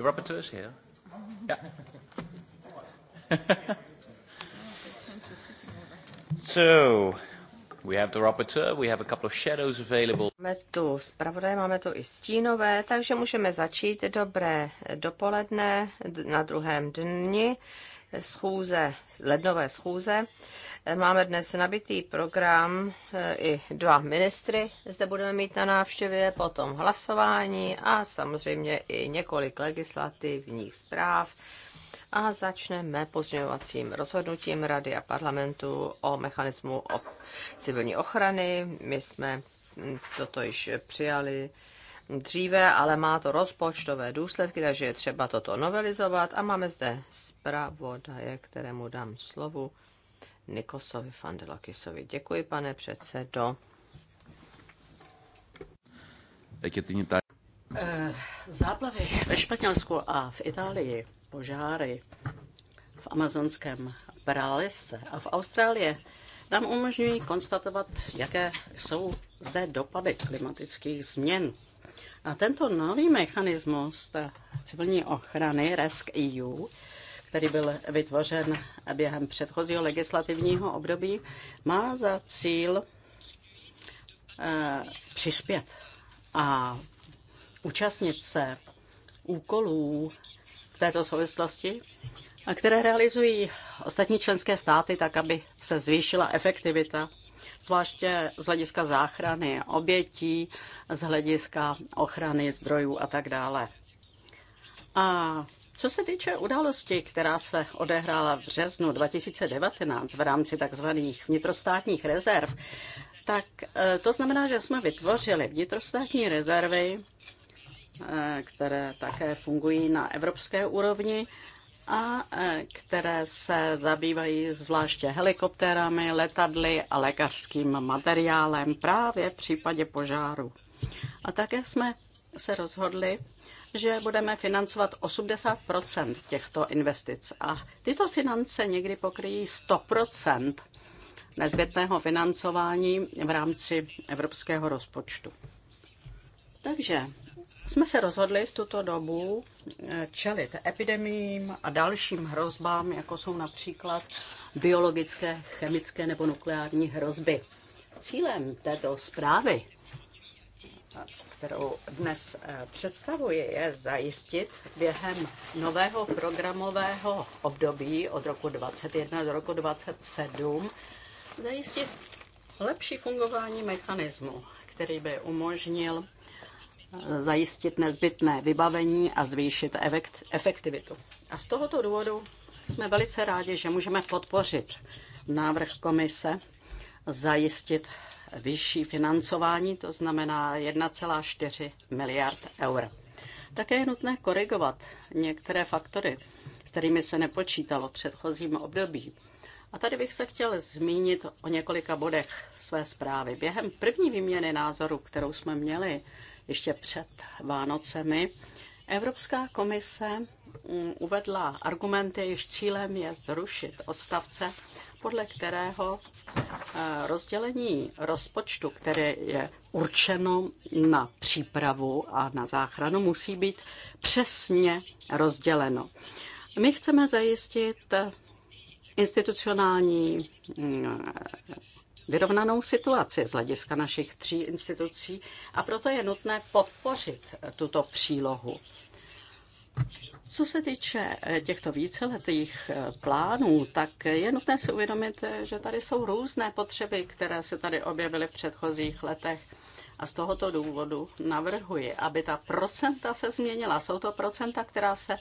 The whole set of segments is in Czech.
The rapporteur is here. so, we have the rapporteur, we have a couple of shadows available. Máme tu zpravodaje, máme tu i stínové, takže můžeme začít dobré dopoledne na druhém dni schůze, lednové schůze. Máme dnes nabitý program, eh, i dva ministry zde budeme mít na návštěvě, potom hlasování a samozřejmě i několik legislativních zpráv. A začneme pozměňovacím rozhodnutím Rady a parlamentu o mechanismu civilní ochrany. My jsme hm, toto již přijali dříve, ale má to rozpočtové důsledky, takže je třeba toto novelizovat. A máme zde zpravodaje, kterému dám slovu. Nikosovi Fandelakisovi. Děkuji, pane předsedo. Eh, záplavy ve Španělsku a v Itálii, požáry v amazonském pralese a v Austrálii nám umožňují konstatovat, jaké jsou zde dopady klimatických změn. A tento nový mechanismus civilní ochrany RESC EU který byl vytvořen během předchozího legislativního období, má za cíl eh, přispět a účastnit se úkolů v této souvislosti, a které realizují ostatní členské státy tak, aby se zvýšila efektivita, zvláště z hlediska záchrany obětí, z hlediska ochrany zdrojů a tak dále. A co se týče události, která se odehrála v březnu 2019 v rámci tzv. vnitrostátních rezerv, tak e, to znamená, že jsme vytvořili vnitrostátní rezervy, e, které také fungují na evropské úrovni a e, které se zabývají zvláště helikoptérami, letadly a lékařským materiálem právě v případě požáru. A také jsme se rozhodli že budeme financovat 80 těchto investic. A tyto finance někdy pokryjí 100 nezbytného financování v rámci evropského rozpočtu. Takže jsme se rozhodli v tuto dobu eh, čelit epidemím a dalším hrozbám, jako jsou například biologické, chemické nebo nukleární hrozby. Cílem této zprávy kterou dnes eh, představuji, je zajistit během nového programového období od roku 2021 do roku 2027 zajistit lepší fungování mechanismu, který by umožnil eh, zajistit nezbytné vybavení a zvýšit efektivitu. A z tohoto důvodu jsme velice rádi, že můžeme podpořit návrh komise zajistit vyšší financování, to znamená 1,4 miliard eur. Také je nutné korigovat některé faktory, s kterými se nepočítalo v předchozím období. A tady bych se chtěl zmínit o několika bodech své zprávy. Během první výměny názoru, kterou jsme měli ještě před Vánocemi, Evropská komise mm, uvedla argumenty, jejichž cílem je zrušit odstavce podle kterého eh, rozdělení rozpočtu, které je určeno na přípravu a na záchranu, musí být přesně rozděleno. My chceme zajistit eh, institucionální mm, vyrovnanou situaci z hlediska našich tří institucí a proto je nutné podpořit tuto přílohu. Co se týče eh, těchto víceletých eh, plánů, tak je nutné si uvědomit, eh, že tady jsou různé potřeby, které se tady objevily v předchozích letech. A z tohoto důvodu navrhuji, aby ta procenta se změnila. Jsou to procenta, která se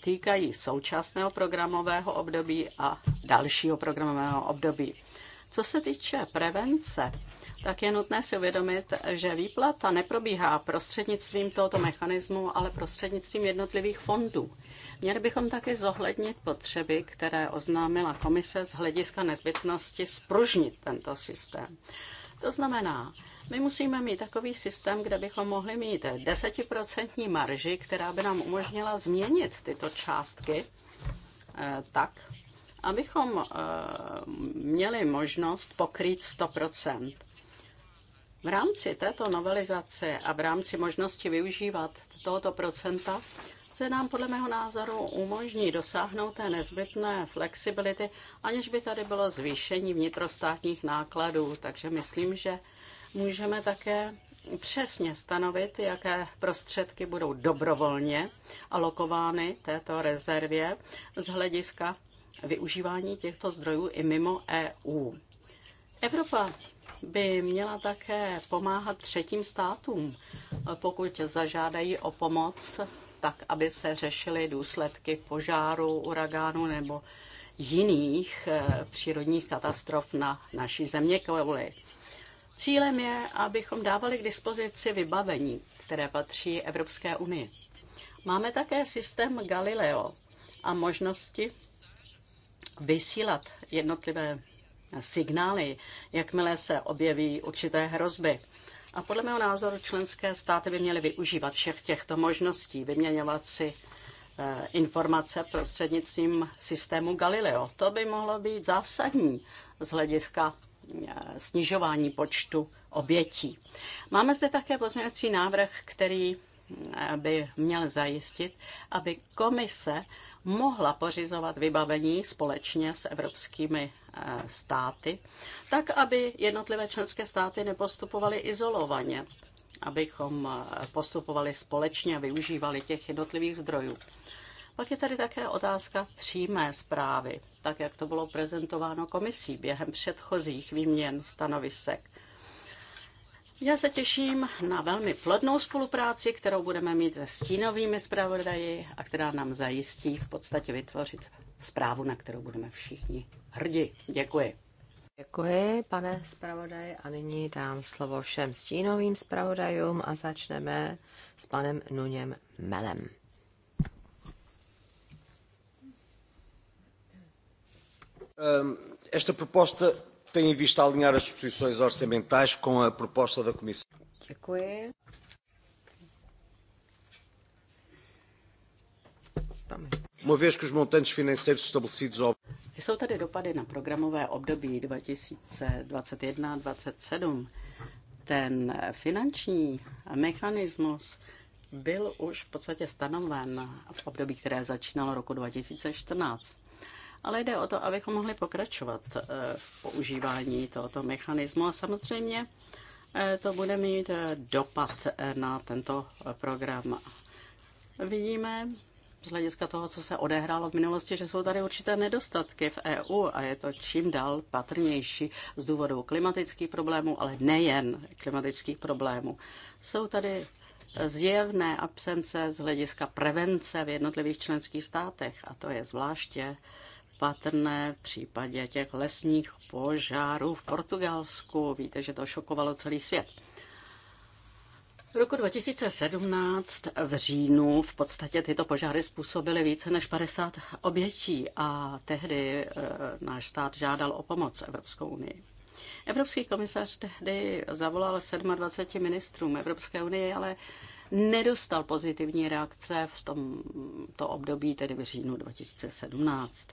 týkají současného programového období a dalšího programového období. Co se týče prevence, tak je nutné si uvědomit, že výplata neprobíhá prostřednictvím tohoto mechanismu, ale prostřednictvím jednotlivých fondů. Měli bychom také zohlednit potřeby, které oznámila komise z hlediska nezbytnosti spružnit tento systém. To znamená, my musíme mít takový systém, kde bychom mohli mít desetiprocentní marži, která by nám umožnila změnit tyto částky eh, tak, abychom eh, měli možnost pokrýt 100 v rámci této novelizace a v rámci možnosti využívat tohoto procenta se nám podle mého názoru umožní dosáhnout té nezbytné flexibility, aniž by tady bylo zvýšení vnitrostátních nákladů. Takže myslím, že můžeme také přesně stanovit, jaké prostředky budou dobrovolně alokovány této rezervě z hlediska využívání těchto zdrojů i mimo EU. Evropa by měla také pomáhat třetím státům, pokud zažádají o pomoc, tak aby se řešily důsledky požáru, uragánu nebo jiných eh, přírodních katastrof na naší země kouli. Cílem je, abychom dávali k dispozici vybavení, které patří Evropské unii. Máme také systém Galileo a možnosti vysílat jednotlivé signály, jakmile se objeví určité hrozby. A podle mého názoru členské státy by měly využívat všech těchto možností, vyměňovat si eh, informace prostřednictvím systému Galileo. To by mohlo být zásadní z hlediska eh, snižování počtu obětí. Máme zde také pozměňovací návrh, který eh, by měl zajistit, aby komise mohla pořizovat vybavení společně s evropskými eh, státy, tak aby jednotlivé členské státy nepostupovaly izolovaně, abychom eh, postupovali společně a využívali těch jednotlivých zdrojů. Pak je tady také otázka přímé zprávy, tak jak to bylo prezentováno komisí během předchozích výměn stanovisek. Já se těším na velmi plodnou spolupráci, kterou budeme mít se stínovými zpravodaji a která nám zajistí v podstatě vytvořit zprávu, na kterou budeme všichni hrdi. Děkuji. Děkuji, pane zpravodaji, a nyní dám slovo všem stínovým zpravodajům a začneme s panem Nuněm Melem. Um, esta proposta tem em vista alinhar as disposições orçamentais com a proposta da Comissão? Děkuji. Uma vez que os montantes financeiros estabelecidos ao... Jsou tady dopady na programové období 2021-2027. Ten finanční mechanismus byl už v podstatě stanoven v období, které začínalo roku 2014 ale jde o to, abychom mohli pokračovat eh, v používání tohoto mechanismu a samozřejmě eh, to bude mít eh, dopad na tento program. Vidíme z hlediska toho, co se odehrálo v minulosti, že jsou tady určité nedostatky v EU a je to čím dál patrnější z důvodu klimatických problémů, ale nejen klimatických problémů. Jsou tady zjevné absence z hlediska prevence v jednotlivých členských státech a to je zvláště patrné v případě těch lesních požárů v Portugalsku. Víte, že to šokovalo celý svět. V roku 2017 v říjnu v podstatě tyto požáry způsobily více než 50 obětí a tehdy e, náš stát žádal o pomoc Evropskou unii. Evropský komisař tehdy zavolal 27 ministrům Evropské unie, ale nedostal pozitivní reakce v tomto období, tedy v říjnu 2017.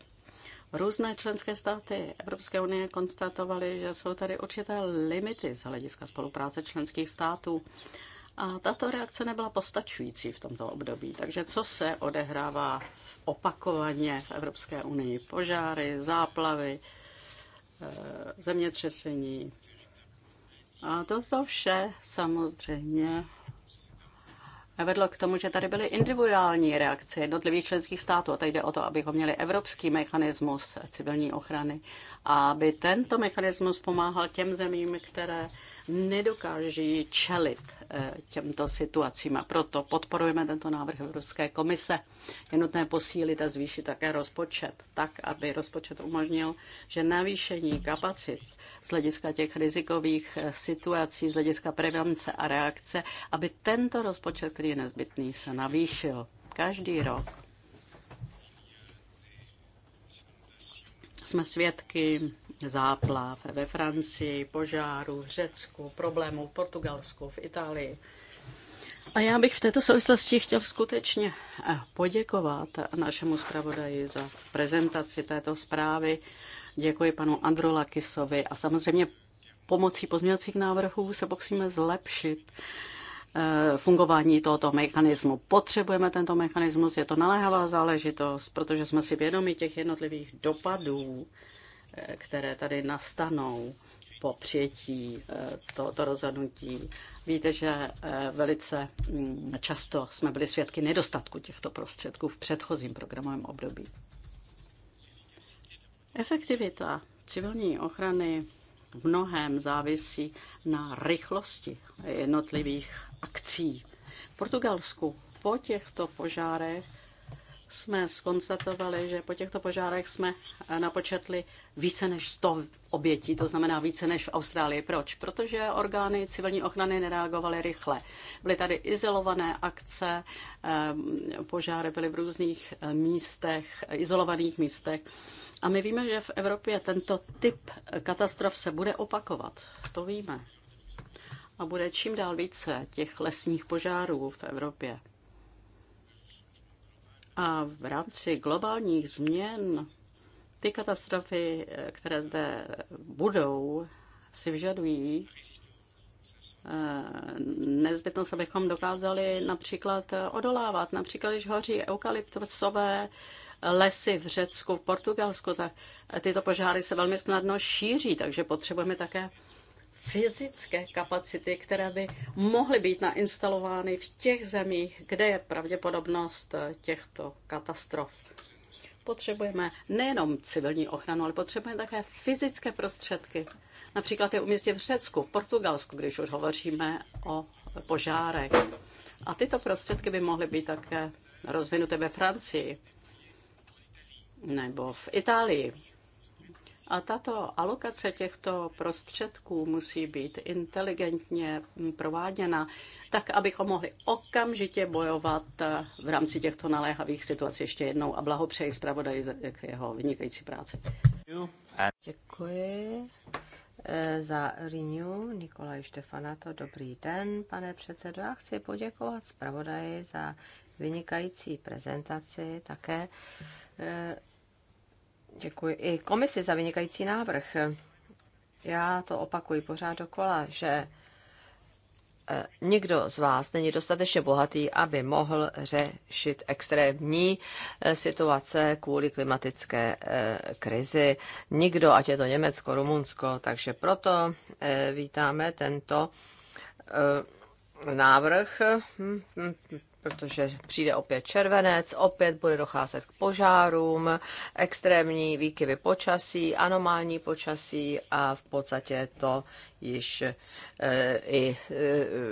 Různé členské státy Evropské unie konstatovaly, že jsou tady určité limity z hlediska spolupráce členských států. A tato reakce nebyla postačující v tomto období. Takže co se odehrává opakovaně v Evropské unii? Požáry, záplavy, eh, zemětřesení. A toto vše samozřejmě vedlo k tomu, že tady byly individuální reakce jednotlivých členských států. A tady jde o to, abychom měli evropský mechanismus civilní ochrany a aby tento mechanismus pomáhal těm zemím, které nedokáží čelit eh, těmto situacím a proto podporujeme tento návrh Evropské komise. Je nutné posílit a zvýšit také rozpočet, tak, aby rozpočet umožnil, že navýšení kapacit z hlediska těch rizikových eh, situací, z hlediska prevence a reakce, aby tento rozpočet, který je nezbytný, se navýšil každý rok. Jsme svědky záplav ve Francii, požáru v Řecku, problémů v Portugalsku, v Itálii. A já bych v této souvislosti chtěl skutečně eh, poděkovat našemu zpravodaji za prezentaci této zprávy. Děkuji panu Androlakisovi a samozřejmě pomocí pozměňovacích návrhů se pokusíme zlepšit eh, fungování tohoto mechanismu. Potřebujeme tento mechanismus, je to naléhavá záležitost, protože jsme si vědomi těch jednotlivých dopadů které tady nastanou po přijetí tohoto eh, rozhodnutí. Víte, že eh, velice mm, často jsme byli svědky nedostatku těchto prostředků v předchozím programovém období. Efektivita civilní ochrany v mnohem závisí na rychlosti jednotlivých akcí. V Portugalsku po těchto požárech jsme skonstatovali, že po těchto požárech jsme eh, napočetli více než 100 obětí, to znamená více než v Austrálii. Proč? Protože orgány civilní ochrany nereagovaly rychle. Byly tady izolované akce, eh, požáry byly v různých eh, místech, izolovaných místech. A my víme, že v Evropě tento typ katastrof se bude opakovat. To víme. A bude čím dál více těch lesních požárů v Evropě. A v rámci globálních změn ty katastrofy, které zde budou, si vyžadují eh, nezbytnost, abychom dokázali například eh, odolávat. Například, když hoří eukalyptusové lesy v Řecku, v Portugalsku, tak tyto požáry se velmi snadno šíří, takže potřebujeme také fyzické kapacity, které by mohly být nainstalovány v těch zemích, kde je pravděpodobnost eh, těchto katastrof. Potřebujeme nejenom civilní ochranu, ale potřebujeme také fyzické prostředky. Například je umístěn v Řecku, v Portugalsku, když už hovoříme o požárech. A tyto prostředky by mohly být také rozvinuté ve Francii nebo v Itálii. A tato alokace těchto prostředků musí být inteligentně prováděna, tak abychom mohli okamžitě bojovat v rámci těchto naléhavých situací ještě jednou a blahopřeji zpravodaji k jeho vynikající práci. Děkuji eh, za Renew Nikolaj To Dobrý den, pane předsedo. Já chci poděkovat zpravodaji za vynikající prezentaci také eh, děkuji i komisi za vynikající návrh. Já to opakuji pořád dokola, že eh, nikdo z vás není dostatečně bohatý, aby mohl řešit extrémní eh, situace kvůli klimatické eh, krizi. Nikdo, ať je to Německo, Rumunsko, takže proto vítáme tento návrh hm, hm, hm protože přijde opět červenec, opět bude docházet k požárům, extrémní výkyvy počasí, anomální počasí a v podstatě to již eh, i eh,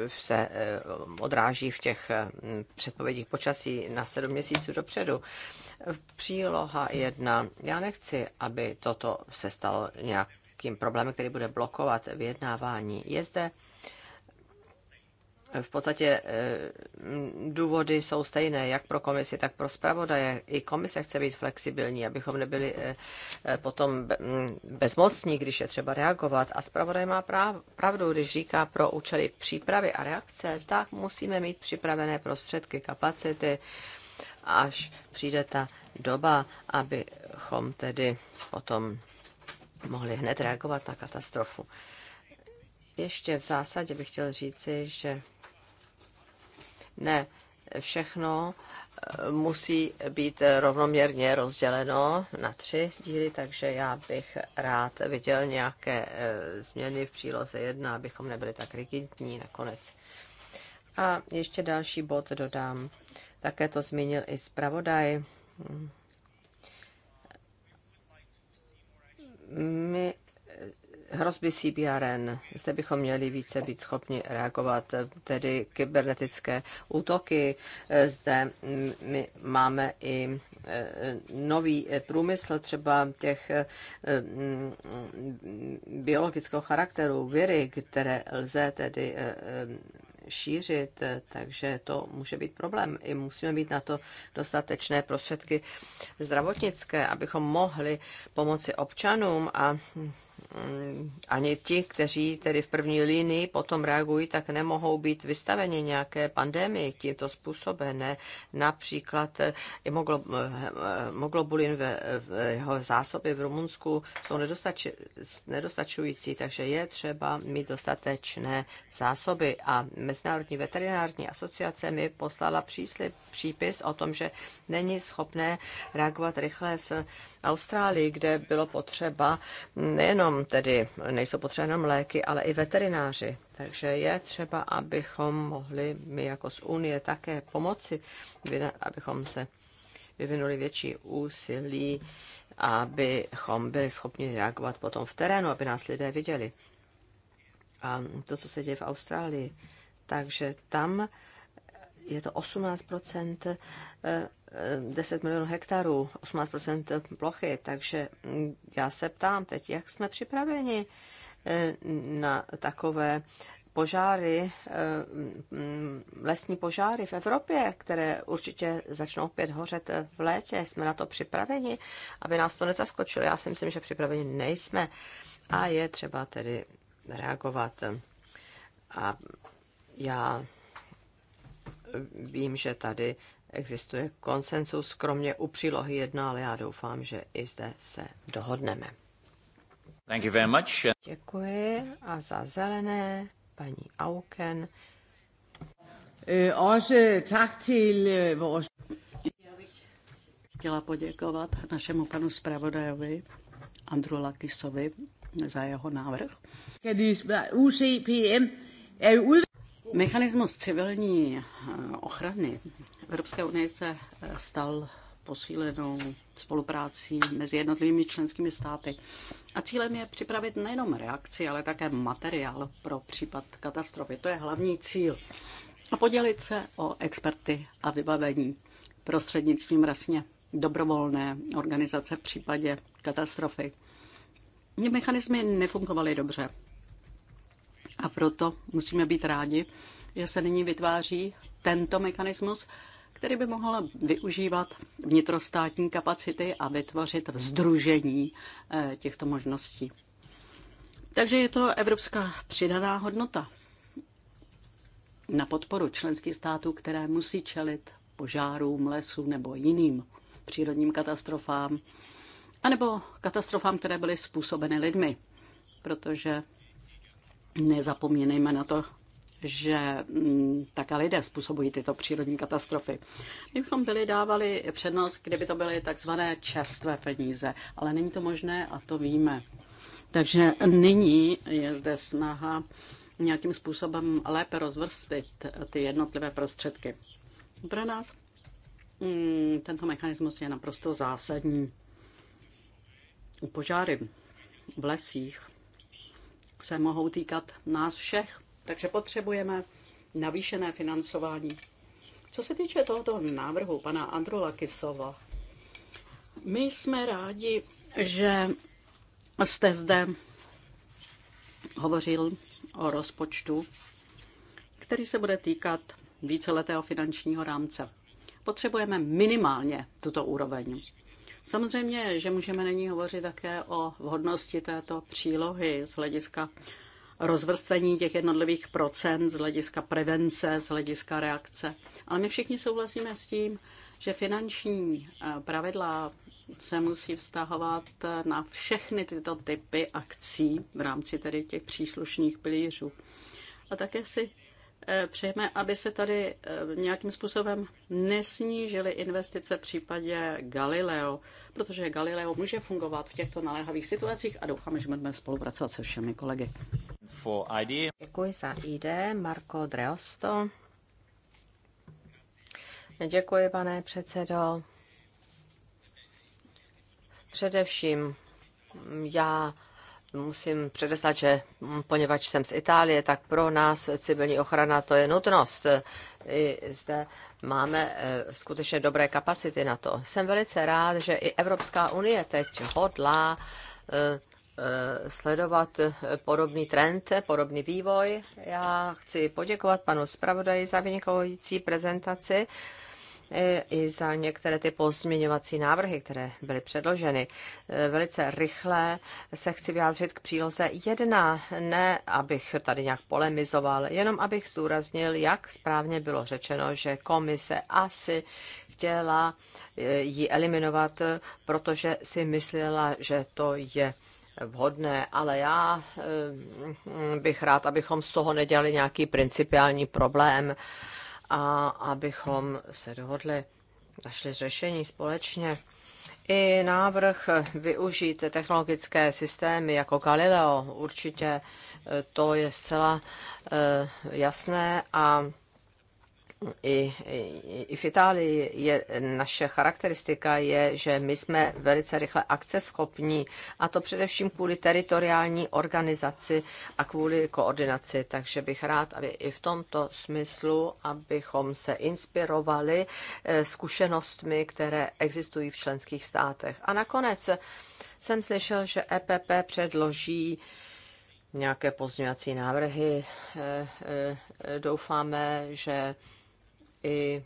se eh, odráží v těch předpovědích počasí na sedm měsíců dopředu. Příloha jedna. Já nechci, aby toto se stalo nějakým problémem, který bude blokovat vyjednávání. Je zde v podstatě eh, důvody jsou stejné jak pro komisi, tak pro zpravodaje. I komise chce být flexibilní, abychom nebyli eh, eh, potom mm, bezmocní, když je třeba reagovat. A zpravodaj má pravdu, když říká pro účely přípravy a reakce, tak musíme mít připravené prostředky, kapacity, až přijde ta doba, abychom tedy potom mohli hned reagovat na katastrofu. Ještě v zásadě bych chtěl říci, že ne, všechno eh, musí být rovnoměrně rozděleno na tři díly, takže já bych rád viděl nějaké eh, změny v příloze 1, abychom nebyli tak rigidní nakonec. A ještě další bod dodám. Také to zmínil i zpravodaj. My hrozby CBRN. Zde bychom měli více být schopni reagovat, tedy kybernetické útoky. Zde my máme i e, nový průmysl, třeba těch e, biologického charakteru, viry, které lze tedy e, šířit, takže to může být problém. I musíme mít na to dostatečné prostředky zdravotnické, abychom mohli pomoci občanům a Mm, ani ti, kteří tedy v první linii potom reagují, tak nemohou být vystaveni nějaké pandemii tímto způsobené. Například hemoglobulin eh, eh, ve jeho zásoby v Rumunsku jsou nedostačující, takže je třeba mít dostatečné zásoby. A Mezinárodní veterinární asociace mi poslala příslip, přípis o tom, že není schopné reagovat rychle v Austrálii, kde bylo potřeba nejenom tedy nejsou potřeba jenom léky, ale i veterináři. Takže je třeba, abychom mohli my jako z Unie také pomoci, abychom se vyvinuli větší úsilí, abychom byli schopni reagovat potom v terénu, aby nás lidé viděli. A to, co se děje v Austrálii. Takže tam je to 18 10 milionů hektarů, 18% plochy, takže já se ptám teď, jak jsme připraveni eh, na takové požáry, eh, mm, lesní požáry v Evropě, které určitě začnou opět hořet v létě. Jsme na to připraveni, aby nás to nezaskočilo. Já si myslím, že připraveni nejsme a je třeba tedy reagovat. A já vím, že tady existuje konsensus, kromě u přílohy 1, ale já doufám, že i zde se dohodneme. Thank you very much. Děkuji a za zelené paní Auken. Já e, bych e, chtěla poděkovat našemu panu zpravodajovi Andru Lakisovi za jeho návrh. UCPM er je Mechanismus civilní eh, ochrany Evropské unie se eh, stal posílenou spoluprácí mezi jednotlivými členskými státy. A cílem je připravit nejenom reakci, ale také materiál pro případ katastrofy. To je hlavní cíl. A podělit se o experty a vybavení prostřednictvím rasně dobrovolné organizace v případě katastrofy. Mechanizmy nefungovaly dobře. A proto musíme být rádi, že se nyní vytváří tento mechanismus, který by mohl využívat vnitrostátní kapacity a vytvořit vzdružení eh, těchto možností. Takže je to evropská přidaná hodnota na podporu členských států, které musí čelit požárům, lesů nebo jiným přírodním katastrofám, anebo katastrofám, které byly způsobeny lidmi, protože Nezapomínejme na to, že mm, také lidé způsobují tyto přírodní katastrofy. My bychom byli dávali přednost, kdyby to byly takzvané čerstvé peníze, ale není to možné a to víme. Takže nyní je zde snaha nějakým způsobem lépe rozvrstvit ty jednotlivé prostředky. Pro nás mm, tento mechanismus je naprosto zásadní. U požáry v lesích se mohou týkat nás všech, takže potřebujeme navýšené financování. Co se týče tohoto návrhu pana Andrula Kisova, my jsme rádi, že jste zde hovořil o rozpočtu, který se bude týkat víceletého finančního rámce. Potřebujeme minimálně tuto úroveň. Samozřejmě, že můžeme není hovořit také o vhodnosti této přílohy z hlediska rozvrstvení těch jednotlivých procent, z hlediska prevence, z hlediska reakce. Ale my všichni souhlasíme s tím, že finanční eh, pravidla se musí vztahovat eh, na všechny tyto typy akcí v rámci tedy těch příslušných pilířů. A také si Eh, přejeme, aby se tady eh, nějakým způsobem nesnížily investice v případě Galileo, protože Galileo může fungovat v těchto naléhavých situacích a doufáme, že budeme spolupracovat se všemi kolegy. For ID. Děkuji za ID, Marko Dreosto. Děkuji, pane předsedo. Především já musím předeslat, že poněvadž jsem z Itálie, tak pro nás civilní ochrana to je nutnost. I zde máme eh, skutečně dobré kapacity na to. Jsem velice rád, že i Evropská unie teď hodlá eh, eh, sledovat podobný trend, podobný vývoj. Já chci poděkovat panu zpravodaji za vynikající prezentaci i za některé ty pozměňovací návrhy, které byly předloženy. E, velice rychle se chci vyjádřit k příloze jedna ne abych tady nějak polemizoval, jenom abych zdůraznil, jak správně bylo řečeno, že komise asi chtěla e, ji eliminovat, protože si myslela, že to je vhodné, ale já e, bych rád, abychom z toho nedělali nějaký principiální problém a abychom se dohodli, našli řešení společně. I návrh využít technologické systémy jako Galileo, určitě e, to je zcela e, jasné a i, i v Itálii je, naše charakteristika je, že my jsme velice rychle akceschopní a to především kvůli teritoriální organizaci a kvůli koordinaci. Takže bych rád, aby i v tomto smyslu, abychom se inspirovali eh, zkušenostmi, které existují v členských státech. A nakonec jsem slyšel, že EPP předloží nějaké pozměňovací návrhy. Eh, eh, doufáme, že i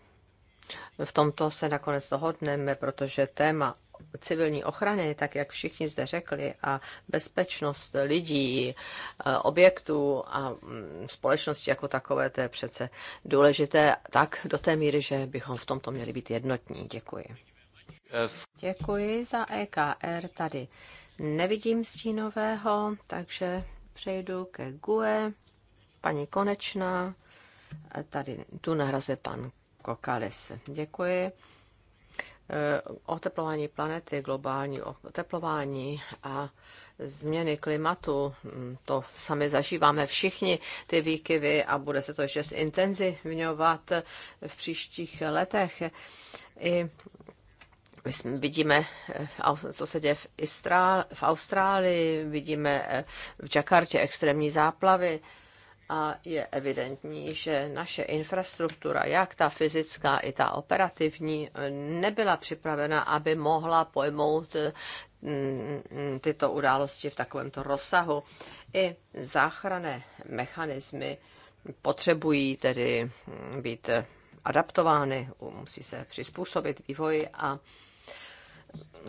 v tomto se nakonec dohodneme, protože téma civilní ochrany, tak jak všichni zde řekli, a bezpečnost lidí, eh, objektů a mm, společnosti jako takové, to je přece důležité tak do té míry, že bychom v tomto měli být jednotní. Děkuji. Děkuji za EKR tady. Nevidím stínového, takže přejdu ke GUE. Paní Konečná Tady tu nahrazuje pan Kokalis. Děkuji. E, oteplování planety, globální oteplování a změny klimatu, mm, to sami zažíváme všichni, ty výkyvy a bude se to ještě zintenzivňovat v příštích letech. I my vidíme, e, co se děje v, Istrál, v Austrálii, vidíme e, v Jakartě extrémní záplavy a je evidentní, že naše infrastruktura, jak ta fyzická, i ta operativní, nebyla připravena, aby mohla pojmout mm, mm, tyto události v takovémto rozsahu. I záchranné mechanismy potřebují tedy mm, být adaptovány, musí se přizpůsobit vývoji a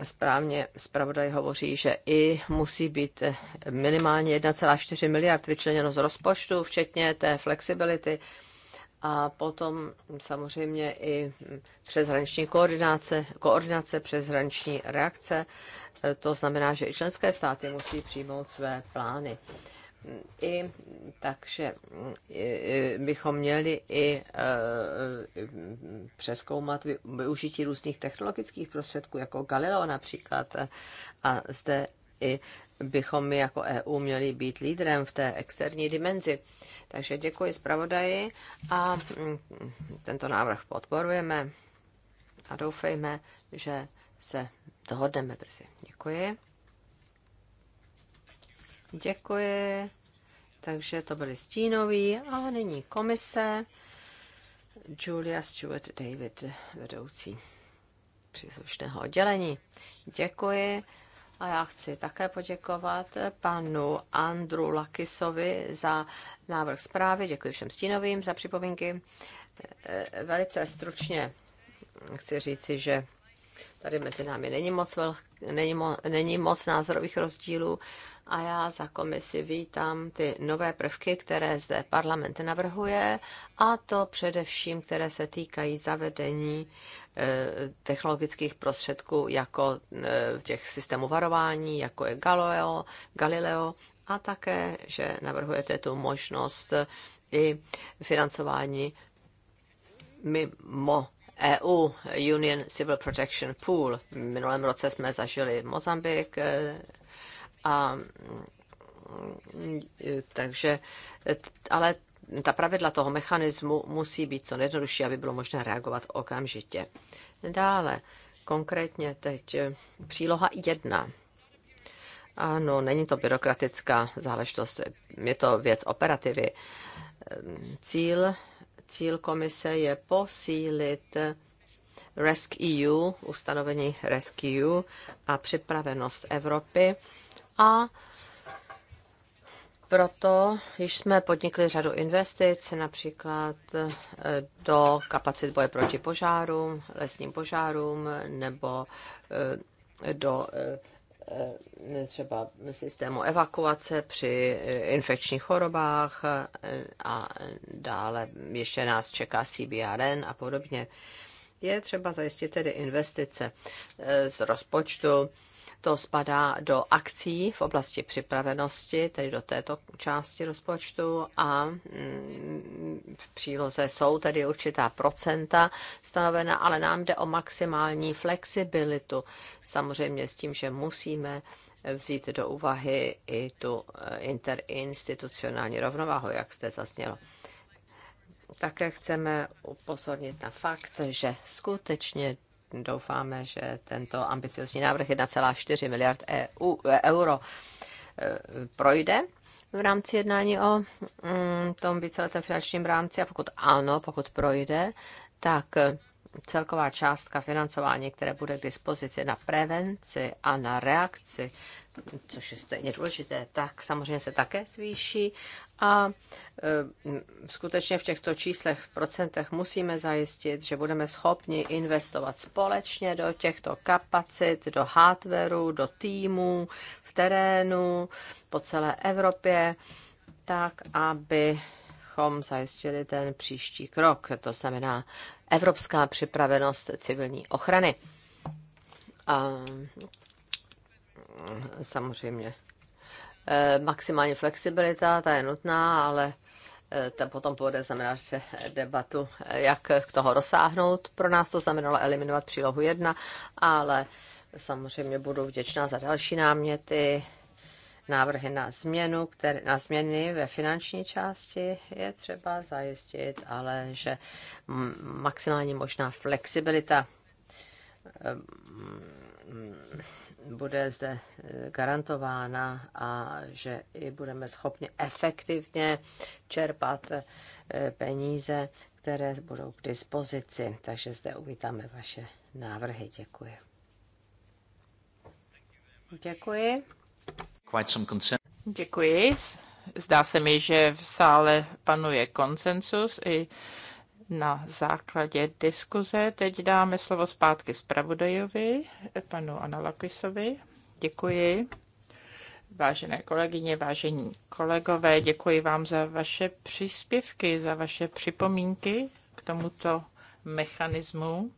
správně zpravodaj hovoří, že i musí být minimálně 1,4 miliard vyčleněno z rozpočtu, včetně té flexibility. A potom samozřejmě i přeshraniční koordinace, koordinace přeshraniční reakce. To znamená, že i členské státy musí přijmout své plány i takže bychom měli i e, přeskoumat využití různých technologických prostředků, jako Galileo například. A zde i bychom my jako EU měli být lídrem v té externí dimenzi. Takže děkuji zpravodaji a mm, tento návrh podporujeme a doufejme, že se dohodneme brzy. Děkuji. Děkuji. Takže to byly stínoví a nyní komise. Julia Stewart David, vedoucí příslušného oddělení. Děkuji. A já chci také poděkovat panu Andru Lakisovi za návrh zprávy. Děkuji všem stínovým za připomínky. Velice stručně chci říci, že tady mezi námi není moc, velk, není mo, není moc názorových rozdílů a já za komisi vítám ty nové prvky, které zde parlament navrhuje, a to především, které se týkají zavedení e, technologických prostředků jako e, těch systémů varování, jako je Galileo, Galileo a také, že navrhujete tu možnost i financování mimo EU, Union Civil Protection Pool. V minulém roce jsme zažili Mozambik, e, a takže, ale ta pravidla toho mechanismu musí být co nejjednodušší, aby bylo možné reagovat okamžitě. Dále, konkrétně teď příloha 1. Ano, není to byrokratická záležitost, je to věc operativy. Cíl, cíl komise je posílit rescue, ustanovení rescue a připravenost Evropy a proto již jsme podnikli řadu investic, například eh, do kapacit boje proti požárům, lesním požárům nebo eh, do eh, třeba systému evakuace při infekčních chorobách a dále ještě nás čeká CBRN a podobně. Je třeba zajistit tedy investice z rozpočtu to spadá do akcí v oblasti připravenosti, tedy do této části rozpočtu a mm, v příloze jsou tedy určitá procenta stanovena, ale nám jde o maximální flexibilitu. Samozřejmě s tím, že musíme vzít do úvahy i tu eh, interinstitucionální rovnováhu, jak jste zasnělo. Také chceme upozornit na fakt, že skutečně doufáme, že tento ambiciozní návrh 1,4 miliard EU, eh, euro eh, projde v rámci jednání o mm, tom víceletém finančním rámci a pokud ano, pokud projde, tak eh, celková částka financování, které bude k dispozici na prevenci a na reakci, což je stejně důležité, tak samozřejmě se také zvýší a e, skutečně v těchto číslech, v procentech musíme zajistit, že budeme schopni investovat společně do těchto kapacit, do hardwareu, do týmů, v terénu, po celé Evropě, tak, abychom zajistili ten příští krok, to znamená evropská připravenost civilní ochrany. A samozřejmě Eh, maximální flexibilita, ta je nutná, ale eh, ta potom bude znamenat že debatu, eh, jak k toho dosáhnout. Pro nás to znamenalo eliminovat přílohu 1, ale samozřejmě budu vděčná za další náměty, návrhy na změnu, které, na změny ve finanční části je třeba zajistit, ale že maximálně možná flexibilita bude zde eh, garantována a že i budeme schopni efektivně čerpat eh, peníze, které budou k dispozici. Takže zde uvítáme vaše návrhy. Děkuji. Děkuji. Děkuji. Zdá se mi, že v sále panuje konsensus i na základě diskuze. Teď dáme slovo zpátky zpravodajovi, panu Analakisovi. Děkuji. Vážené kolegyně, vážení kolegové, děkuji vám za vaše příspěvky, za vaše připomínky k tomuto mechanismu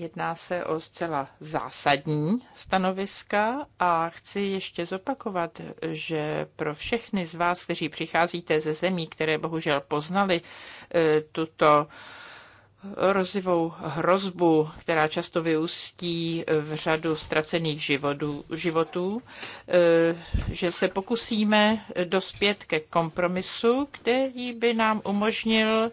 Jedná se o zcela zásadní stanoviska a chci ještě zopakovat, že pro všechny z vás, kteří přicházíte ze zemí, které bohužel poznali e, tuto rozivou hrozbu, která často vyústí v řadu ztracených životů, životů, e, že se pokusíme dospět ke kompromisu, který by nám umožnil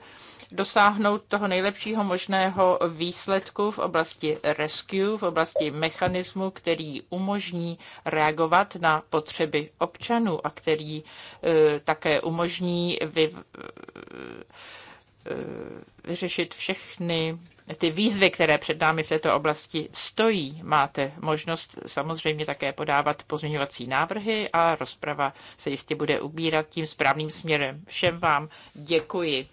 dosáhnout toho nejlepšího možného výsledku v oblasti rescue, v oblasti mechanismu, který umožní reagovat na potřeby občanů a který eh, také umožní vy, eh, eh, vyřešit všechny ty výzvy, které před námi v této oblasti stojí. Máte možnost samozřejmě také podávat pozměňovací návrhy a rozprava se jistě bude ubírat tím správným směrem. Všem vám děkuji.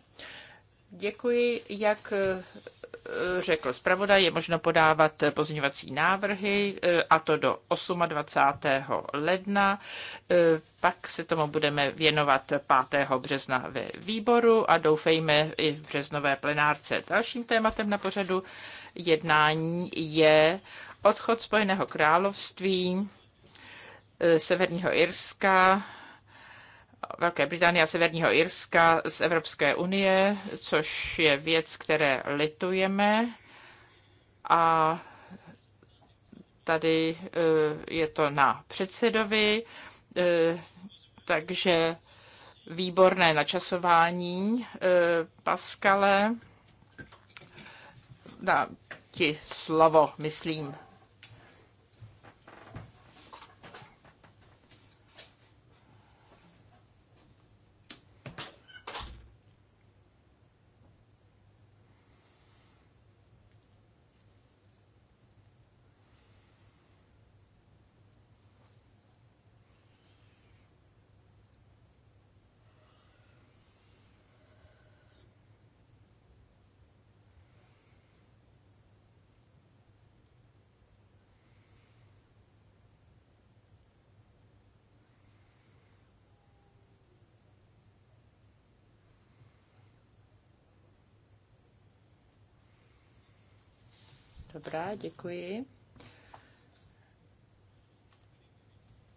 Děkuji. Jak eh, řekl zpravodaj, je možno podávat eh, pozměňovací návrhy eh, a to do 28. ledna. Pak se tomu budeme věnovat 5. března ve výboru a doufejme i v březnové plenárce. Dalším tématem na pořadu jednání je odchod Spojeného království Severního Irska Velké Británie a Severního Irska z Evropské unie, což je věc, které litujeme. A tady eh, je to na předsedovi, eh, takže výborné načasování eh, Paskale. na ti slovo, myslím. Dobrá, děkuji.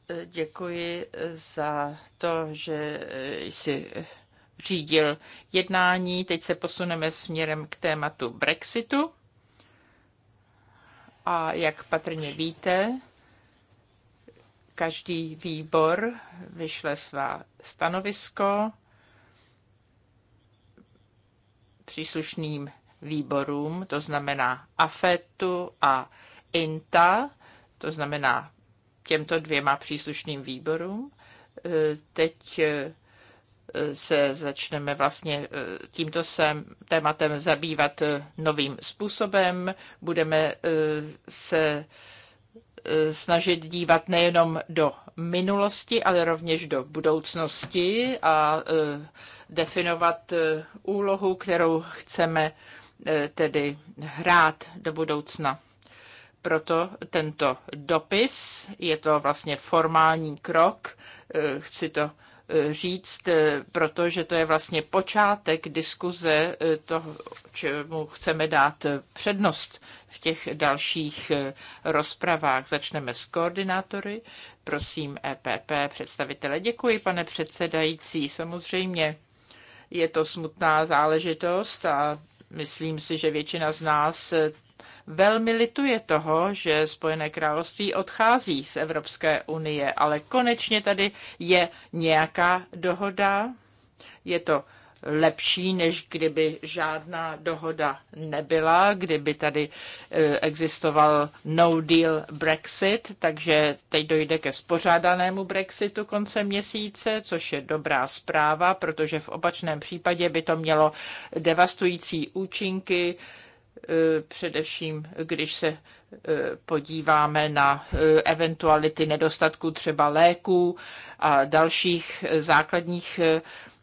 E, děkuji za to, že e, jsi řídil jednání. Teď se posuneme směrem k tématu Brexitu. A jak patrně víte, každý výbor vyšle svá stanovisko příslušným výborům, to znamená AFETu a INTA, to znamená těmto dvěma příslušným výborům. Eh, teď eh, se začneme vlastně eh, tímto sem, tématem zabývat novým způsobem. Budeme se snažit dívat nejenom do minulosti, ale rovněž do budoucnosti a definovat úlohu, kterou chceme E, tedy hrát do budoucna. Proto tento dopis, je to vlastně formální krok, e, chci to e, říct, protože to je vlastně počátek diskuze toho, čemu chceme dát přednost v těch dalších rozpravách. Začneme s koordinátory. Prosím, EPP, představitele. Děkuji, pane předsedající. Samozřejmě je to smutná záležitost a Myslím si, že většina z nás eh, velmi lituje toho, že Spojené království odchází z Evropské unie, ale konečně tady je nějaká dohoda. Je to lepší, než kdyby žádná dohoda nebyla, kdyby tady e, existoval no deal Brexit, takže teď dojde ke spořádanému Brexitu konce měsíce, což je dobrá zpráva, protože v opačném případě by to mělo devastující účinky, e, především když se e, podíváme na eventuality nedostatku třeba léků a dalších základních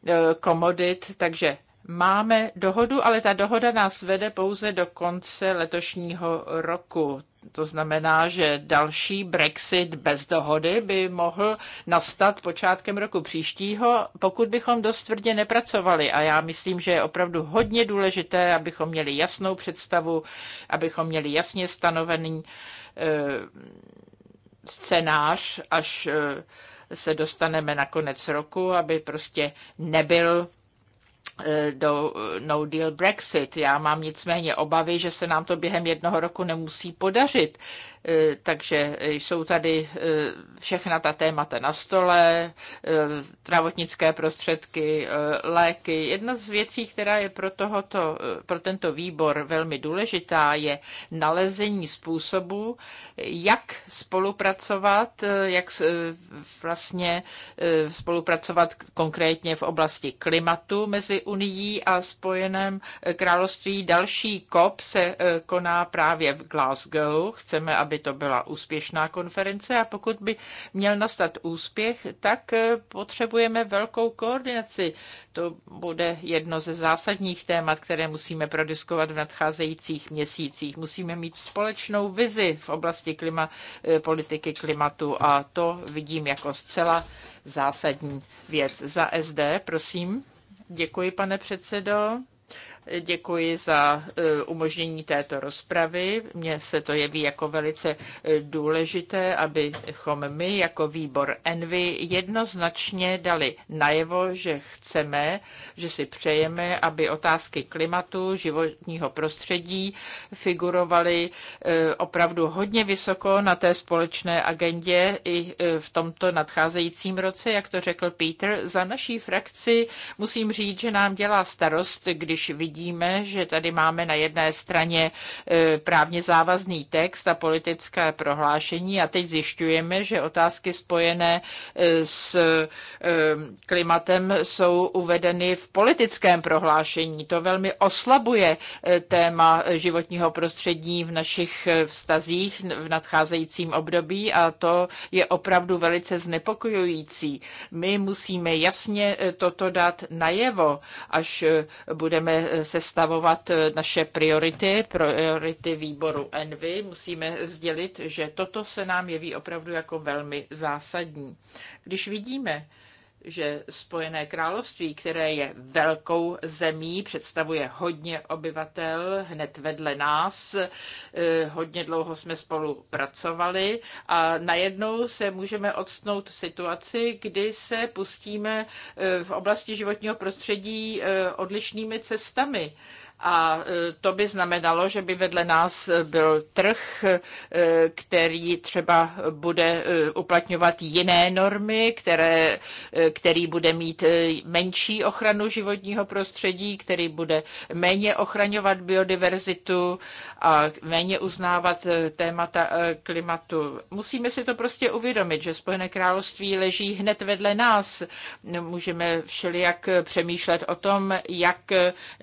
E, komodit, takže máme dohodu, ale ta dohoda nás vede pouze do konce letošního roku. To znamená, že další Brexit bez dohody by mohl nastat počátkem roku příštího, pokud bychom dost tvrdě nepracovali. A já myslím, že je opravdu hodně důležité, abychom měli jasnou představu, abychom měli jasně stanovený e, scénář až e, se dostaneme na konec roku, aby prostě nebyl eh, do no deal Brexit. Já mám nicméně obavy, že se nám to během jednoho roku nemusí podařit. E, takže jsou tady e, všechna ta témata na stole, e, zdravotnické prostředky, léky. Jedna z věcí, která je pro, tohoto, pro tento výbor velmi důležitá, je nalezení způsobu, jak spolupracovat, jak vlastně spolupracovat konkrétně v oblasti klimatu mezi Unií a Spojeném království. Další COP se koná právě v Glasgow. Chceme, aby aby to byla úspěšná konference a pokud by měl nastat úspěch, tak eh, potřebujeme velkou koordinaci. To bude jedno ze zásadních témat, které musíme prodiskovat v nadcházejících měsících. Musíme mít společnou vizi v oblasti klima, eh, politiky klimatu a to vidím jako zcela zásadní věc. Za SD, prosím. Děkuji, pane předsedo. Děkuji za e, umožnění této rozpravy. Mně se to jeví jako velice e, důležité, abychom my jako výbor Envy jednoznačně dali najevo, že chceme, že si přejeme, aby otázky klimatu, životního prostředí figurovaly e, opravdu hodně vysoko na té společné agendě i v tomto nadcházejícím roce, jak to řekl Peter. Za naší frakci musím říct, že nám dělá starost, když vidíme, vidíme, že tady máme na jedné straně e, právně závazný text a politické prohlášení a teď zjišťujeme, že otázky spojené e, s e, klimatem jsou uvedeny v politickém prohlášení. To velmi oslabuje téma životního prostředí v našich vztazích v nadcházejícím období a to je opravdu velice znepokojující. My musíme jasně toto dát najevo, až budeme sestavovat eh, naše priority, priority výboru Envy, musíme sdělit, že toto se nám jeví opravdu jako velmi zásadní. Když vidíme, že Spojené království, které je velkou zemí, představuje hodně obyvatel hned vedle nás, eh, hodně dlouho jsme spolu pracovali a najednou se můžeme odstnout v situaci, kdy se pustíme eh, v oblasti životního prostředí eh, odlišnými cestami. A e, to by znamenalo, že by vedle nás byl trh, e, který třeba bude e, uplatňovat jiné normy, které, který bude mít menší ochranu životního prostředí, který bude méně ochraňovat biodiverzitu a méně uznávat témata klimatu. Musíme si to prostě uvědomit, že Spojené království leží hned vedle nás. Můžeme všelijak přemýšlet o tom, jak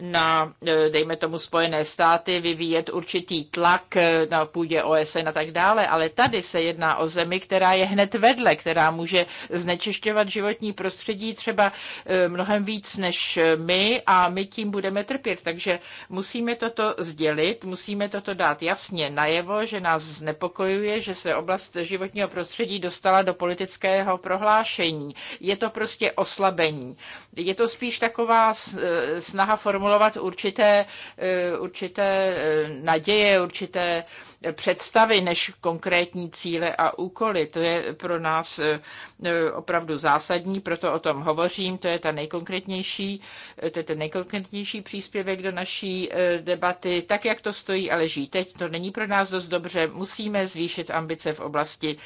na dejme tomu, Spojené státy vyvíjet určitý tlak eh, na půdě OSN a tak dále, ale tady se jedná o zemi, která je hned vedle, která může znečišťovat životní prostředí třeba eh, mnohem víc než eh, my a my tím budeme trpět. Takže musíme toto sdělit, musíme toto dát jasně najevo, že nás znepokojuje, že se oblast životního prostředí dostala do politického prohlášení. Je to prostě oslabení. Je to spíš taková snaha formulovat určité Eh, určité, eh, naděje, určité představy než konkrétní cíle a úkoly. To je pro nás eh, opravdu zásadní, proto o tom hovořím. To je, ta nejkonkrétnější, to je ten nejkonkrétnější příspěvek do naší debaty. Tak, jak to stojí a leží teď, to není pro nás dost dobře. Musíme zvýšit ambice v oblasti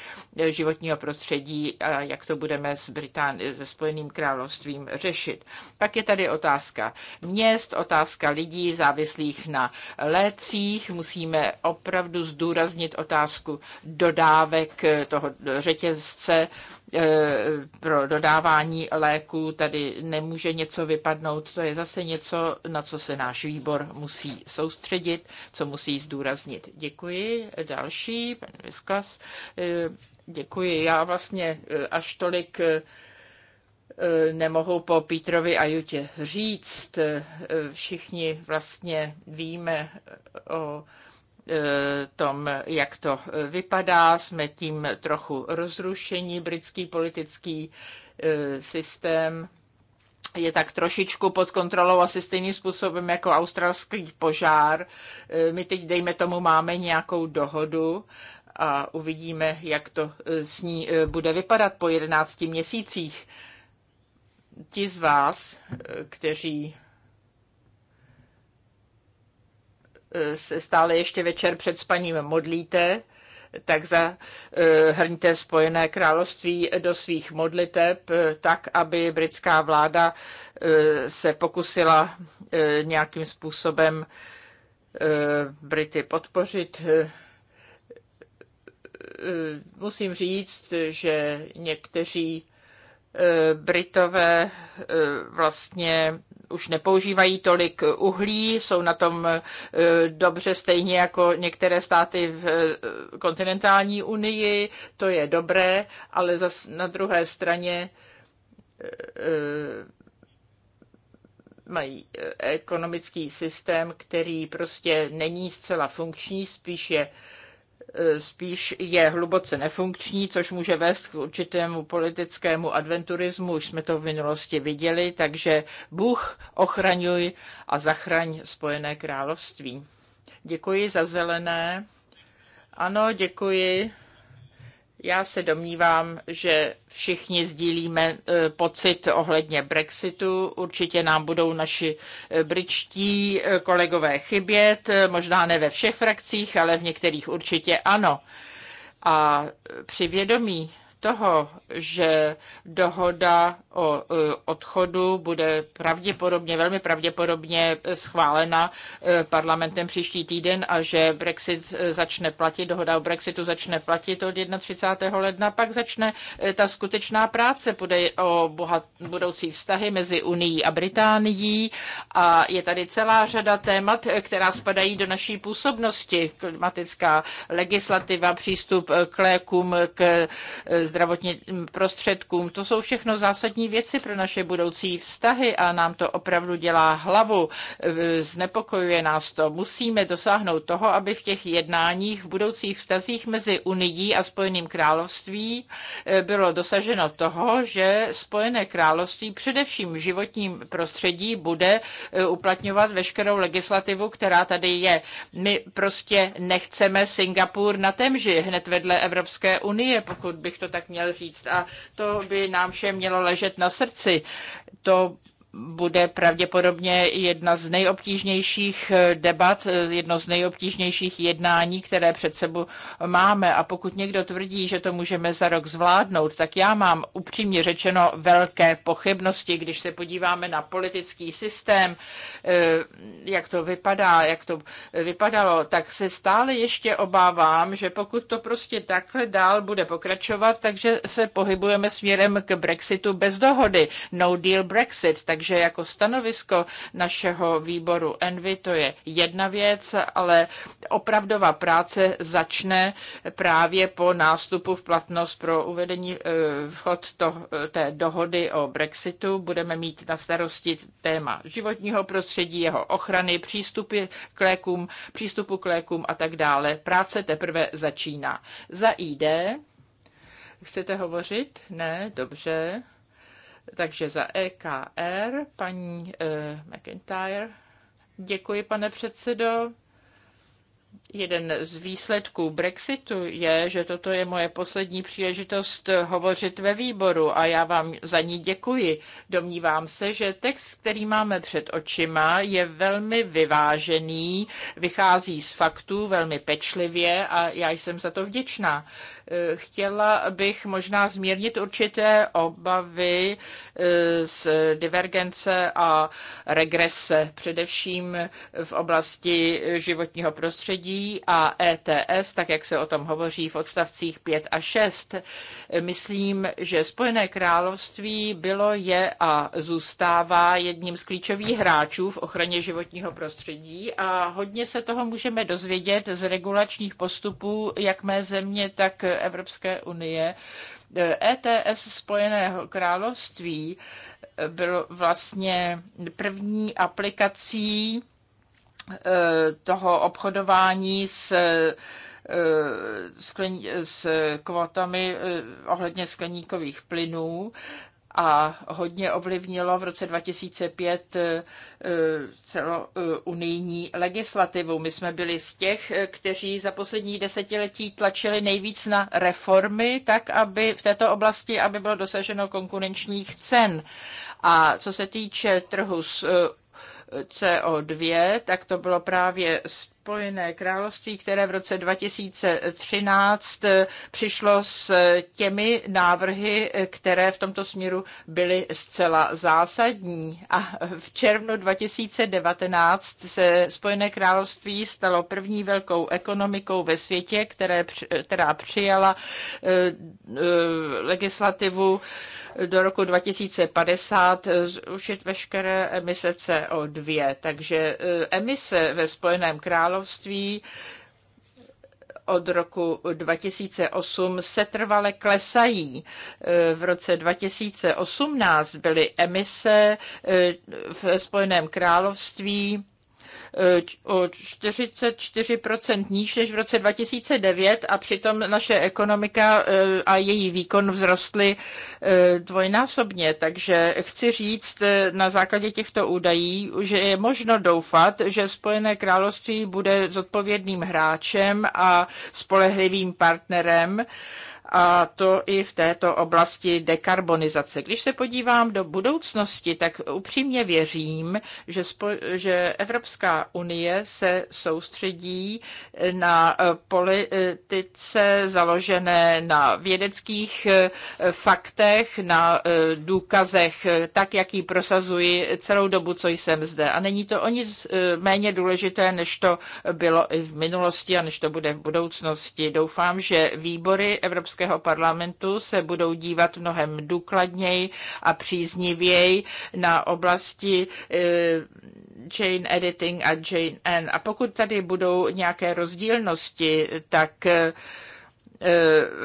životního prostředí a jak to budeme s Britán- se Spojeným královstvím řešit. Pak je tady otázka měst, otázka lidí, lidí závislých na lécích. Musíme opravdu zdůraznit otázku dodávek eh, toho řetězce eh, pro dodávání léků. Tady nemůže něco vypadnout, to je zase něco, na co se náš výbor musí soustředit, co musí zdůraznit. Děkuji. Další, pan Viskas. Eh, děkuji. Já vlastně až tolik Eh, nemohou po Pítrovi a Jutě říct. Eh, všichni vlastně víme eh, o tom, jak to vypadá. Jsme tím trochu rozrušení. Britský politický systém je tak trošičku pod kontrolou asi stejným způsobem jako australský požár. My teď, dejme tomu, máme nějakou dohodu a uvidíme, jak to s ní bude vypadat po 11 měsících ti z vás, eh, kteří eh, se stále ještě večer před spaním modlíte, tak zahrňte eh, Spojené království do svých modliteb, tak aby britská vláda se pokusila nějakým způsobem Brity podpořit. Musím říct, že někteří Eh, Britové eh, vlastně už nepoužívají tolik uhlí, jsou na tom eh, dobře stejně jako některé státy v kontinentální unii, to je dobré, ale zas na druhé straně mají ekonomický systém, který prostě není zcela funkční, spíš je Eh, spíš je hluboce nefunkční, což může vést k určitému politickému adventurismu, už jsme to v minulosti viděli, takže Bůh ochraňuj a zachraň Spojené království. Děkuji za zelené. Ano, děkuji. Já se domnívám, že všichni sdílíme e, pocit ohledně Brexitu. Určitě nám budou naši e, britští e, kolegové chybět, možná ne ve všech frakcích, ale v některých určitě ano. A při vědomí toho, že dohoda o e, odchodu bude pravděpodobně, velmi pravděpodobně schválena e, parlamentem příští týden a že Brexit e, začne platit, dohoda o Brexitu začne platit od 31. ledna, pak začne ta skutečná práce, bude o bohat, budoucí vztahy mezi Unii a Británií a je tady celá řada témat, která spadají do naší působnosti, klimatická legislativa, přístup k lékům, k zdravotním prostředkům. To jsou všechno zásadní věci pro naše budoucí vztahy a nám to opravdu dělá hlavu. E, znepokojuje nás to. Musíme dosáhnout toho, aby v těch jednáních v budoucích vztazích mezi Unií a Spojeným království e, bylo dosaženo toho, že Spojené království především v životním prostředí bude e, uplatňovat veškerou legislativu, která tady je. My prostě nechceme Singapur na Temži hned vedle Evropské unie, pokud bych to tak tak měl říct. A to by nám všem mělo ležet na srdci. To bude pravděpodobně jedna z nejobtížnějších eh, debat, eh, jedno z nejobtížnějších jednání, které před sebou máme. A pokud někdo tvrdí, že to můžeme za rok zvládnout, tak já mám upřímně řečeno velké pochybnosti, když se podíváme na politický systém, eh, jak to vypadá, jak to vypadalo, tak se stále ještě obávám, že pokud to prostě takhle dál bude pokračovat, takže se pohybujeme směrem k Brexitu bez dohody. No deal Brexit. Takže takže jako stanovisko našeho výboru Envy to je jedna věc, ale opravdová práce začne právě po nástupu v platnost pro uvedení e, vchod to, e, té dohody o Brexitu. Budeme mít na starosti téma životního prostředí, jeho ochrany, přístupy k lékům, přístupu k lékům a tak dále. Práce teprve začíná. Za ID Chcete hovořit? Ne, dobře. Takže za EKR paní uh, McIntyre. Děkuji, pane předsedo. Jeden z výsledků Brexitu je, že toto je moje poslední příležitost hovořit ve výboru a já vám za ní děkuji. Domnívám se, že text, který máme před očima, je velmi vyvážený, vychází z faktů velmi pečlivě a já jsem za to vděčná. Eh, chtěla bych možná zmírnit určité obavy eh, z divergence a regrese, především v oblasti životního prostředí prostředí a ETS, tak jak se o tom hovoří v odstavcích 5 a 6. Myslím, že Spojené království bylo, je a zůstává jedním z klíčových hráčů v ochraně životního prostředí a hodně se toho můžeme dozvědět z regulačních postupů jak mé země, tak Evropské unie. ETS Spojeného království byl vlastně první aplikací toho obchodování s eh, s kvotami eh, ohledně skleníkových plynů a hodně ovlivnilo v roce 2005 eh, celou unijní legislativu. My jsme byli z těch, kteří za poslední desetiletí tlačili nejvíc na reformy, tak aby v této oblasti, aby bylo dosaženo konkurenčních cen. A co se týče trhu s CO2, tak to bylo právě Spojené království, které v roce 2013 eh, přišlo s těmi návrhy, eh, které v tomto směru byly zcela zásadní. A v červnu 2019 se Spojené království stalo první velkou ekonomikou ve světě, které, která eh, přijala legislativu do roku 2050 zrušit eh, veškeré emise CO2. Takže eh, emise ve Spojeném království eh, od roku 2008 trvale klesají. V roce 2018 byly emise v Spojeném království o 44% níž než v roce 2009 a přitom naše ekonomika eh, a její výkon vzrostly eh, dvojnásobně. Takže chci říct eh, na základě těchto údají, že je možno doufat, že Spojené království bude zodpovědným hráčem a spolehlivým partnerem a to i v této oblasti dekarbonizace. Když se podívám do budoucnosti, tak upřímně věřím, že, spo- že Evropská unie se soustředí na eh, politice založené na vědeckých eh, faktech, na eh, důkazech, tak, jak ji prosazuji celou dobu, co jsem zde. A není to o nic méně důležité, než to bylo i v minulosti a než to bude v budoucnosti. Doufám, že výbory Evropské Evropského parlamentu se budou dívat mnohem důkladněji a příznivěji na oblasti eh, chain editing a chain N. A pokud tady budou nějaké rozdílnosti, tak eh,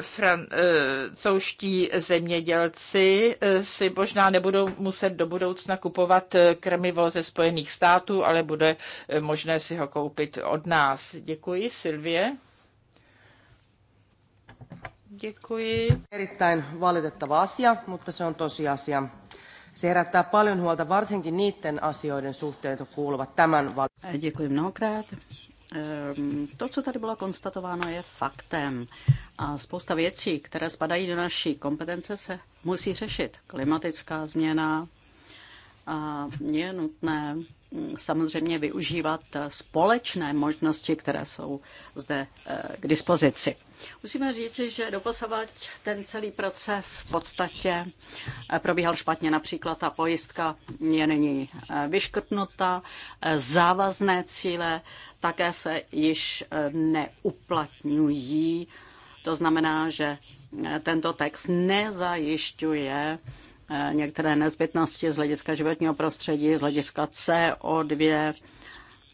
francouzští eh, zemědělci si možná nebudou muset do budoucna kupovat krmivo ze Spojených států, ale bude možné si ho koupit od nás. Děkuji, Silvie. Děkuji. Erittäin valitettava asia, mutta se on tosiasia. Se herättää paljon huolta varsinkin niiden asioiden suhteen, jotka kuuluvat tämän val... Eh, děkuji mnohokrát. Ehm, to, co tady bylo konstatováno, je faktem. A spousta věcí, které spadají do naší kompetence, se musí řešit. Klimatická změna, a je nutné hm, samozřejmě využívat společné možnosti, které jsou zde eh, k dispozici. Musíme říci, že dopasovat ten celý proces v podstatě eh, probíhal špatně. Například ta pojistka je není eh, vyškrtnuta, eh, závazné cíle také se již neuplatňují. To znamená, že tento text nezajišťuje některé nezbytnosti z hlediska životního prostředí, z hlediska CO2,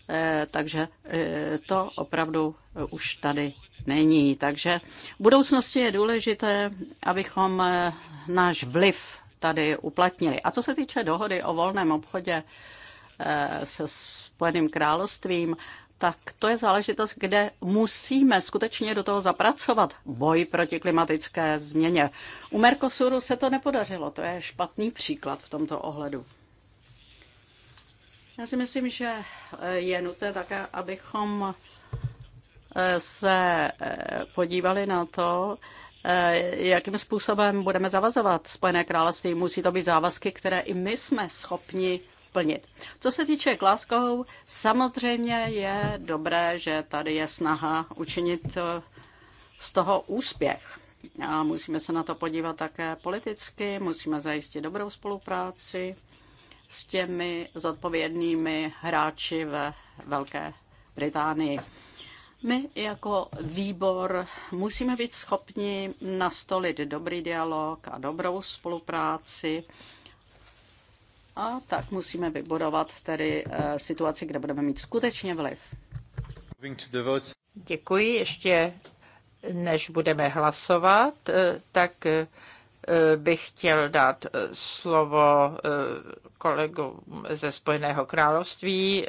Eh, takže eh, to opravdu eh, už tady není. Takže v budoucnosti je důležité, abychom náš vliv tady uplatnili. A co se týče dohody o volném obchodě se Spojeným královstvím, tak to je záležitost, kde musíme skutečně do toho zapracovat boj proti klimatické změně. U Mercosuru se to nepodařilo, to je špatný příklad v tomto ohledu. Já si myslím, že eh, je nutné také, abychom eh, se eh, podívali na to, jakým způsobem budeme zavazovat Spojené království. Musí to být závazky, které i my jsme schopni plnit. Co se týče Glasgow, samozřejmě je dobré, že tady je snaha učinit z toho úspěch. A musíme se na to podívat také politicky, musíme zajistit dobrou spolupráci s těmi zodpovědnými hráči ve Velké Británii. My jako výbor musíme být schopni nastolit dobrý dialog a dobrou spolupráci a tak musíme vybudovat tedy eh, situaci, kde budeme mít skutečně vliv. Děkuji. Ještě než budeme hlasovat, eh, tak eh, Eh, bych chtěl dát eh, slovo eh, kolegu ze Spojeného království,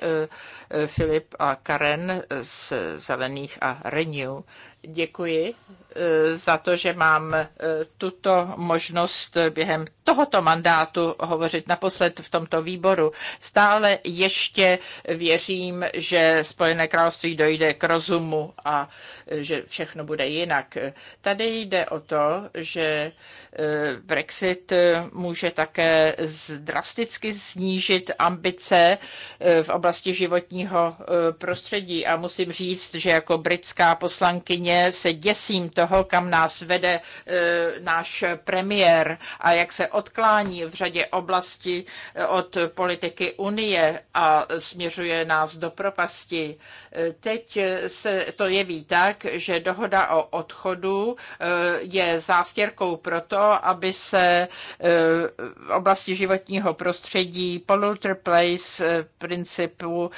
Filip a Karen z Zelených a Renew děkuji e, za to, že mám e, tuto možnost během tohoto mandátu hovořit naposled v tomto výboru. Stále ještě věřím, že Spojené království dojde k rozumu a e, že všechno bude jinak. Tady jde o to, že Brexit může také drasticky snížit ambice v oblasti životního prostředí a musím říct, že jako britská poslankyně se děsím toho, kam nás vede e, náš premiér a jak se odklání v řadě oblasti e, od politiky Unie a směřuje nás do propasti. E, teď se to jeví tak, že dohoda o odchodu je zástěrkou pro to, aby se v oblasti životního prostředí polluter place principu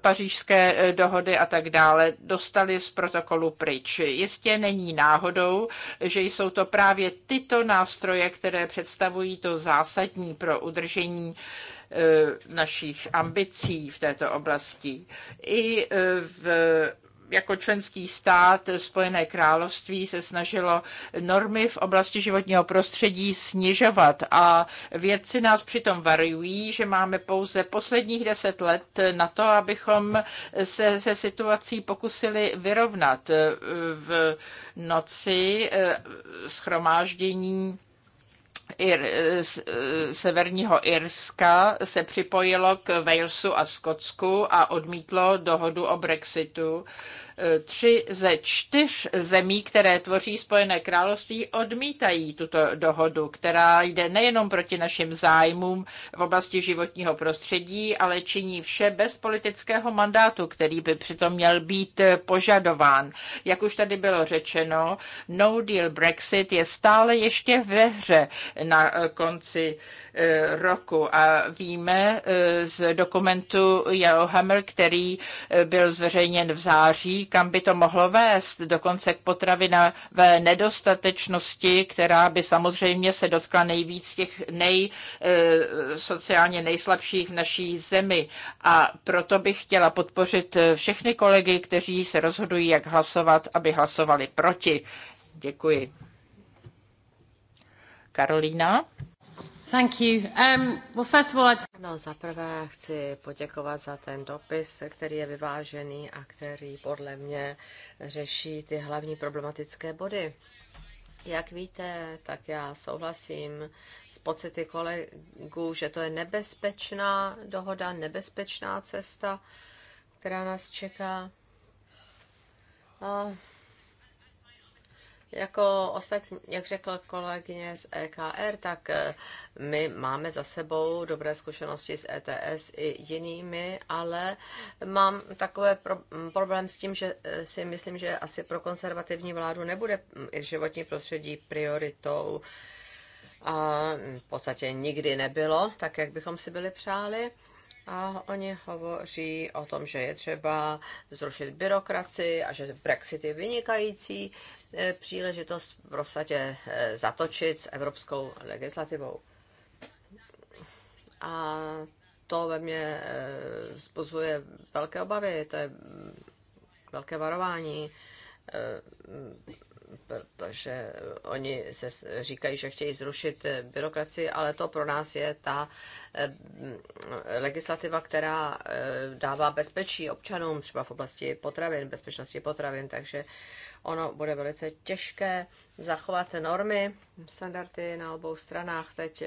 pařížské dohody a tak dále dostali z protokolu pryč. Jistě není náhodou, že jsou to právě tyto nástroje, které představují to zásadní pro udržení e, našich ambicí v této oblasti. I e, v jako členský stát Spojené království se snažilo normy v oblasti životního prostředí snižovat a vědci nás přitom varují, že máme pouze posledních deset let na to, abychom se se situací pokusili vyrovnat. V noci eh, schromáždění Ir, severního Irska se připojilo k Walesu a Skotsku a odmítlo dohodu o Brexitu Tři ze čtyř zemí, které tvoří Spojené království, odmítají tuto dohodu, která jde nejenom proti našim zájmům v oblasti životního prostředí, ale činí vše bez politického mandátu, který by přitom měl být požadován. Jak už tady bylo řečeno, no deal Brexit je stále ještě ve hře na konci eh, roku a víme eh, z dokumentu Yellow Hammer, který eh, byl zveřejněn v září, kam by to mohlo vést, dokonce k potravinové nedostatečnosti, která by samozřejmě se dotkla nejvíc těch nej, eh, sociálně nejslabších v naší zemi. A proto bych chtěla podpořit eh, všechny kolegy, kteří se rozhodují, jak hlasovat, aby hlasovali proti. Děkuji. Karolína? Thank you. Um, well, first of all, I'd... No, zaprvé chci poděkovat za ten dopis, který je vyvážený a který podle mě řeší ty hlavní problematické body. Jak víte, tak já souhlasím s pocity kolegů, že to je nebezpečná dohoda, nebezpečná cesta, která nás čeká. A jako ostatní, jak řekla kolegyně z EKR, tak eh, my máme za sebou dobré zkušenosti s ETS i jinými, ale mám takové pro, mm, problém s tím, že eh, si myslím, že asi pro konzervativní vládu nebude mm, životní prostředí prioritou a mm, v podstatě nikdy nebylo, tak jak bychom si byli přáli. A oni hovoří o tom, že je třeba zrušit byrokraci a že Brexit je vynikající eh, příležitost v podstatě eh, zatočit s evropskou legislativou. A to ve mně eh, vzbuzuje velké obavy, to je mm, velké varování protože oni se říkají, že chtějí zrušit byrokracii, ale to pro nás je ta eh, legislativa, která eh, dává bezpečí občanům, třeba v oblasti potravin, bezpečnosti potravin, takže ono bude velice těžké zachovat normy, standardy na obou stranách. Teď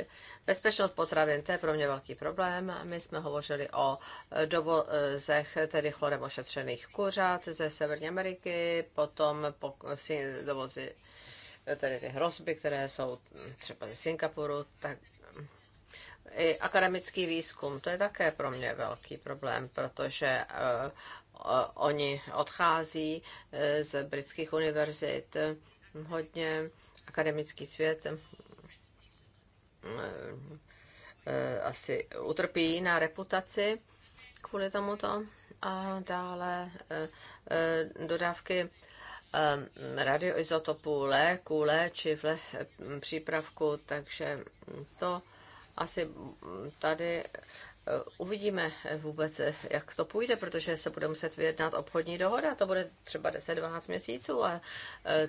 bezpečnost potravin, to je pro mě velký problém. My jsme hovořili o dovozech tedy chlorem ošetřených kuřat ze Severní Ameriky, potom dovozy tedy ty hrozby, které jsou třeba ze Singapuru, tak i akademický výzkum, to je také pro mě velký problém, protože eh, oni odchází e, z britských univerzit. Hodně akademický svět e, e, asi utrpí na reputaci kvůli tomuto. A dále dodávky radioizotopů, léků, léčiv, lé, přípravku, takže to asi tady Eh, uvidíme eh, vůbec, eh, jak to půjde, protože se bude muset vyjednat obchodní dohoda, to bude třeba 10-12 měsíců a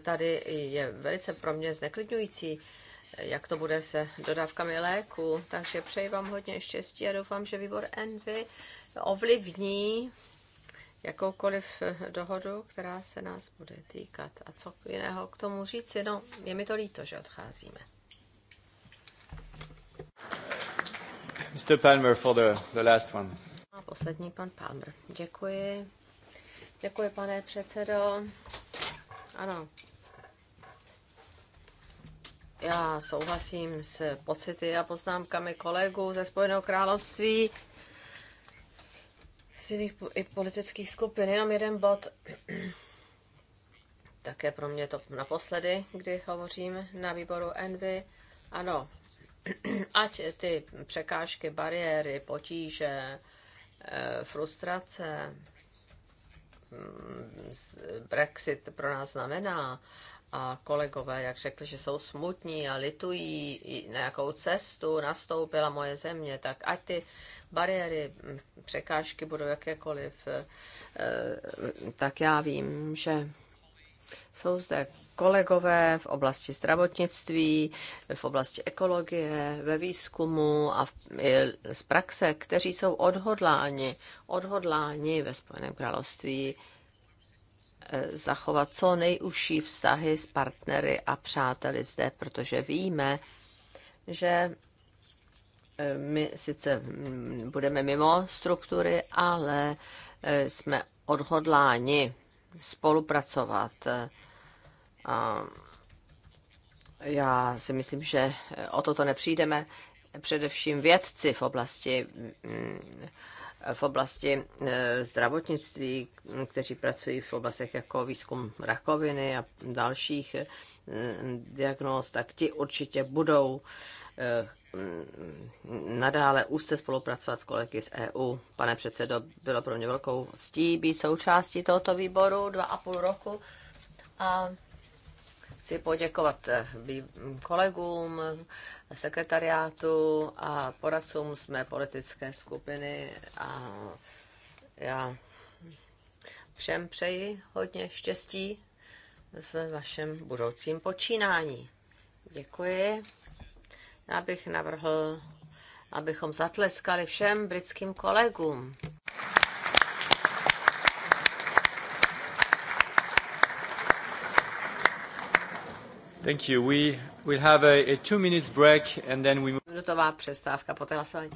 tady je velice pro mě zneklidňující, jak to bude se dodávkami léku. Takže přeji vám hodně štěstí a doufám, že výbor Envy ovlivní jakoukoliv dohodu, která se nás bude týkat. A co jiného k tomu říci? No, je mi to líto, že odcházíme. Mr. Palmer for the, the last one. A poslední pan Palmer. Děkuji. Děkuji, pane předsedo. Ano. Já souhlasím s pocity a poznámkami kolegů ze Spojeného království z jiných i politických skupin. Jenom jeden bod. Také pro mě to naposledy, kdy hovořím na výboru Envy. Ano, ať ty překážky, bariéry, potíže, eh, frustrace, mm, Brexit pro nás znamená, a kolegové, jak řekli, že jsou smutní a litují, na jakou cestu nastoupila moje země, tak ať ty bariéry, mm, překážky budou jakékoliv, eh, eh, tak já vím, že jsou zde kolegové v oblasti zdravotnictví, v oblasti ekologie, ve výzkumu a v, z praxe, kteří jsou odhodláni, odhodláni ve Spojeném království eh, zachovat co nejužší vztahy s partnery a přáteli zde, protože víme, že eh, my sice mm, budeme mimo struktury, ale eh, jsme odhodláni spolupracovat já si myslím, že o toto nepřijdeme. Především vědci v oblasti v oblasti e, zdravotnictví, kteří pracují v oblastech jako výzkum rakoviny a dalších e, diagnóz, tak ti určitě budou e, nadále úzce spolupracovat s kolegy z EU. Pane předsedo, bylo pro mě velkou ctí být součástí tohoto výboru dva a půl roku a Chci poděkovat eh, kolegům, sekretariátu a poradcům z mé politické skupiny a já všem přeji hodně štěstí v vašem budoucím počínání. Děkuji. Já bych navrhl, abychom zatleskali všem britským kolegům. Thank you. We will have a, a two minutes break and then we... Minutová přestávka po té hlasování.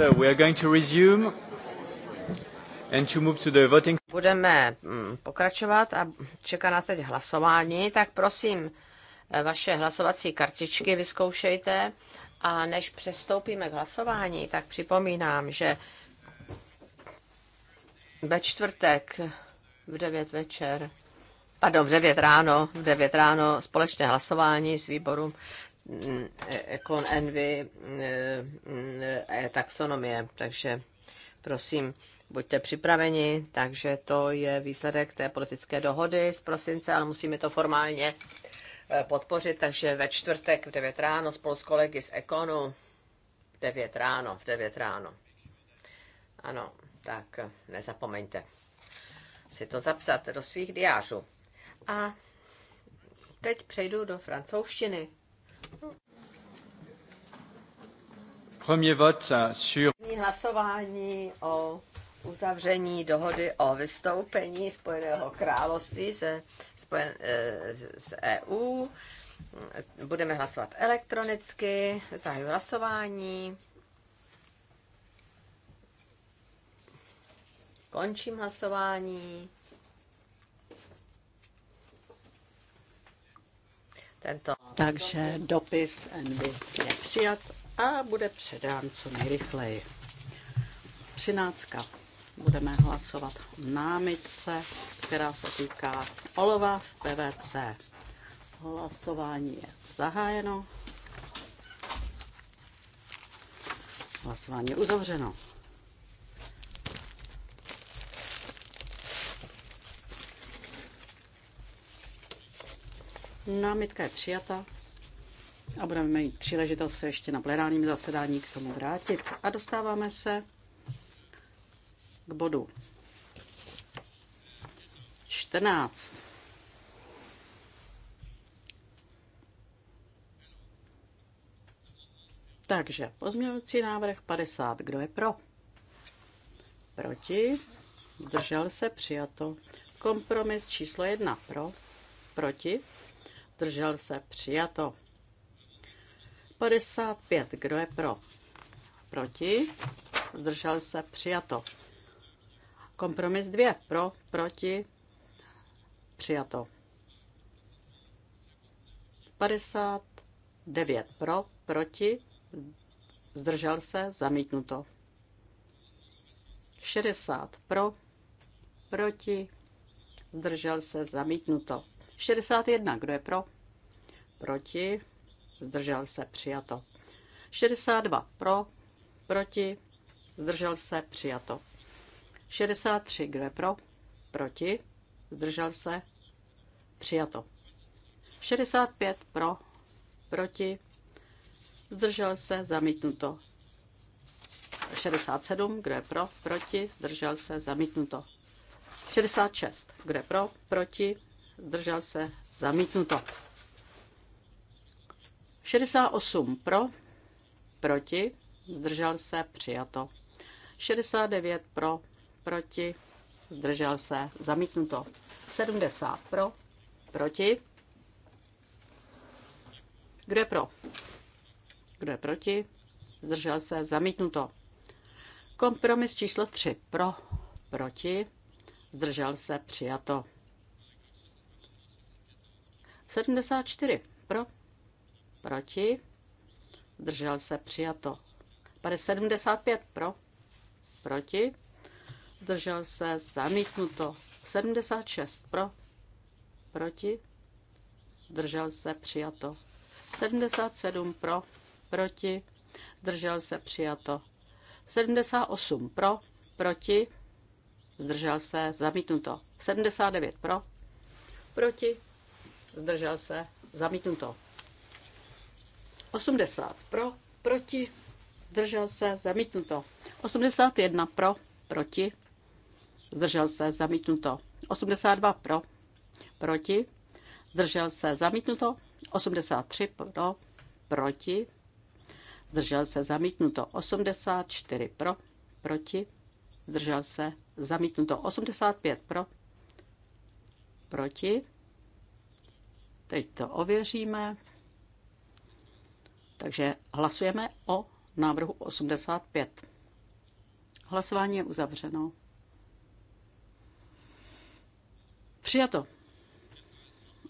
So we are going to resume and to move to the voting. Budeme mm, pokračovat a čeká nás teď hlasování, tak prosím eh, vaše hlasovací kartičky vyzkoušejte a než přestoupíme k hlasování, tak připomínám, že ve čtvrtek v 9 večer, pardon, v 9 ráno, v 9 ráno společné hlasování s výborům Ekon, Envy eh, eh, taxonomie, takže prosím, buďte připraveni, takže to je výsledek té politické dohody z prosince, ale musíme to formálně eh, podpořit, takže ve čtvrtek v 9 ráno spolu s kolegy z Ekonu, v 9 ráno, v 9 ráno. Ano, tak nezapomeňte si to zapsat do svých diářů. A teď přejdu do francouzštiny. První vote Hlasování o uzavření dohody o vystoupení Spojeného království se, spojen, eh, z EU. Budeme hlasovat elektronicky, zahajuji hlasování. Končím hlasování. Tento. Takže dopis Envy je přijat a bude předán co nejrychleji. 13. Budeme hlasovat o námitce, která se týká olova v PVC. Hlasování je zahájeno. Hlasování je uzavřeno. Námitka je přijata a budeme mít příležitost se ještě na plenárním zasedání k tomu vrátit. A dostáváme se k bodu 14. Takže pozměňovací návrh 50. Kdo je pro? Proti? Zdržel se přijato. Kompromis číslo 1 pro. Proti? zdržel se, přijato. 55, kdo je pro? Proti, zdržel se, přijato. Kompromis 2, pro, proti, přijato. 59 pro, proti, zdržel se, zamítnuto. 60 pro, proti, zdržel se, zamítnuto. 61. Kdo je pro? Proti. Zdržel se. Přijato. 62. Pro. Proti. Zdržel se. Přijato. 63. Kdo je pro? Proti. Zdržel se. Přijato. 65. Pro. Proti. Zdržel se. Zamítnuto. 67, kdo je pro, proti, zdržel se, zamítnuto. 66, kdo je pro, proti, zdržel se, zamítnuto. 68 pro, proti, zdržel se, přijato. 69 pro, proti, zdržel se, zamítnuto. 70 pro, proti. Kdo je pro? Kdo je proti? Zdržel se, zamítnuto. Kompromis číslo 3 pro, proti, zdržel se, přijato. 74 pro, proti, zdržel se přijato. 75 pro, proti, zdržel se zamítnuto. 76 pro, proti, zdržel se přijato. 77 pro, proti, zdržel se přijato. 78 pro, proti, zdržel se zamítnuto. 79 pro, proti, zdržel se, zamítnuto. 80 pro, proti, zdržel se, zamítnuto. 81 pro, proti, zdržel se, zamítnuto. 82 pro, proti, zdržel se, zamítnuto. 83 pro, proti, zdržel se, zamítnuto. 84 pro, proti, zdržel se, zamítnuto. 85 pro, proti, Teď to ověříme. Takže hlasujeme o návrhu 85. Hlasování je uzavřeno. Přijato.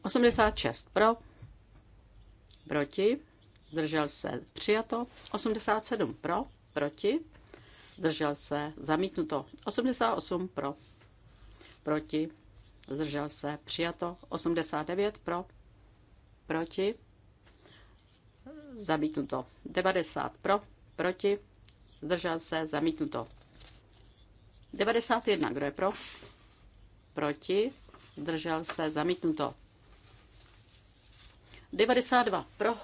86 pro, proti, zdržel se přijato. 87 pro, proti, zdržel se zamítnuto. 88 pro, proti, zdržel se přijato. 89 pro, proti, zamítnuto. 90 pro, proti, zdržel se, zamítnuto. 91, kdo je pro, proti, zdržel se, zamítnuto. 92 pro,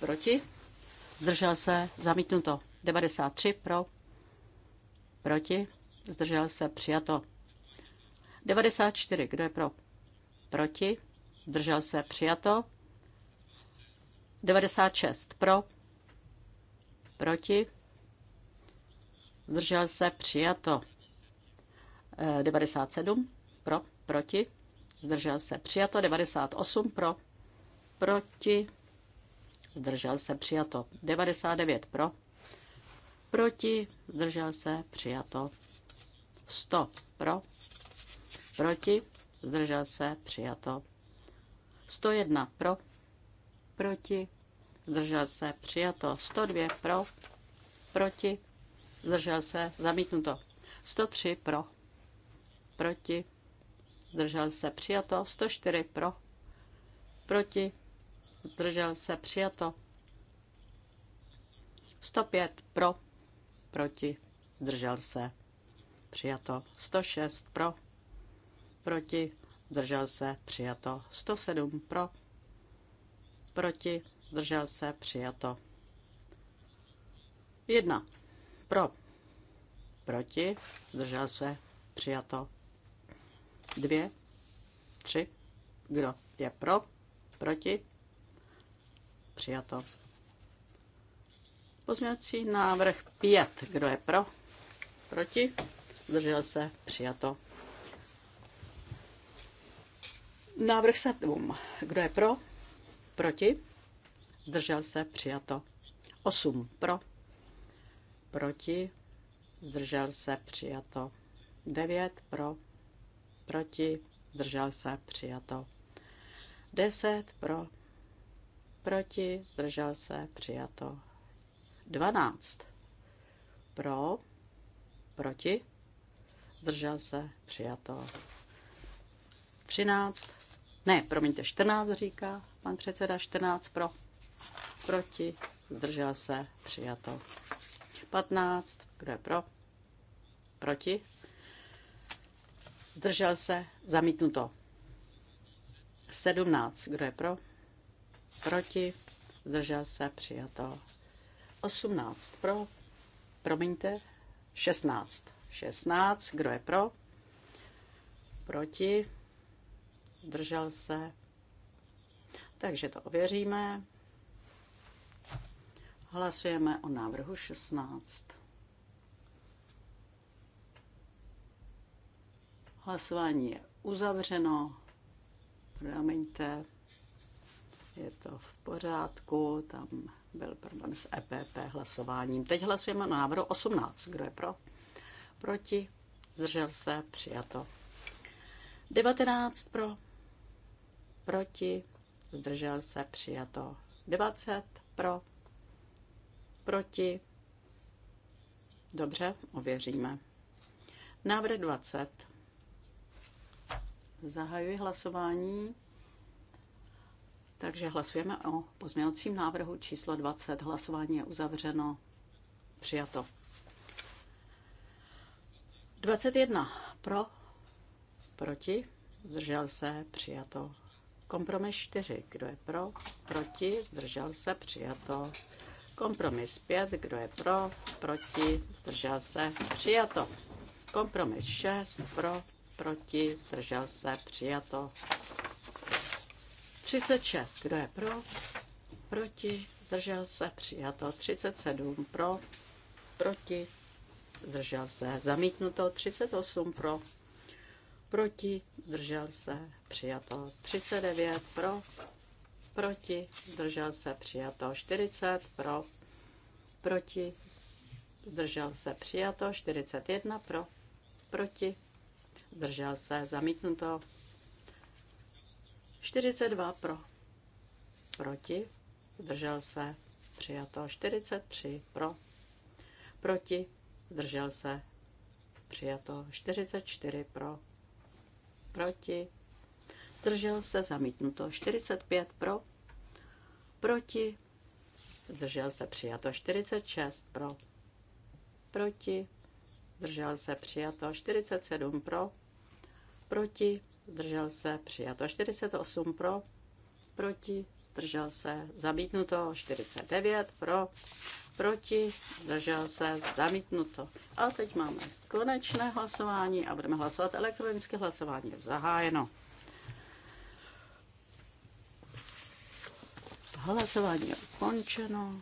proti, zdržel se, zamítnuto. 93 pro, proti, zdržel se, přijato. 94, kdo je pro, proti, zdržel se, přijato. 96 pro, proti, zdržel se, přijato. 97 eh, pro, proti, zdržel se, přijato. 98 pro, proti, zdržel se, přijato. 99 pro, proti, zdržel se, přijato. 100 pro, proti, zdržel se, přijato. 101 pro, proti, zdržel se, přijato. 102 pro, proti, zdržel se, zamítnuto. 103 pro, proti, zdržel se, přijato. 104 pro, proti, zdržel se, přijato. 105 pro, proti, zdržel se, přijato. 106 pro, proti, zdržel se, přijato. 107 pro, proti, zdržel se, přijato. 1. pro, proti, zdržel se, přijato. 2. 3. kdo je pro, proti, přijato. Pozměňovací návrh 5. Kdo je pro? Proti? Zdržel se? Přijato. Návrh 7. Kdo je pro? Proti? Zdržel se? Přijato. 8 pro. Proti? Zdržel se? Přijato. 9 pro. Proti? Zdržel se? Přijato. 10 pro. Proti? Zdržel se? Přijato. 12 pro. Proti? Zdržel se? Přijato. 13. Ne, promiňte, 14 říká Pan předseda 14 pro, proti, zdržel se, přijato. 15, kdo je pro, proti, zdržel se, zamítnuto. 17, kdo je pro, proti, zdržel se, přijato. 18 pro, promiňte, 16. 16, kdo je pro? Proti? Zdržel se? Takže to ověříme. Hlasujeme o návrhu 16. Hlasování je uzavřeno. Promiňte, je to v pořádku. Tam byl problém s EPP hlasováním. Teď hlasujeme o návrhu 18. Kdo je pro? Proti? Zdržel se? Přijato. 19 pro? Proti? zdržel se, přijato 20 pro, proti, dobře, ověříme. Návrh 20. Zahajuji hlasování. Takže hlasujeme o pozměňovacím návrhu číslo 20. Hlasování je uzavřeno. Přijato. 21 pro, proti, zdržel se, přijato. Kompromis 4. Kdo je pro? Proti? Zdržel se? Přijato. Kompromis 5. Kdo je pro? Proti? Zdržel se? Přijato. Kompromis 6. Pro? Proti? Zdržel se? Přijato. 36. Kdo je pro? Proti? Zdržel se? Přijato. 37. Pro? Proti? Zdržel se? Zamítnuto. 38. Pro? proti, zdržel se, přijato 39 pro, proti, zdržel se, přijato 40 pro, proti, zdržel se, přijato 41 pro, proti, zdržel se, zamítnuto 42 pro, proti, zdržel se, přijato 43 pro, proti, zdržel se, přijato 44 pro, proti, zdržel se zamítnuto 45 pro, proti, zdržel se přijato 46 pro, proti, zdržel se přijato 47 pro, proti, zdržel se přijato 48 pro, proti, zdržel se zamítnuto 49 pro, proti, zdržel se, zamítnuto. A teď máme konečné hlasování a budeme hlasovat elektronické hlasování. Je zahájeno. Hlasování je ukončeno.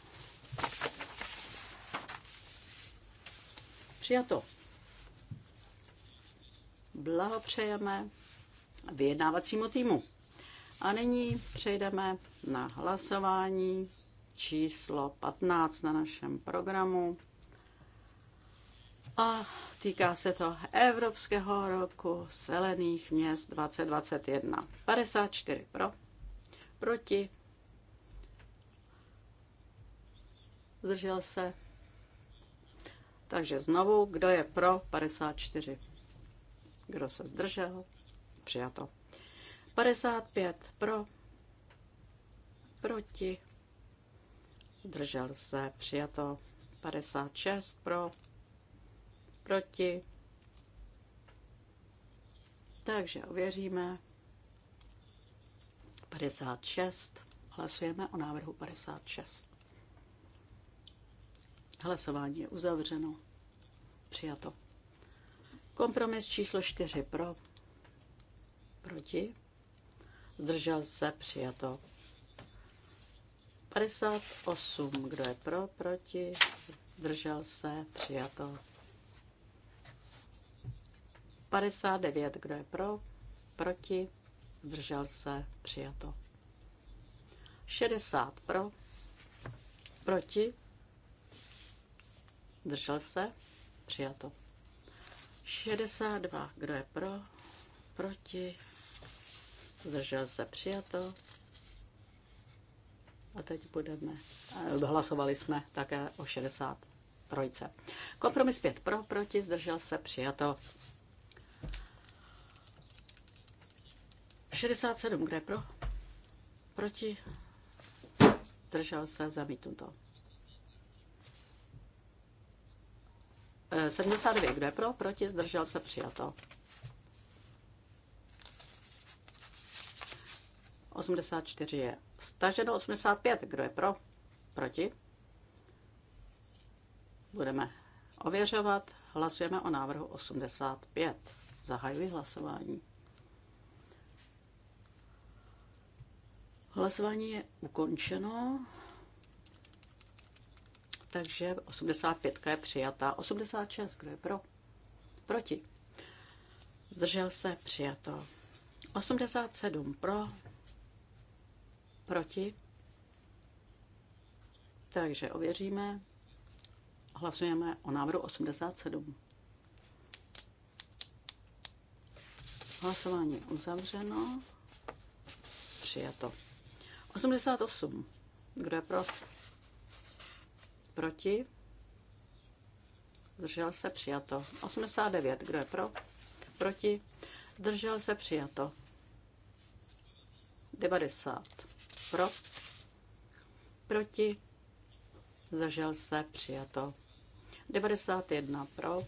Přijato. Blahopřejeme vyjednávacímu týmu. A nyní přejdeme na hlasování číslo 15 na našem programu. A týká se to Evropského roku zelených měst 2021. 54 pro, proti, zdržel se. Takže znovu, kdo je pro 54? Kdo se zdržel? Přijato. 55 pro, proti, zdržel se, přijato 56 pro, proti. Takže ověříme 56. Hlasujeme o návrhu 56. Hlasování je uzavřeno. Přijato. Kompromis číslo 4 pro, proti. Zdržel se, přijato. 58. Kdo je pro, proti? Držel se, přijato. 59. Kdo je pro, proti? Držel se, přijato. 60 pro, proti, držel se, přijato. 62, kdo je pro, proti, zdržel se, přijato. A teď budeme. Eh, hlasovali jsme také o 63. Kompromis 5 pro, proti, zdržel se, přijato. 67, kde pro? Proti, zdržel se, zamítnuto. 72, eh, kde pro? Proti, zdržel se, přijato. 84 je Staženo 85. Kdo je pro? Proti? Budeme ověřovat. Hlasujeme o návrhu 85. Zahajuji hlasování. Hlasování je ukončeno, takže 85 je přijata. 86, kdo je pro? Proti. Zdržel se, přijato. 87 pro, Proti? Takže ověříme. Hlasujeme o návrhu 87. Hlasování je uzavřeno. Přijato. 88. Kdo je pro? Proti? Zdržel se přijato. 89. Kdo je pro? Proti? Zdržel se přijato. 90 pro, proti, zdržel se, přijato. 91 pro,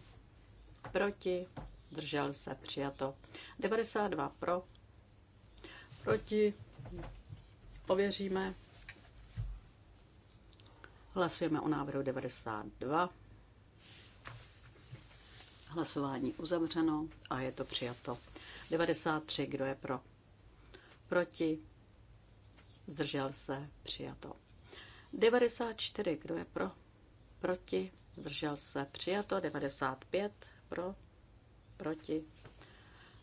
proti, zdržel se, přijato. 92 pro, proti, ověříme. Hlasujeme o návrhu 92. Hlasování uzavřeno a je to přijato. 93, kdo je pro? Proti? zdržel se, přijato. 94, kdo je pro, proti, zdržel se, přijato. 95, pro, proti,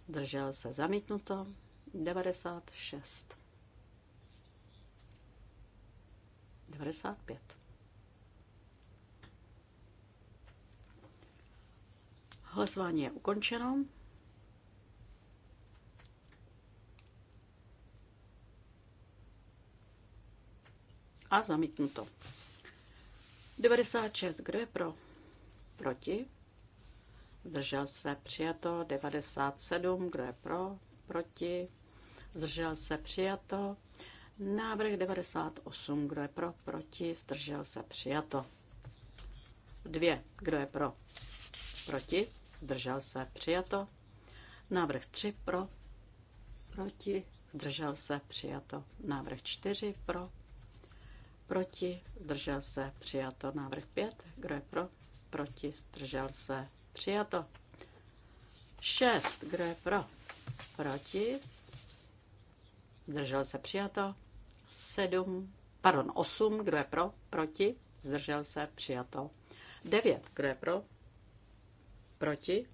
zdržel se, zamítnuto. 96. 95. Hlasování je ukončeno. A zamítnuto. 96. Kdo je pro? Proti? Zdržel se přijato. 97. Kdo je pro? Proti? Zdržel se přijato. Návrh 98. Kdo je pro? Proti? Zdržel se přijato. 2. Kdo je pro? Proti? Zdržel se přijato. Návrh 3. Pro? Proti? Zdržel se přijato. Návrh 4. Pro? Proti? Zdržel se? Přijato. Návrh 5. Kdo je pro? Proti? Zdržel se? Přijato. 6. Kdo je pro? Proti? Zdržel se? Přijato. 7. Pardon, 8. Kdo je pro? Proti? Zdržel se? Přijato. 9. Kdo je pro? Proti?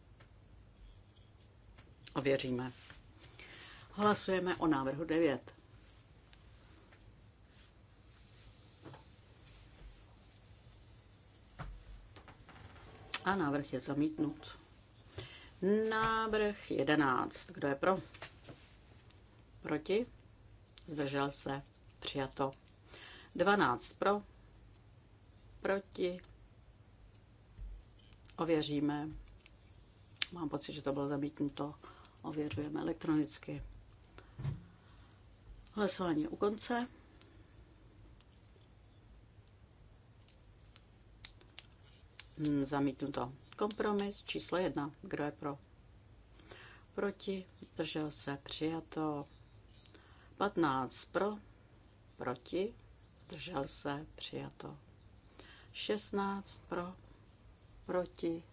Ověříme. Hlasujeme o návrhu 9. A návrh je zamítnut. Návrh 11. Kdo je pro? Proti? Zdržel se? Přijato. 12 pro? Proti? Ověříme. Mám pocit, že to bylo zamítnuto. Ověřujeme elektronicky. Hlasování u konce. Hmm, Zamítnuto. Kompromis číslo jedna. Kdo je pro? Proti. Zdržel se. Přijato. 15 pro. Proti. Zdržel se. Přijato. 16 pro. Proti.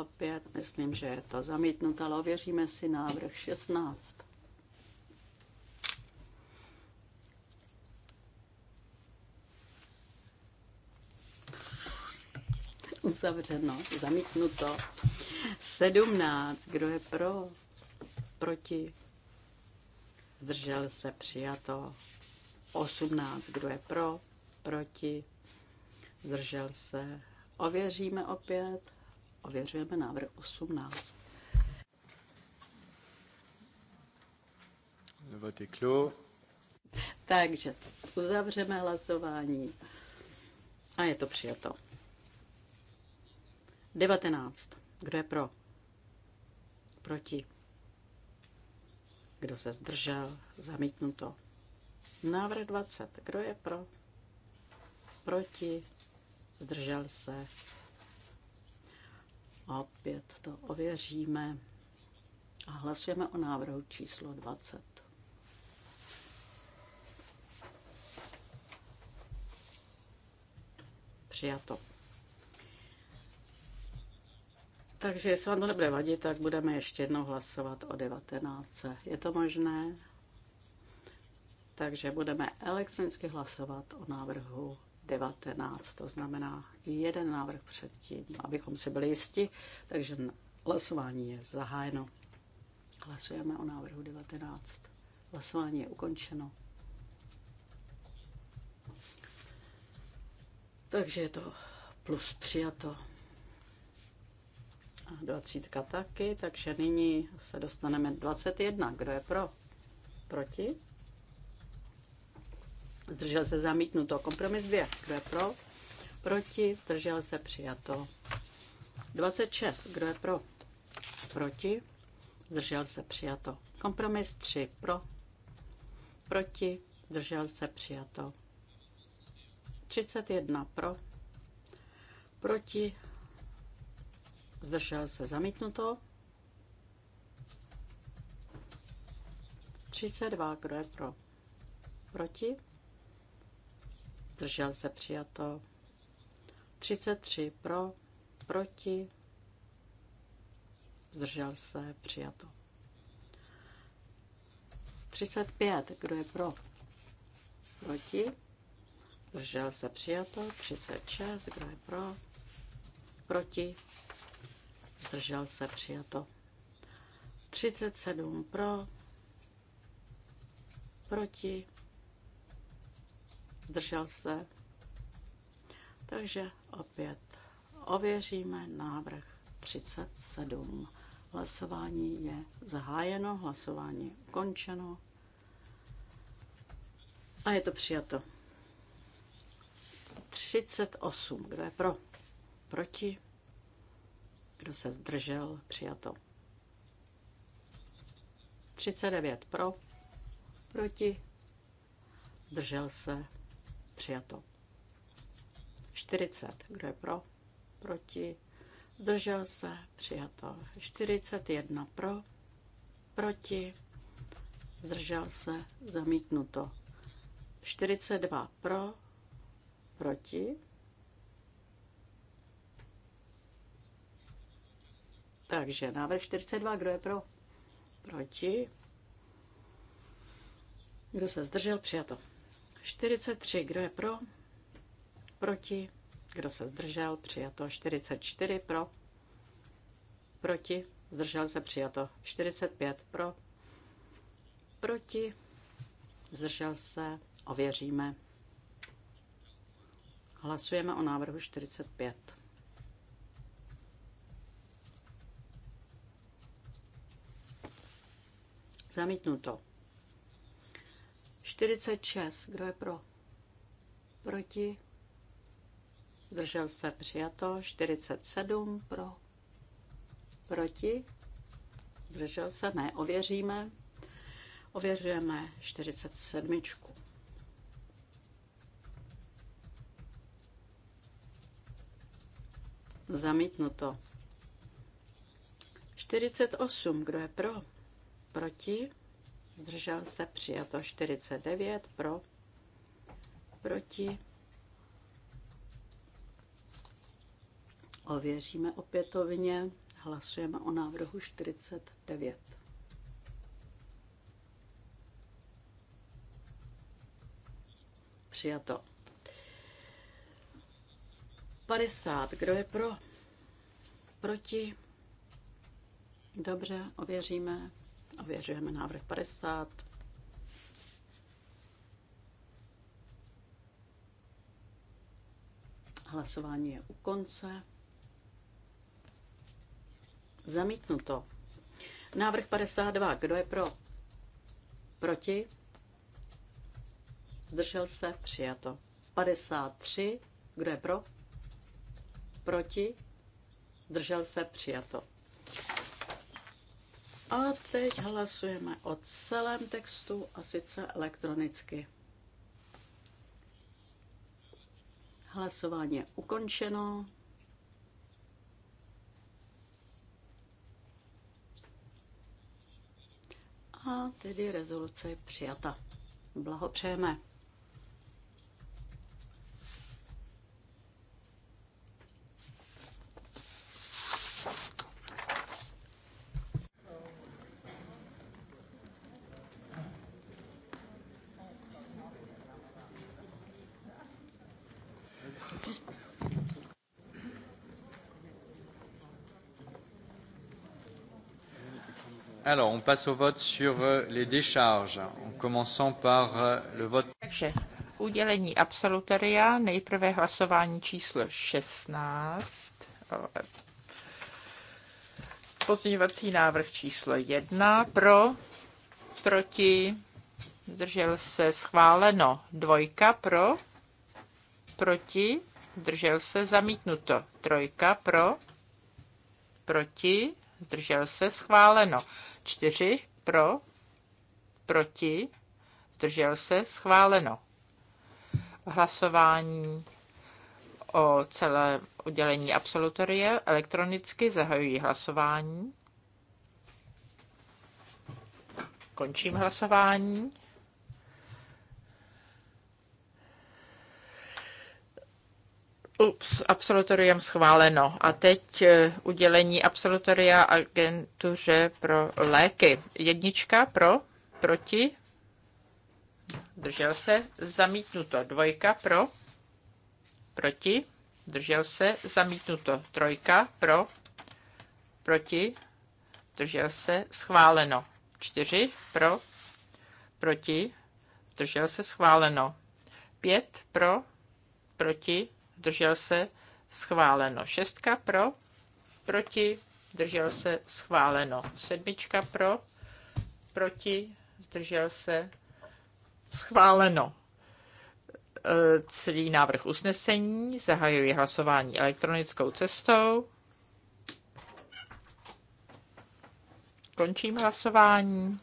Opět myslím, že je to zamítnuto, ale ověříme si návrh 16. Uzavřeno, zamítnuto. 17. Kdo je pro? Proti? Zdržel se, přijato. 18. Kdo je pro? Proti? Zdržel se. Ověříme opět. Ověřujeme návrh 18. Takže uzavřeme hlasování a je to přijato. 19. Kdo je pro? Proti. Kdo se zdržel? Zamítnuto. Návrh 20. Kdo je pro? Proti. Zdržel se. Opět to ověříme a hlasujeme o návrhu číslo 20. Přijato. Takže jestli vám to nebude vadit, tak budeme ještě jednou hlasovat o 19. Je to možné? Takže budeme elektronicky hlasovat o návrhu 19, to znamená jeden návrh předtím, abychom si byli jisti. Takže hlasování je zahájeno. Hlasujeme o návrhu 19. Hlasování je ukončeno. Takže je to plus přijato. Dvacítka taky, takže nyní se dostaneme 21. Kdo je pro? Proti? Zdržel se zamítnuto. Kompromis 2. Kdo je pro? Proti? Zdržel se přijato. 26. Kdo je pro? Proti? Zdržel se přijato. Kompromis 3. Pro? Proti? Zdržel se přijato. 31. Pro? Proti? zdržel se zamítnuto. 32, kdo je pro? Proti? Zdržel se přijato. 33 pro, proti, zdržel se přijato. 35, kdo je pro? Proti, zdržel se přijato. 36, kdo je pro? Proti, zdržel se, přijato. 37 pro, proti, zdržel se. Takže opět ověříme návrh 37. Hlasování je zahájeno, hlasování ukončeno a je to přijato. 38. Kdo je pro? Proti? Kdo se zdržel? Přijato. 39 pro, proti, zdržel se, přijato. 40, kdo je pro, proti, zdržel se, přijato. 41 pro, proti, zdržel se, zamítnuto. 42 pro, proti, Takže návrh 42, kdo je pro? Proti. Kdo se zdržel? Přijato. 43, kdo je pro? Proti. Kdo se zdržel? Přijato. 44 pro. Proti. Zdržel se přijato. 45 pro. Proti. Zdržel se. Ověříme. Hlasujeme o návrhu 45. Zamítnuto. 46. Kdo je pro? Proti? Zdržel se přijato. 47 pro. Proti? Zdržel se? Ne, ověříme. Ověřujeme 47. Zamítnuto. 48. Kdo je pro? proti, zdržel se přijato 49 pro, proti. Ověříme opětovně, hlasujeme o návrhu 49. Přijato. 50. Kdo je pro? Proti? Dobře, ověříme. Ověřujeme návrh 50. Hlasování je u konce. Zamítnuto. Návrh 52. Kdo je pro? Proti? Zdržel se? Přijato. 53. Kdo je pro? Proti? Zdržel se? Přijato. A teď hlasujeme o celém textu a sice elektronicky. Hlasování je ukončeno. A tedy rezoluce je přijata. Blahopřejeme. Alors, on passe au vote sur euh, les décharges, en commençant par euh, le vote. Takže udělení absolutoria, nejprve hlasování číslo 16. Pozměňovací návrh číslo 1 pro, proti, zdržel se schváleno. Dvojka pro, proti, zdržel se zamítnuto. Trojka pro, proti, zdržel se schváleno. 4 pro, proti, zdržel se, schváleno. Hlasování o celé udělení absolutorie elektronicky zahajují hlasování. Končím hlasování. absolutorium schváleno. A teď eh, udělení absolutoria agentuře pro léky. Jednička pro, proti, držel se, zamítnuto. Dvojka pro, proti, držel se, zamítnuto. Trojka pro, proti, držel se, schváleno. Čtyři pro, proti, držel se, schváleno. Pět pro, proti, držel se, schváleno. Šestka pro, proti, držel se, schváleno. Sedmička pro, proti, držel se, schváleno. E, celý návrh usnesení zahajuji hlasování elektronickou cestou. Končím hlasování.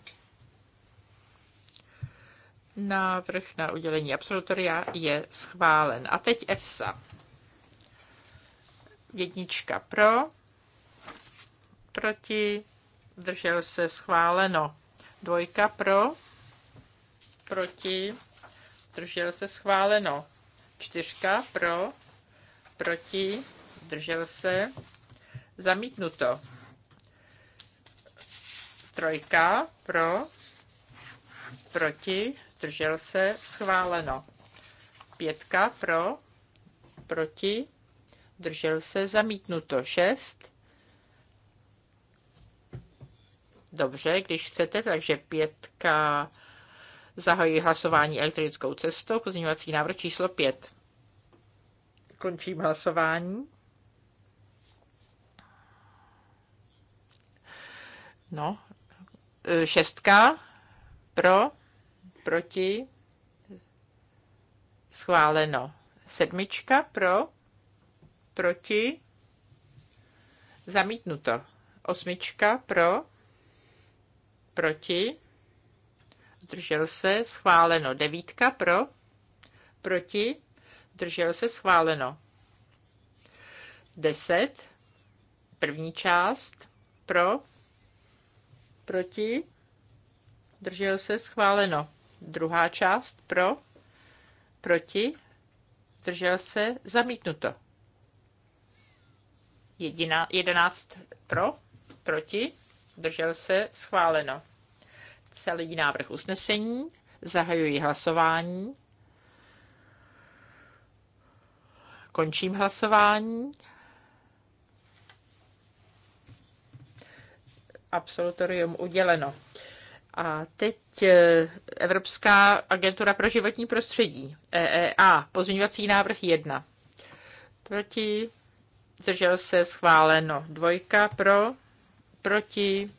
Návrh na udělení absolutoria je schválen. A teď EFSA. Jednička pro, proti, držel se schváleno. Dvojka pro, proti, držel se schváleno. Čtyřka pro, proti, držel se, zamítnuto. Trojka pro, proti, zdržel se, schváleno. Pětka pro, proti, držel se, zamítnuto 6. Dobře, když chcete, takže pětka zahajuji hlasování elektrickou cestou, pozměňovací návrh číslo 5. Končím hlasování. No, e, šestka pro, proti, schváleno. Sedmička pro, proti, zamítnuto. Osmička pro, proti, zdržel se, schváleno. Devítka pro, proti, zdržel se, schváleno. Deset, první část, pro, proti, držel se, schváleno. Druhá část pro, proti, držel se, zamítnuto. Jedina, 11 pro, proti, držel se, schváleno. Celý návrh usnesení, zahajuji hlasování. Končím hlasování. Absolutorium uděleno. A teď eh, Evropská agentura pro životní prostředí, EEA, pozměňovací návrh 1. Proti zdržel se, schváleno. Dvojka pro, proti,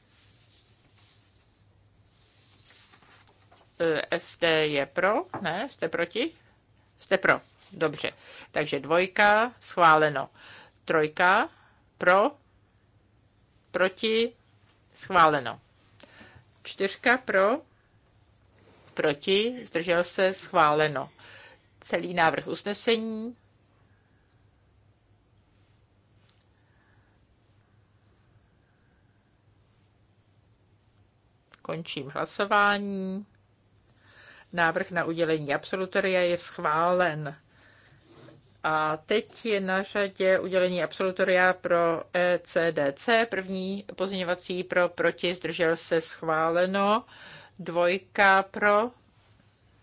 e, SD je pro, ne, jste proti? Jste pro, dobře. Takže dvojka, schváleno. Trojka, pro, proti, schváleno. Čtyřka pro, proti, zdržel se, schváleno. Celý návrh usnesení Končím hlasování. Návrh na udělení absolutoria je schválen. A teď je na řadě udělení absolutoria pro ECDC. První pozměňovací pro proti zdržel se schváleno. Dvojka pro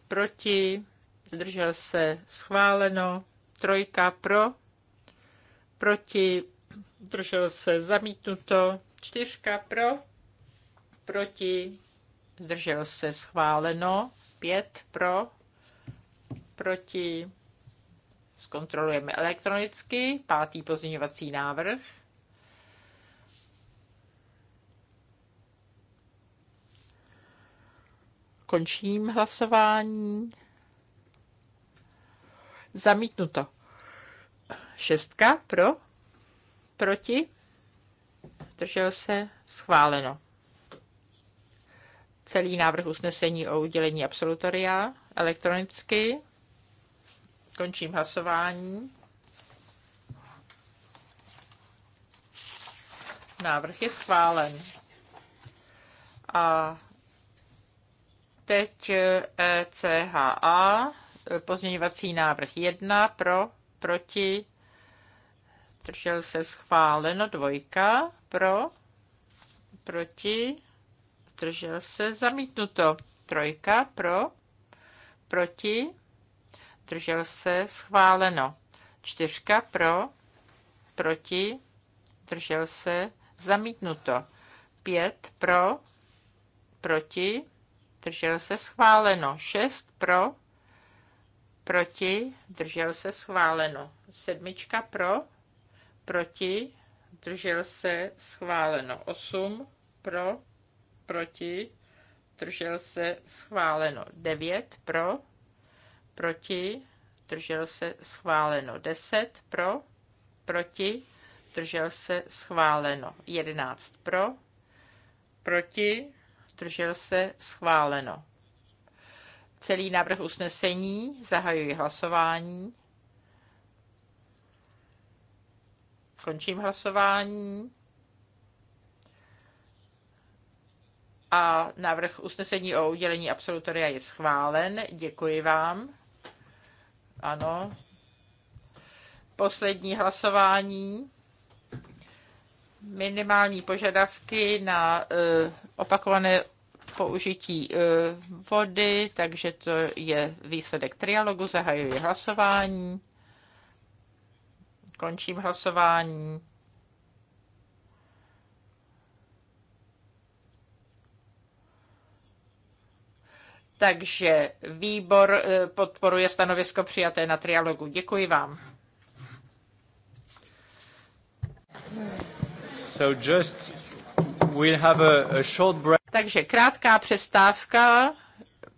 proti zdržel se schváleno. Trojka pro proti zdržel se zamítnuto. Čtyřka pro proti, zdržel se schváleno, pět pro, proti, zkontrolujeme elektronicky, pátý pozměňovací návrh. Končím hlasování. Zamítnuto. Šestka pro, proti, zdržel se, schváleno celý návrh usnesení o udělení absolutoria elektronicky. Končím hlasování. Návrh je schválen. A teď ECHA, eh, pozměňovací návrh 1 pro, proti, držel se schváleno, dvojka pro, proti, zdržel se, zamítnuto. Trojka pro, proti, zdržel se, schváleno. Čtyřka pro, proti, zdržel se, zamítnuto. Pět pro, proti, držel se, schváleno. Šest pro, proti, držel se, schváleno. Sedmička pro, proti, držel se, schváleno. Osm pro, proti, držel se schváleno 9 pro, proti, držel se schváleno 10 pro, proti, držel se schváleno 11 pro, proti, držel se schváleno. Celý návrh usnesení zahajuji hlasování. Končím hlasování. a návrh usnesení o udělení absolutoria je schválen. Děkuji vám. Ano. Poslední hlasování. Minimální požadavky na e, opakované použití e, vody, takže to je výsledek trialogu. Zahajuji hlasování. Končím hlasování. Takže výbor eh, podporuje stanovisko přijaté na trialogu. Děkuji vám. So just we'll have a, a short break. Takže krátká přestávka.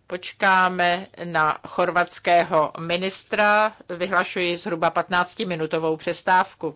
Počkáme na chorvatského ministra. Vyhlašuji zhruba 15-minutovou přestávku.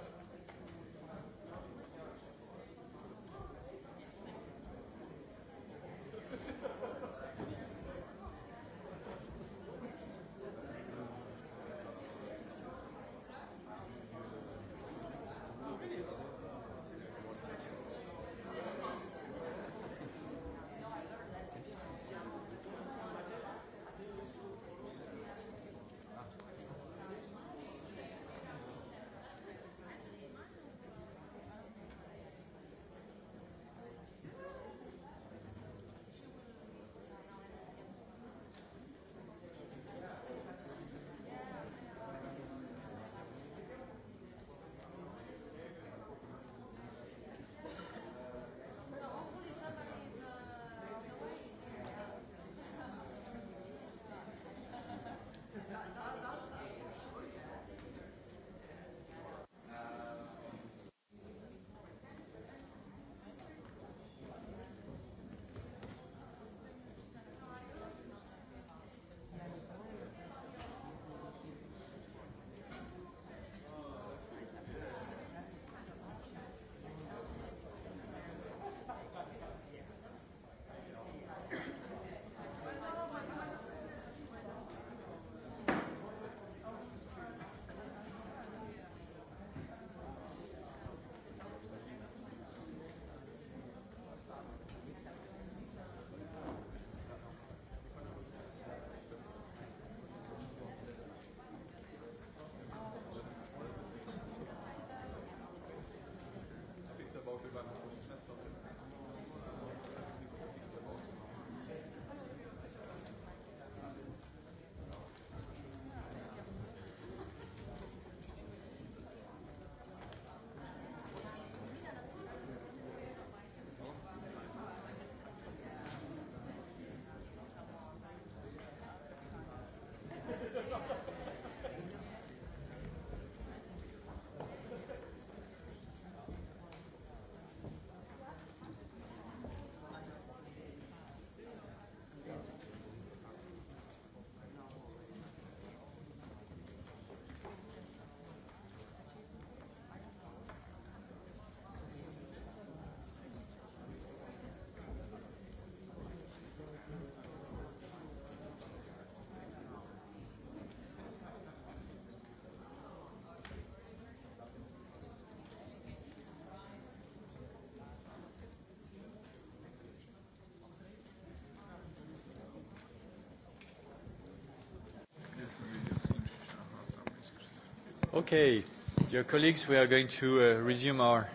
Okay, dear colleagues, we are going to uh, resume our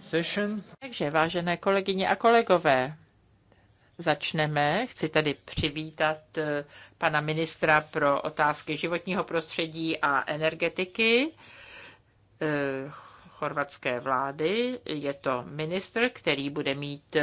session. Takže vážené kolegyně a kolegové, začneme. Chci tady přivítat uh, pana ministra pro otázky životního prostředí a energetiky uh, chorvatské vlády. Je to ministr, který bude mít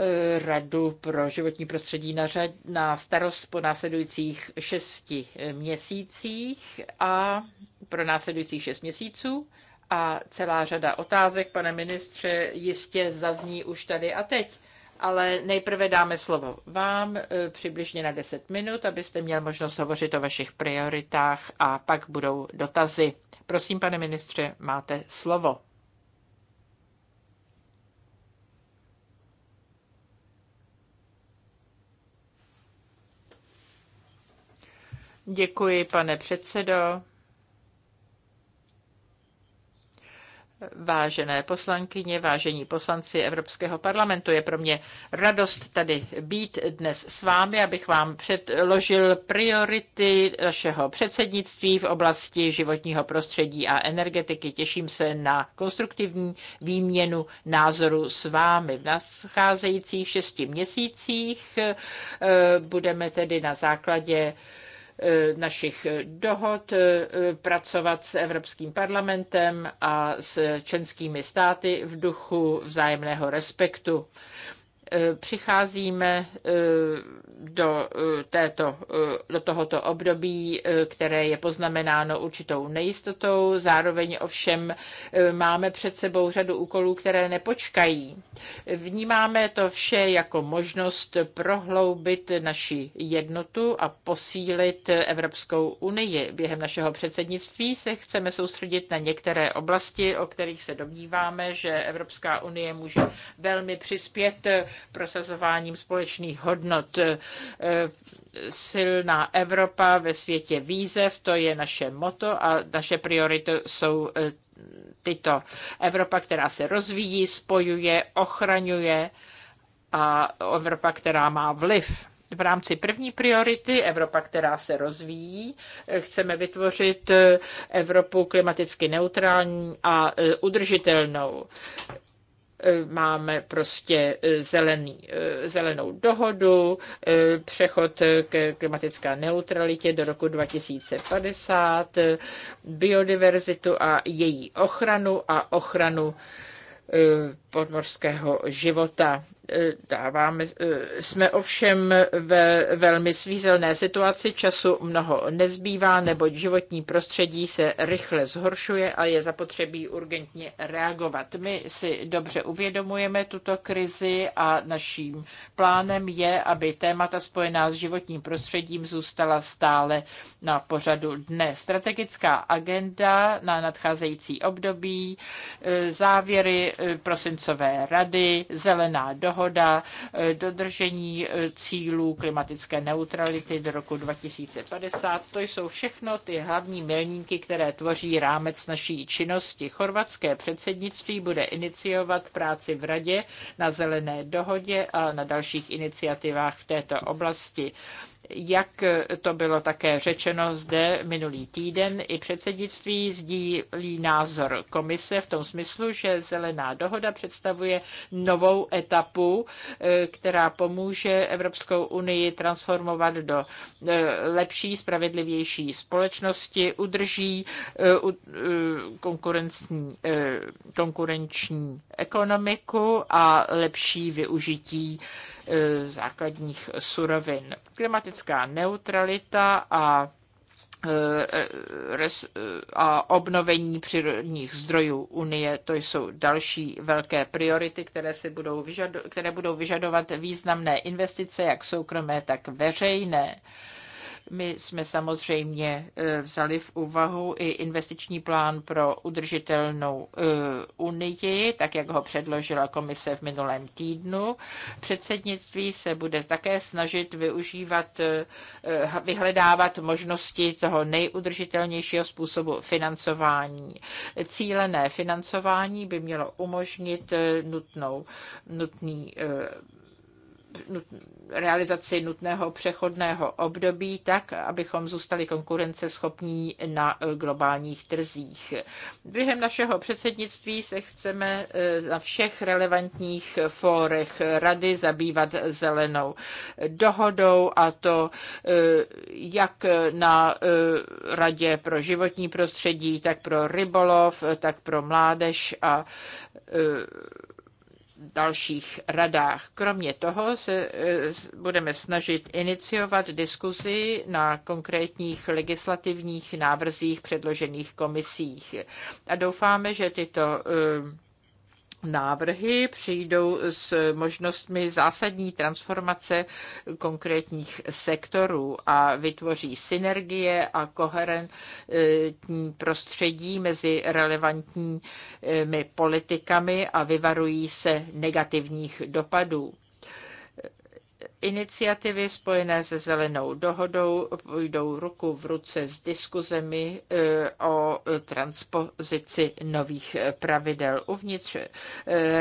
Eh, Radu pro životní prostředí na, řad, na starost po následujících šesti měsících a pro následujících šest měsíců. A celá řada otázek, pane ministře, jistě zazní už tady a teď. Ale nejprve dáme slovo vám eh, přibližně na 10 minut, abyste měl možnost hovořit o vašich prioritách a pak budou dotazy. Prosím, pane ministře, máte slovo. Děkuji, pane předsedo. Vážené poslankyně, vážení poslanci Evropského parlamentu, je pro mě radost tady být dnes s vámi, abych vám předložil priority našeho předsednictví v oblasti životního prostředí a energetiky. Těším se na konstruktivní výměnu názoru s vámi. V nadcházejících šesti měsících eh, budeme tedy na základě Eh, našich dohod, eh, pracovat s Evropským parlamentem a s členskými státy v duchu vzájemného respektu. Přicházíme eh, do, eh, této, eh, do tohoto období, které je poznamenáno určitou nejistotou, zároveň ovšem máme před sebou řadu úkolů, které nepočkají. Vnímáme to vše jako možnost prohloubit naši jednotu a posílit Evropskou unii. Během našeho předsednictví se chceme soustředit na některé oblasti, o kterých se domníváme, že Evropská unie může velmi přispět prosazováním společných hodnot. Eh, silná Evropa ve světě výzev, to je naše moto a naše priority jsou eh, tyto. Evropa, která se rozvíjí, spojuje, ochraňuje a Evropa, která má vliv. V rámci první priority Evropa, která se rozvíjí, eh, chceme vytvořit Evropu klimaticky neutrální a udržitelnou. Eh, máme prostě eh, zelený, eh, zelenou dohodu, přechod k klimatické neutralitě do roku 2050, biodiverzitu a její ochranu a ochranu podmorského života. Dáváme, eh, jsme ovšem ve velmi svízelné situaci, času mnoho nezbývá, neboť životní prostředí se rychle zhoršuje a je zapotřebí urgentně reagovat. My si dobře uvědomujeme tuto krizi a naším plánem je, aby témata spojená s životním prostředím zůstala stále na pořadu dne. Strategická agenda na nadcházející období, eh, závěry eh, prosincové rady, zelená dohoda, dohoda, eh, dodržení eh, cílů klimatické neutrality do roku 2050. To jsou všechno ty hlavní milníky, které tvoří rámec naší činnosti. Chorvatské předsednictví bude iniciovat práci v Radě na zelené dohodě a na dalších iniciativách v této oblasti. Jak to bylo také řečeno zde minulý týden, i předsednictví sdílí názor komise v tom smyslu, že zelená dohoda představuje novou etapu, eh, která pomůže Evropskou unii transformovat do eh, lepší, spravedlivější společnosti, udrží eh, konkurenční, konkurenční ekonomiku a lepší využití Eh, základních surovin. Klimatická neutralita a eh, eh, a obnovení přírodních zdrojů Unie. To jsou další velké priority, které, si budou, vyžado- které budou vyžadovat významné investice, jak soukromé, tak veřejné. My jsme samozřejmě e, vzali v úvahu i investiční plán pro udržitelnou e, unii, tak jak ho předložila komise v minulém týdnu. Předsednictví se bude také snažit využívat, e, vyhledávat možnosti toho nejudržitelnějšího způsobu financování. Cílené financování by mělo umožnit nutnou, nutný nut, realizaci nutného přechodného období tak, abychom zůstali konkurenceschopní na eh, globálních trzích. Během našeho předsednictví se chceme eh, na všech relevantních fórech rady zabývat zelenou dohodou a to eh, jak na radě pro životní prostředí, tak pro rybolov, tak pro mládež a dalších radách. Kromě toho se eh, budeme snažit iniciovat diskuzi na konkrétních legislativních návrzích předložených komisích. A doufáme, že tyto eh, návrhy, přijdou s možnostmi zásadní transformace konkrétních sektorů a vytvoří synergie a koherentní prostředí mezi relevantními politikami a vyvarují se negativních dopadů. Iniciativy spojené se zelenou dohodou půjdou ruku v ruce s diskuzemi e, o transpozici nových pravidel. Uvnitř e,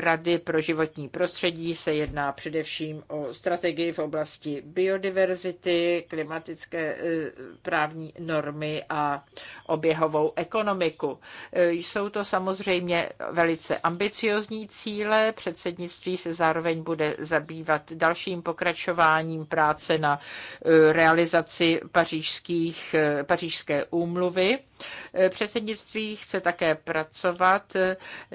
Rady pro životní prostředí se jedná především o strategii v oblasti biodiverzity, klimatické e, právní normy a oběhovou ekonomiku. Jsou to samozřejmě velice ambiciozní cíle. Předsednictví se zároveň bude zabývat dalším pokračováním zlepšováním práce na eh, realizaci pařížských, eh, pařížské úmluvy. Eh, předsednictví chce také pracovat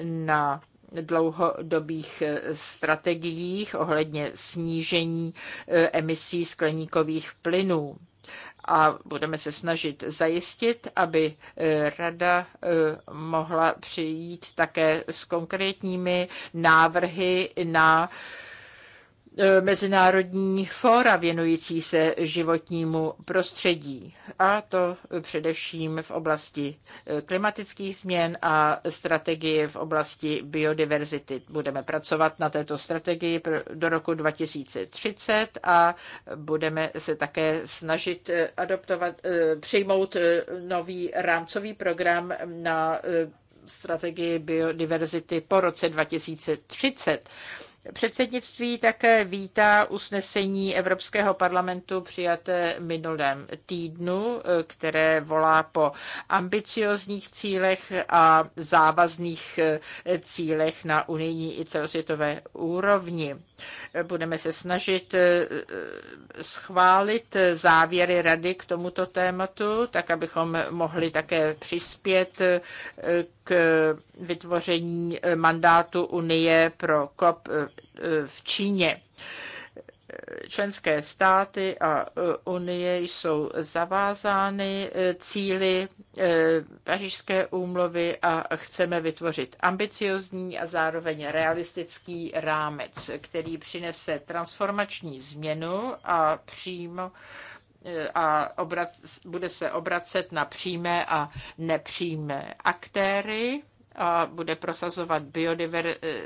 na dlouhodobých strategiích ohledně snížení emisí skleníkových plynů a budeme se snažit zajistit, aby rada mohla přijít také s konkrétními návrhy na E, mezinárodní fóra věnující se životnímu prostředí, a to především v oblasti e, klimatických změn a strategie v oblasti biodiverzity. Budeme pracovat na této strategii do roku 2030 a budeme se také snažit e, adoptovat, přijmout nový rámcový program na strategii biodiverzity po roce 2030 Předsednictví také vítá usnesení Evropského parlamentu přijaté minulém týdnu, eh, které volá po ambiciozních cílech a závazných eh, cílech na unijní i celosvětové úrovni. Budeme se snažit eh, schválit závěry rady k tomuto tématu, tak abychom mohli také přispět eh, k vytvoření eh, mandátu Unie pro COP v Číně členské státy a e, Unie jsou zavázány e, cíly e, pařížské úmluvy a chceme vytvořit ambiciozní a zároveň realistický rámec, který přinese transformační změnu a přímo a obrat, bude se obracet na přímé a nepřímé aktéry a bude prosazovat biodiver, eh,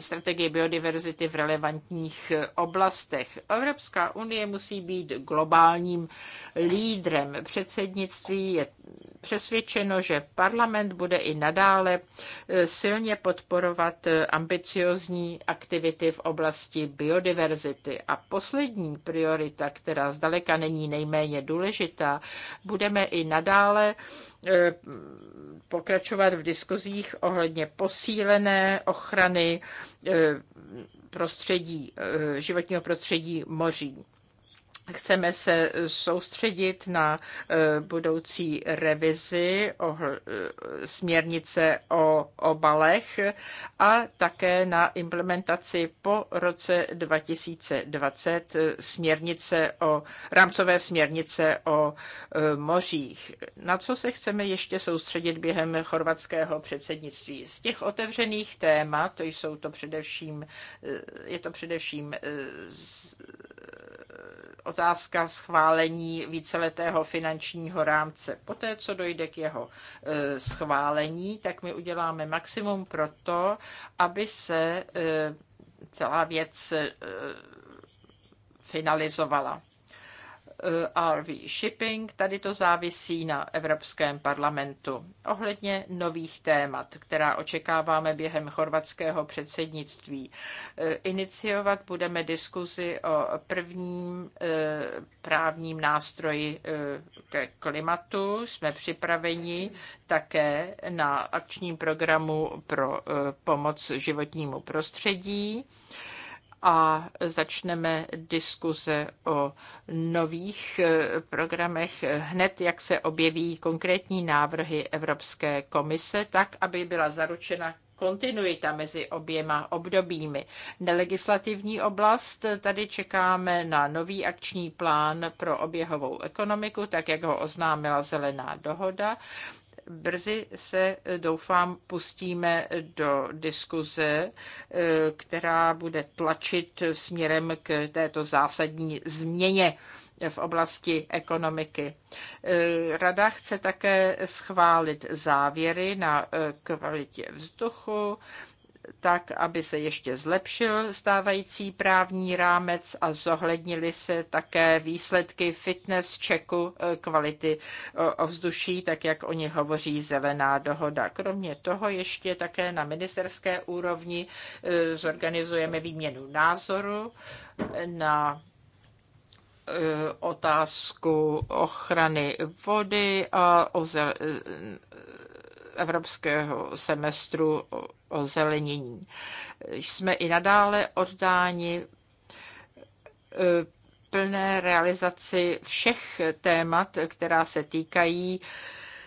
strategii biodiverzity v relevantních eh, oblastech. Evropská unie musí být globálním lídrem. Předsednictví je přesvědčeno, že parlament bude i nadále eh, silně podporovat ambiciozní aktivity v oblasti biodiverzity. A poslední priorita, která zdaleka není nejméně důležitá, budeme i nadále Eh, pokračovat v diskuzích ohledně posílené ochrany eh, prostředí, eh, životního prostředí moří. Chceme se soustředit na eh, budoucí revizi o eh, směrnice o obalech a také na implementaci po roce 2020 eh, směrnice o, rámcové směrnice o mořích. Na co se chceme ještě soustředit během chorvatského předsednictví? Z těch otevřených témat, to jsou to především, je to především otázka schválení víceletého finančního rámce. Poté, co dojde k jeho e, schválení, tak my uděláme maximum pro to, aby se e, celá věc e, finalizovala. RV Shipping. Tady to závisí na Evropském parlamentu. Ohledně nových témat, která očekáváme během chorvatského předsednictví, eh, iniciovat budeme diskuzi o prvním eh, právním nástroji eh, ke klimatu. Jsme připraveni také na akčním programu pro pomoc životnímu prostředí a začneme diskuze o nových eh, programech hned, jak se objeví konkrétní návrhy Evropské komise, tak, aby byla zaručena kontinuita mezi oběma obdobími. Nelegislativní oblast, tady čekáme na nový akční plán pro oběhovou ekonomiku, tak jak ho oznámila zelená dohoda. Brzy se, eh, doufám, pustíme do diskuze, eh, která bude tlačit směrem k této zásadní změně v oblasti ekonomiky. Eh, Rada chce také schválit závěry na kvalitě vzduchu, tak, aby se ještě zlepšil stávající právní rámec a zohlednili se také výsledky fitness checku eh, kvality eh, ovzduší, tak jak o ně hovoří zelená dohoda. Kromě toho ještě také na ministerské úrovni eh, zorganizujeme výměnu názoru na otázku ochrany vody a o evropského semestru o zelenění. Jsme i nadále oddáni e, plné realizaci všech témat, která se týkají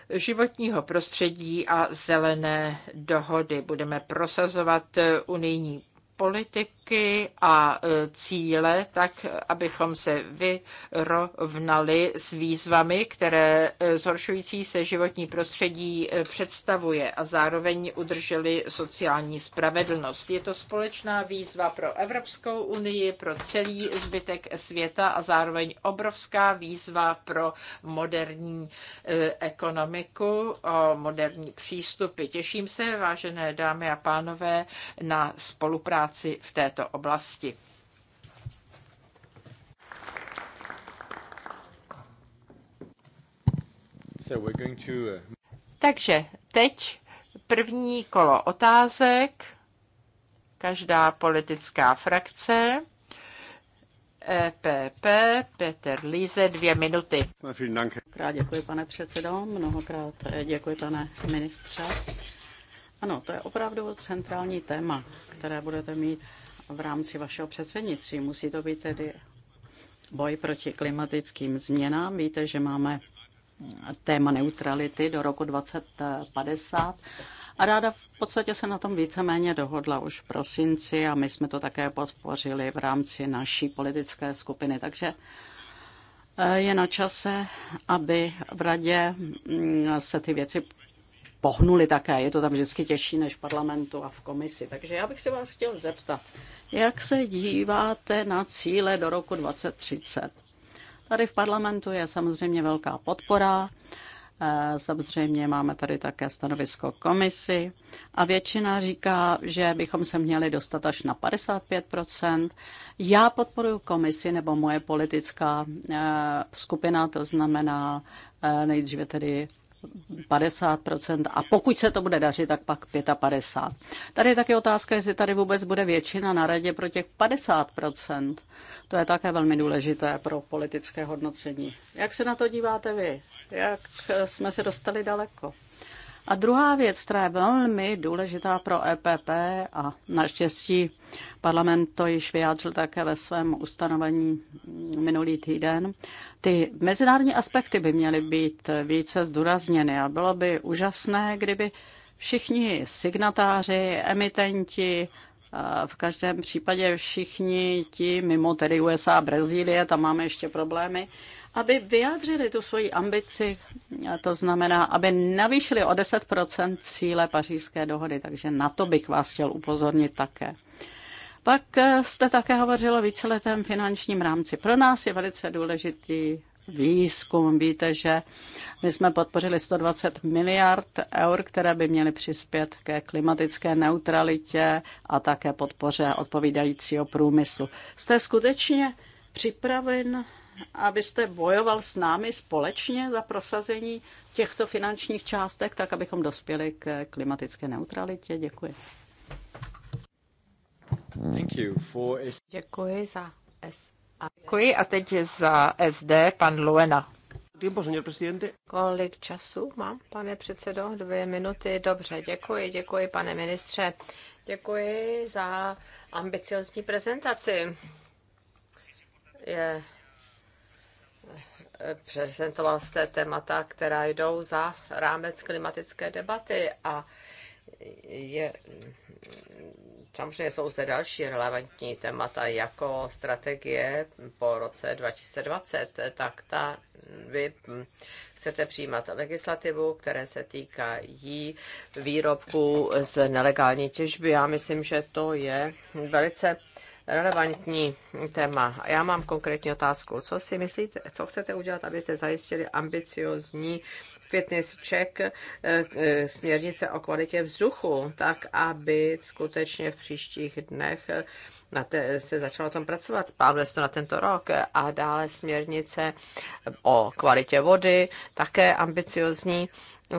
životního prostředí a zelené dohody. Budeme prosazovat unijní politiky a e, cíle, tak abychom se vyrovnali s výzvami, které e, zhoršující se životní prostředí e, představuje a zároveň udrželi sociální spravedlnost. Je to společná výzva pro Evropskou unii, pro celý zbytek světa a zároveň obrovská výzva pro moderní ekonomiku, a moderní přístupy. Těším se, vážené dámy a pánové, na spolupráci práci v této oblasti. So to... Uh, Takže teď první kolo otázek. Každá politická frakce. EPP, Peter Líze, dvě minuty. Krát děkuji, pane předsedo, mnohokrát eh, děkuji, pane ministře, ano, to je opravdu centrální téma, které budete mít v rámci vašeho předsednictví. Musí to být tedy boj proti klimatickým změnám. Víte, že máme téma neutrality do roku 2050. A ráda v podstatě se na tom víceméně dohodla už v prosinci a my jsme to také podpořili v rámci naší politické skupiny. Takže eh, je na čase, aby v radě mm, se ty věci pohnuli také. Je to tam vždycky těžší než v parlamentu a v komisi. Takže já bych se vás chtěl zeptat, jak se díváte na cíle do roku 2030? Tady v parlamentu je samozřejmě velká podpora, eh, samozřejmě máme tady také stanovisko komisi a většina říká, že bychom se měli dostat až na 55%. Já podporuji komisi nebo moje politická eh, skupina, to znamená eh, nejdříve tedy 50 a pokud se to bude dařit, tak pak 55 Tady je taky otázka, jestli tady vůbec bude většina na radě pro těch 50 To je také velmi důležité pro politické hodnocení. Jak se na to díváte vy? Jak jsme se dostali daleko? A druhá věc, která je velmi důležitá pro EPP a naštěstí parlament to již vyjádřil také ve svém ustanovení minulý týden, ty mezinárodní aspekty by měly být více zdůrazněny a bylo by úžasné, kdyby všichni signatáři, emitenti, v každém případě všichni ti, mimo tedy USA a Brazílie, tam máme ještě problémy, aby vyjádřili tu svoji ambici, a to znamená, aby navýšili o 10 cíle pařížské dohody. Takže na to bych vás chtěl upozornit také. Pak eh, jste také hovořilo o víceletém finančním rámci. Pro nás je velice důležitý výzkum. Víte, že my jsme podpořili 120 miliard eur, které by měly přispět ke klimatické neutralitě a také podpoře odpovídajícího průmyslu. Jste skutečně připraven abyste bojoval s námi společně za prosazení těchto finančních částek, tak abychom dospěli k klimatické neutralitě? Děkuji. Děkuji za S. A děkuji a teď za SD pan Luena. Tiempo, señor presidente. Kolik času mám, pane předsedo? Dvě minuty. Dobře, děkuji, děkuji, pane ministře. Děkuji za ambiciozní prezentaci. Je prezentoval jste témata, která jdou za rámec klimatické debaty a je, samozřejmě jsou zde další relevantní témata, jako strategie po roce 2020, tak ta, vy chcete přijímat legislativu, které se týká jí výrobků z nelegální těžby. Já myslím, že to je velice relevantní téma. já mám konkrétní otázku. Co si myslíte, co chcete udělat, abyste zajistili ambiciozní fitness check eh, eh, směrnice o kvalitě vzduchu, tak aby skutečně v příštích dnech eh, na te, se začalo tam pracovat. Plánuje to na tento rok a dále směrnice o kvalitě vody, také ambiciozní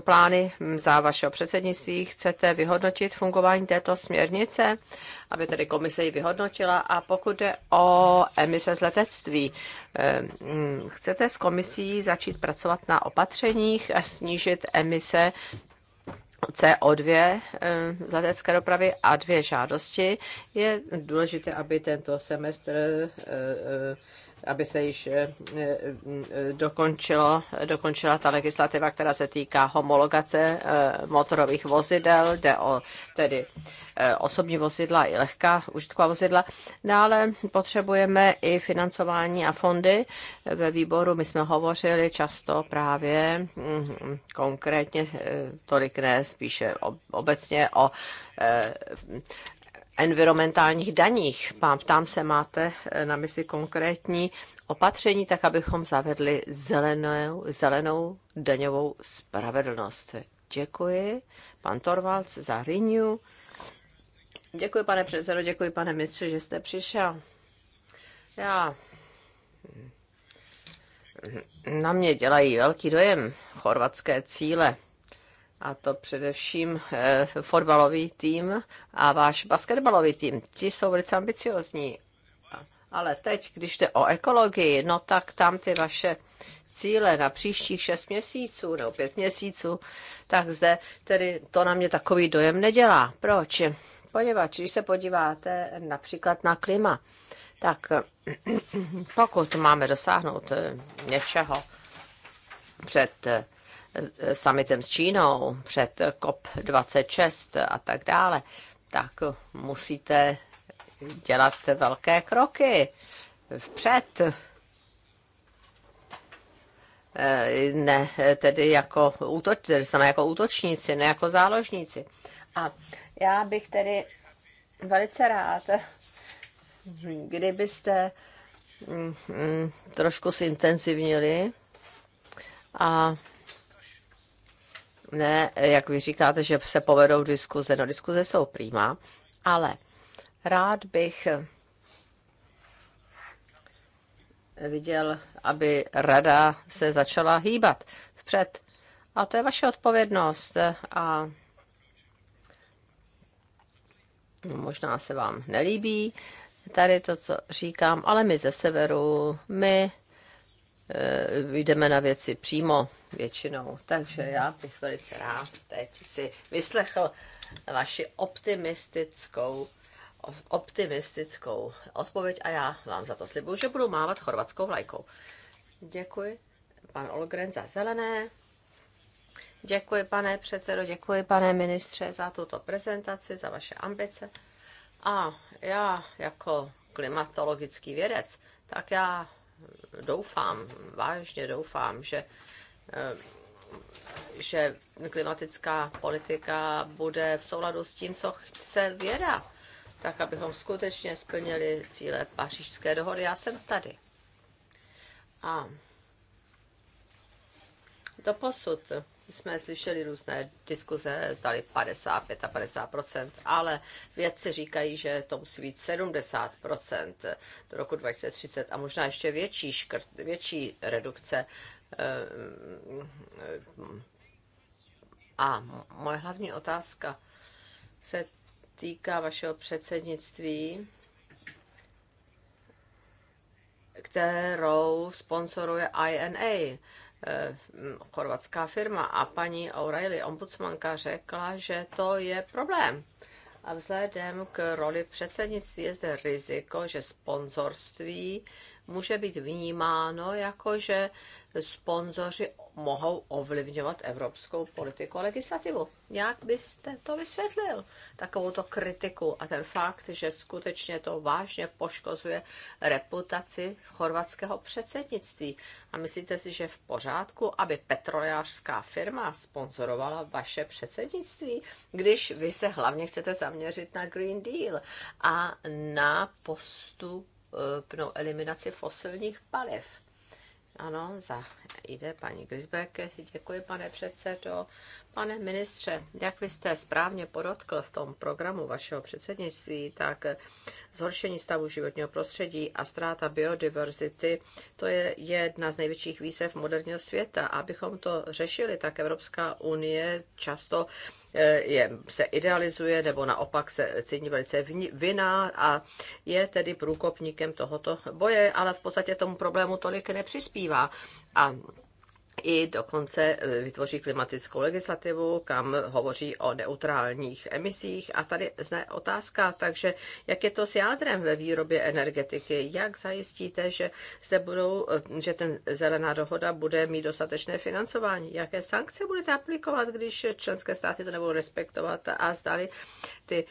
plány za vašeho předsednictví. Chcete vyhodnotit fungování této směrnice, aby tedy komise ji vyhodnotila? A pokud jde o emise z letectví, eh, chcete s komisí začít pracovat na opatřeních a snížit emise CO2 eh, z letecké dopravy a dvě žádosti. Je důležité, aby tento semestr eh, aby se již eh, eh, dokončilo, dokončila ta legislativa, která se týká homologace eh, motorových vozidel, jde o tedy osobní vozidla i lehká užitková vozidla. Dále no, potřebujeme i financování a fondy. Ve výboru my jsme hovořili často právě mm, konkrétně, tolik ne, spíše obecně o environmentálních daních. Ptám se, máte eh, na mysli konkrétní opatření, tak abychom zavedli zelenou, zelenou daňovou spravedlnost. Děkuji, pan Torvalds, za Renew. Děkuji, pane předsedo, děkuji, pane mistře, že jste přišel. Já... Hm, na mě dělají velký dojem chorvatské cíle – a to především eh, fotbalový tým a váš basketbalový tým, ti jsou velice ambiciozní. Ale teď, když jde o ekologii, no tak tam ty vaše cíle na příštích šest měsíců nebo pět měsíců, tak zde tedy to na mě takový dojem nedělá. Proč? Poněvadž, když se podíváte například na klima, tak pokud máme dosáhnout eh, něčeho před eh, E, summitem s Čínou, před COP26 a tak dále, tak musíte dělat velké kroky vpřed. E, ne, tedy jako, útoč, tedy samé jako útočníci, ne jako záložníci. A já bych tedy velice rád, kdybyste mm, mm, trošku zintenzivnili a ne, jak vy říkáte, že se povedou diskuze. No, diskuze jsou přímá, ale rád bych viděl, aby rada se začala hýbat vpřed. A to je vaše odpovědnost a no, možná se vám nelíbí tady to, co říkám, ale my ze severu, my Eh, jdeme na věci přímo většinou. Takže já bych velice rád teď si vyslechl vaši optimistickou optimistickou odpověď a já vám za to slibuju, že budu mávat chorvatskou vlajkou. Děkuji. Pan Olgren za zelené. Děkuji, pane předsedo, děkuji, pane ministře, za tuto prezentaci, za vaše ambice. A já jako klimatologický vědec, tak já doufám, vážně doufám, že eh, že klimatická politika bude v souladu s tím, co chce věda, tak abychom skutečně splnili cíle pařížské dohody. Já jsem tady. A to posud jsme slyšeli různé diskuze, zdali 50, 55%, ale vědci říkají, že to musí být 70% do roku 2030 a možná ještě větší, škrt, větší redukce. Ehm, ehm, a moje hlavní otázka se týká vašeho předsednictví, kterou sponsoruje INA Eh, chorvatská firma a paní O'Reilly, ombudsmanka, řekla, že to je problém. A vzhledem k roli předsednictví je zde riziko, že sponzorství může být vnímáno jako, že sponzoři mohou ovlivňovat evropskou politiku a legislativu. Jak byste to vysvětlil, Takovou to kritiku a ten fakt, že skutečně to vážně poškozuje reputaci chorvatského předsednictví? A myslíte si, že v pořádku, aby petrolejářská firma sponzorovala vaše předsednictví, když vy se hlavně chcete zaměřit na Green Deal a na postupnou eh, eliminaci fosilních paliv? Ano, za jde paní Grisbeck. Děkuji, pane předsedo. Pane ministře, jak vy jste správně podotkl v tom programu vašeho předsednictví, tak zhoršení stavu životního prostředí a ztráta biodiverzity, to je jedna z největších výzev moderního světa. Abychom to řešili, tak Evropská unie často eh, je, se idealizuje nebo naopak se cítí velice vinná a je tedy průkopníkem tohoto boje, ale v podstatě tomu problému tolik nepřispívá. A i dokonce e, vytvoří klimatickou legislativu, kam hovoří o neutrálních emisích. A tady zne otázka, takže jak je to s jádrem ve výrobě energetiky? Jak zajistíte, že, zde budou, e, že ten zelená dohoda bude mít dostatečné financování? Jaké sankce budete aplikovat, když členské státy to nebudou respektovat a zdali ty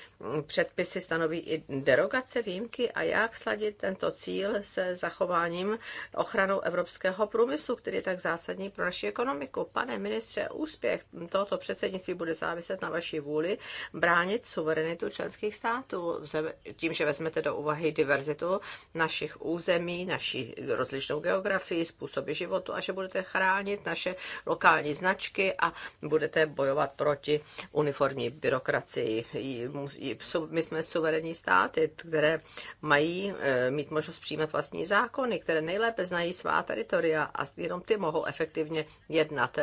předpisy stanoví i derogace, výjimky a jak sladit tento cíl se zachováním ochranou evropského průmyslu, který je tak zásadní pro naši ekonomiku. Pane ministře, úspěch tohoto předsednictví bude záviset na vaší vůli bránit suverenitu členských států tím, že vezmete do úvahy diverzitu našich území, naší rozličnou geografii, způsoby životu a že budete chránit naše lokální značky a budete bojovat proti uniformní byrokracii. My jsme suverénní státy, které mají eh, mít možnost přijímat vlastní zákony, které nejlépe znají svá teritoria a jenom ty mohou efektivně efektivně jednat.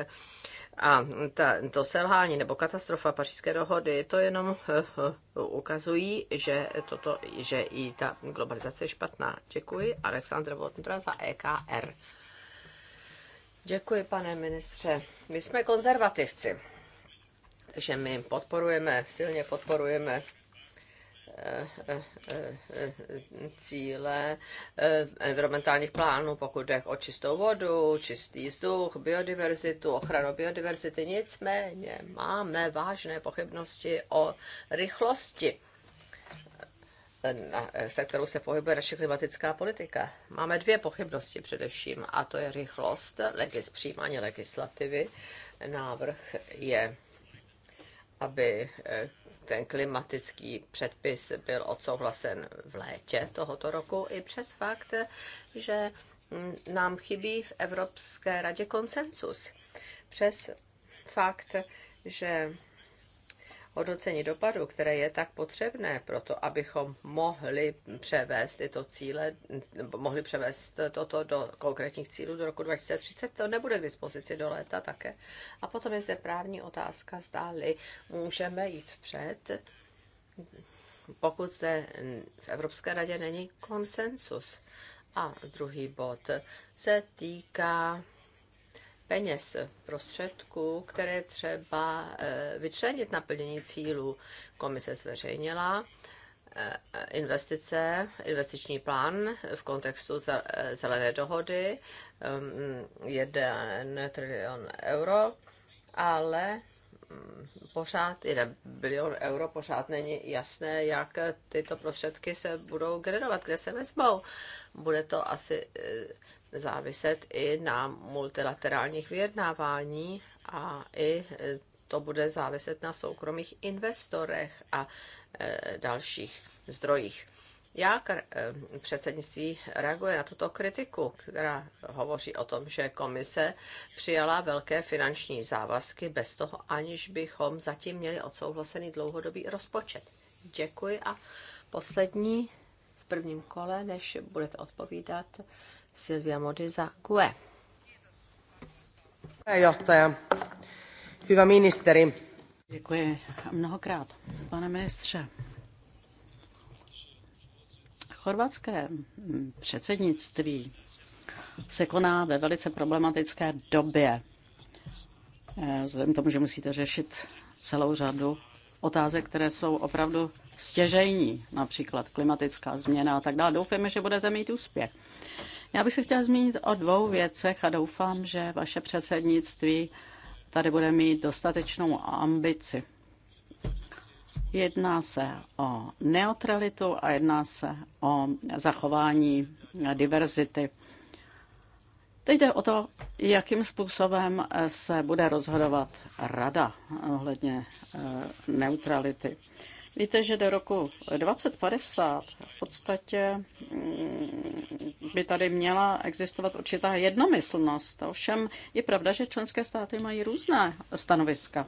A ta, to selhání nebo katastrofa pařížské dohody, to jenom eh, eh, ukazují, že, toto, že i ta globalizace je špatná. Děkuji, Aleksandr Vornbra za EKR. Děkuji, pane ministře. My jsme konzervativci, takže my podporujeme, silně podporujeme cíle eh, environmentálních plánů, pokud jde o čistou vodu, čistý vzduch, biodiverzitu, ochranu biodiverzity. Nicméně máme vážné pochybnosti o rychlosti, se kterou se pohybuje naše klimatická politika. Máme dvě pochybnosti především, a to je rychlost legis, přijímání legislativy. Návrh je, aby eh, ten klimatický předpis byl odsouhlasen v létě tohoto roku, i přes fakt, že nám chybí v Evropské radě konsensus. Přes fakt, že hodnocení dopadu, které je tak potřebné pro to, abychom mohli převést tyto cíle, mohli převést toto do konkrétních cílů do roku 2030, to nebude k dispozici do léta také. A potom je zde právní otázka, zdáli můžeme jít vpřed, pokud zde v Evropské radě není konsensus. A druhý bod se týká peněz, prostředků, které třeba eh, vyčlenit na plnění cílů. Komise zveřejnila eh, investice, investiční plán v kontextu eh, zelené dohody, 1 ehm, trilion euro, ale mm, pořád, 1 bilion euro pořád není jasné, jak tyto prostředky se budou generovat, kde se vezmou. Bude to asi záviset i na multilaterálních vyjednávání a i to bude záviset na soukromých investorech a e, dalších zdrojích. Jak e, předsednictví reaguje na tuto kritiku, která hovoří o tom, že komise přijala velké finanční závazky bez toho, aniž bychom zatím měli odsouhlasený dlouhodobý rozpočet? Děkuji a poslední v prvním kole, než budete odpovídat, Silvia Modisa Kue. Johtaja. Hyvä ministeri. Děkuji mnohokrát, pane ministře. Chorvatské předsednictví se koná ve velice problematické době. Eh, vzhledem k tomu, že musíte řešit celou řadu otázek, které jsou opravdu stěžejní, například klimatická změna a tak dále. Doufejme, že budete mít úspěch. Já bych se chtěla zmínit o dvou věcech a doufám, že vaše předsednictví tady bude mít dostatečnou ambici. Jedná se o neutralitu a jedná se o zachování diverzity. Teď jde o to, jakým způsobem se bude rozhodovat rada ohledně eh, neutrality. Víte, že do roku 2050 v podstatě mm, by tady měla existovat určitá jednomyslnost. Ovšem je pravda, že členské státy mají různá stanoviska.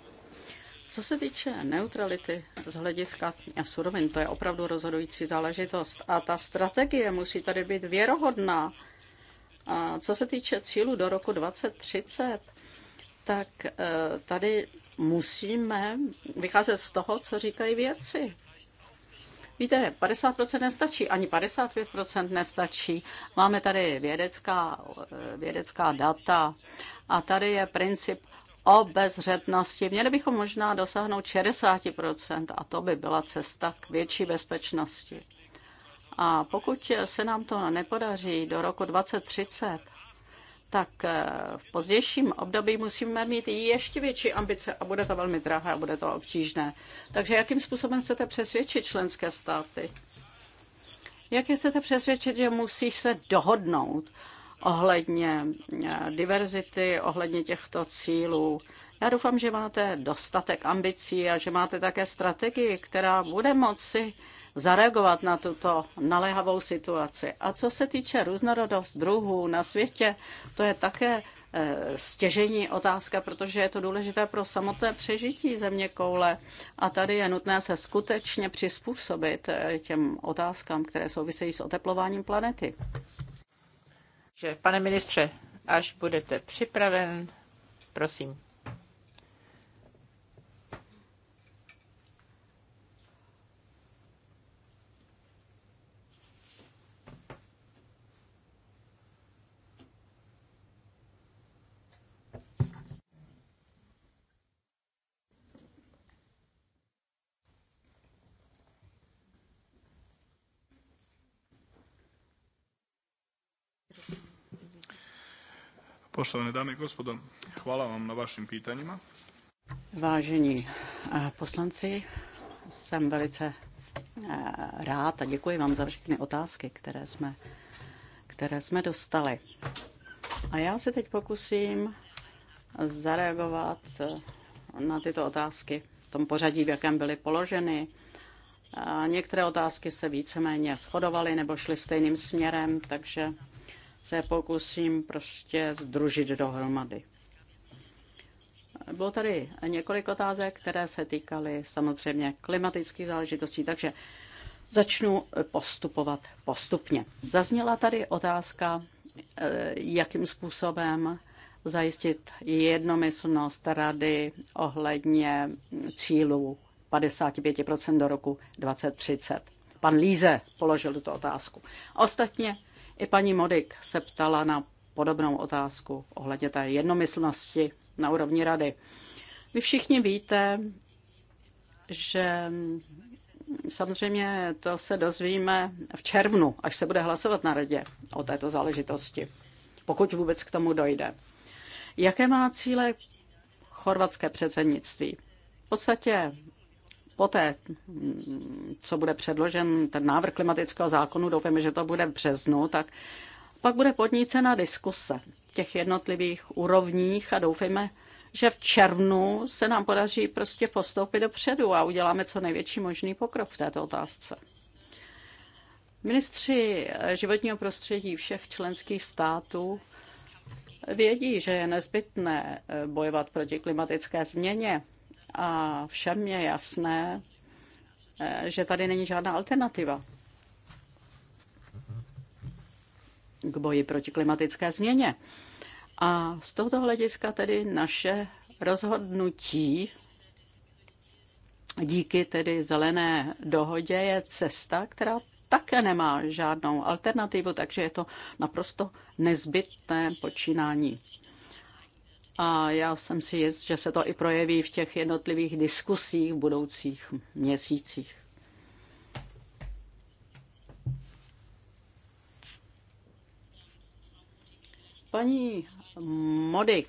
Co se týče neutrality z hlediska surovin, to je opravdu rozhodující záležitost. A ta strategie musí tady být věrohodná. A co se týče cílu do roku 2030, tak eh, tady musíme vycházet z toho, co říkají věci. Víte, 50% nestačí, ani 55% nestačí. Máme tady vědecká, vědecká data a tady je princip obezřetnosti. Měli bychom možná dosáhnout 60% a to by byla cesta k větší bezpečnosti. A pokud se nám to nepodaří do roku 2030, tak eh, v pozdějším období musíme mít ještě větší ambice a bude to velmi drahé a bude to obtížné. Takže jakým způsobem chcete přesvědčit členské státy? Jak je chcete přesvědčit, že musí se dohodnout ohledně eh, diverzity, ohledně těchto cílů? Já doufám, že máte dostatek ambicí a že máte také strategii, která bude moci uh, zareagovat na tuto naléhavou situaci. A co se týče různorodost druhů na světě, to je také eh, stěžení otázka, protože je to důležité pro samotné přežití země koule. A tady je nutné se skutečně přizpůsobit eh, těm otázkám, které souvisejí s oteplováním planety. Že, pane ministře, až budete připraven, prosím. Poštovane dámy i gospodo, hvala vám na vašim pitanjima. Vážení eh, poslanci, jsem velice eh, rád a děkuji vám za všechny otázky, které jsme, které jsme dostali. A já se teď pokusím zareagovat eh, na tyto otázky v tom pořadí, v jakém byly položeny. A některé otázky se víceméně shodovaly nebo šly stejným směrem, takže se pokusím prostě združit dohromady. Bylo tady několik otázek, které se týkaly samozřejmě klimatických záležitostí, takže začnu postupovat postupně. Zazněla tady otázka, eh, jakým způsobem zajistit jednomyslnost rady ohledně cílů 55% do roku 2030. Pan Líze položil tuto otázku. Ostatně i paní Modik se ptala na podobnou otázku ohledně té jednomyslnosti na úrovni rady. Vy všichni víte, že samozřejmě to se dozvíme v červnu, až se bude hlasovat na radě o této záležitosti, pokud vůbec k tomu dojde. Jaké má cíle chorvatské předsednictví? V podstatě Poté, co bude předložen ten návrh klimatického zákonu, doufáme, že to bude v březnu, tak pak bude podnícena diskuse v těch jednotlivých úrovních a doufáme, že v červnu se nám podaří prostě postoupit dopředu a uděláme co největší možný pokrok v této otázce. Ministři životního prostředí všech členských států vědí, že je nezbytné bojovat proti klimatické změně a všem je jasné, eh, že tady není žádná alternativa k boji proti klimatické změně. A z tohoto hlediska tedy naše rozhodnutí díky tedy zelené dohodě je cesta, která také nemá žádnou alternativu, takže je to naprosto nezbytné počínání a já jsem si jist, že se to i projeví v těch jednotlivých diskusích v budoucích měsících. Paní Modik,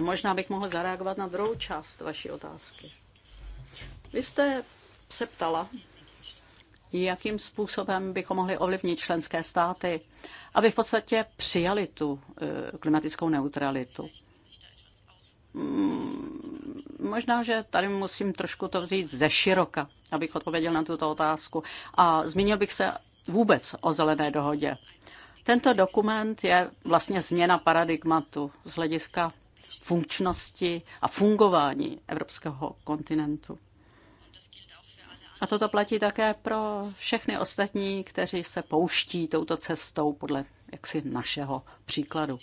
možná bych mohl zareagovat na druhou část vaší otázky. Vy jste se ptala, jakým způsobem bychom mohli ovlivnit členské státy, aby v podstatě přijali tu eh, klimatickou neutralitu. Mm, možná, že tady musím trošku to vzít ze široka, abych odpověděl na tuto otázku. A zmínil bych se vůbec o zelené dohodě. Tento dokument je vlastně změna paradigmatu z hlediska funkčnosti a fungování evropského kontinentu. A toto platí také pro všechny ostatní, kteří se pouští touto cestou podle jaksi našeho příkladu.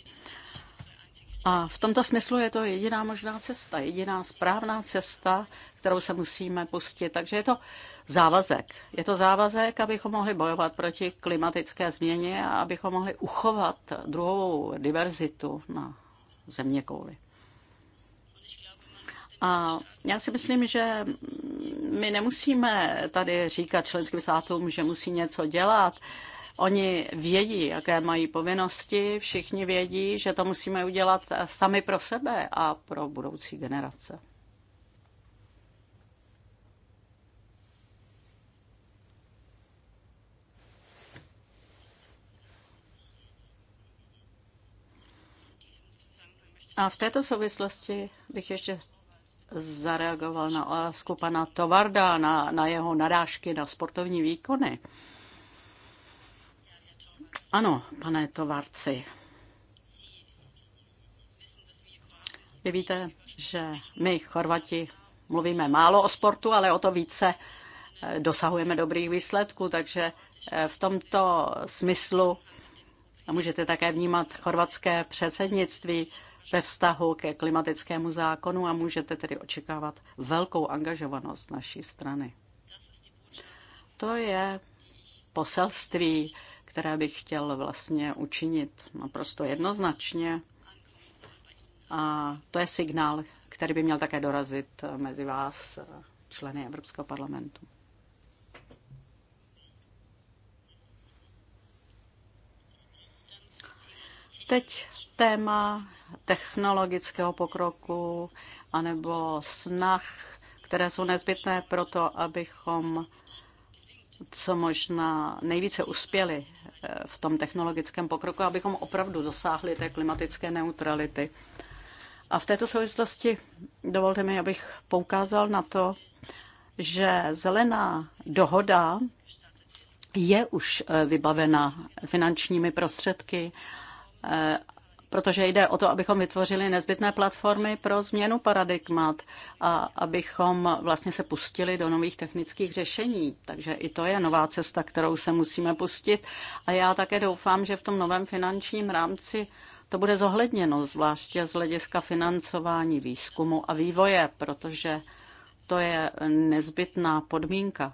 A v tomto smyslu je to jediná možná cesta, jediná správná cesta, kterou se musíme pustit. Takže je to závazek. Je to závazek, abychom mohli bojovat proti klimatické změně a abychom mohli uchovat druhou diverzitu na země kouli. A já si myslím, že my nemusíme tady říkat členským státům, že musí něco dělat. Oni vědí, jaké mají povinnosti, všichni vědí, že to musíme udělat sami pro sebe a pro budoucí generace. A v této souvislosti bych ještě zareagoval na skupana Tovarda, na, na jeho narážky na sportovní výkony. Ano, pane Tovarci. Vy víte, že my, Chorvati, mluvíme málo o sportu, ale o to více eh, dosahujeme dobrých výsledků, takže eh, v tomto smyslu můžete také vnímat chorvatské předsednictví ve vztahu ke klimatickému zákonu a můžete tedy očekávat velkou angažovanost naší strany. To je poselství, které bych chtěl vlastně učinit naprosto jednoznačně. A to je signál, který by měl také dorazit mezi vás, členy Evropského parlamentu. Teď téma technologického pokroku anebo snah, které jsou nezbytné pro to, abychom co možná nejvíce uspěli Eh, v tom technologickém pokroku, abychom opravdu dosáhli té klimatické neutrality. A v této souvislosti dovolte mi, abych poukázal na to, že zelená dohoda je už eh, vybavena finančními prostředky eh, protože jde o to, abychom vytvořili nezbytné platformy pro změnu paradigmat a abychom vlastně se pustili do nových technických řešení. Takže i to je nová cesta, kterou se musíme pustit. A já také doufám, že v tom novém finančním rámci to bude zohledněno, zvláště z hlediska financování výzkumu a vývoje, protože to je nezbytná podmínka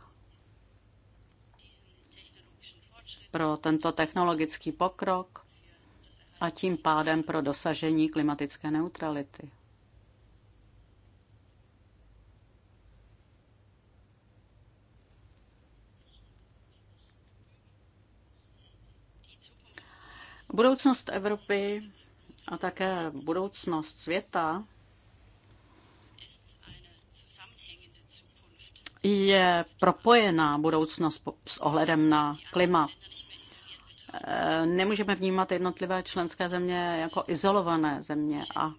pro tento technologický pokrok a tím pádem pro dosažení klimatické neutrality. Budoucnost Evropy a také budoucnost světa je propojená budoucnost s ohledem na klima. Eh, nemůžeme vnímat jednotlivé členské země jako izolované země a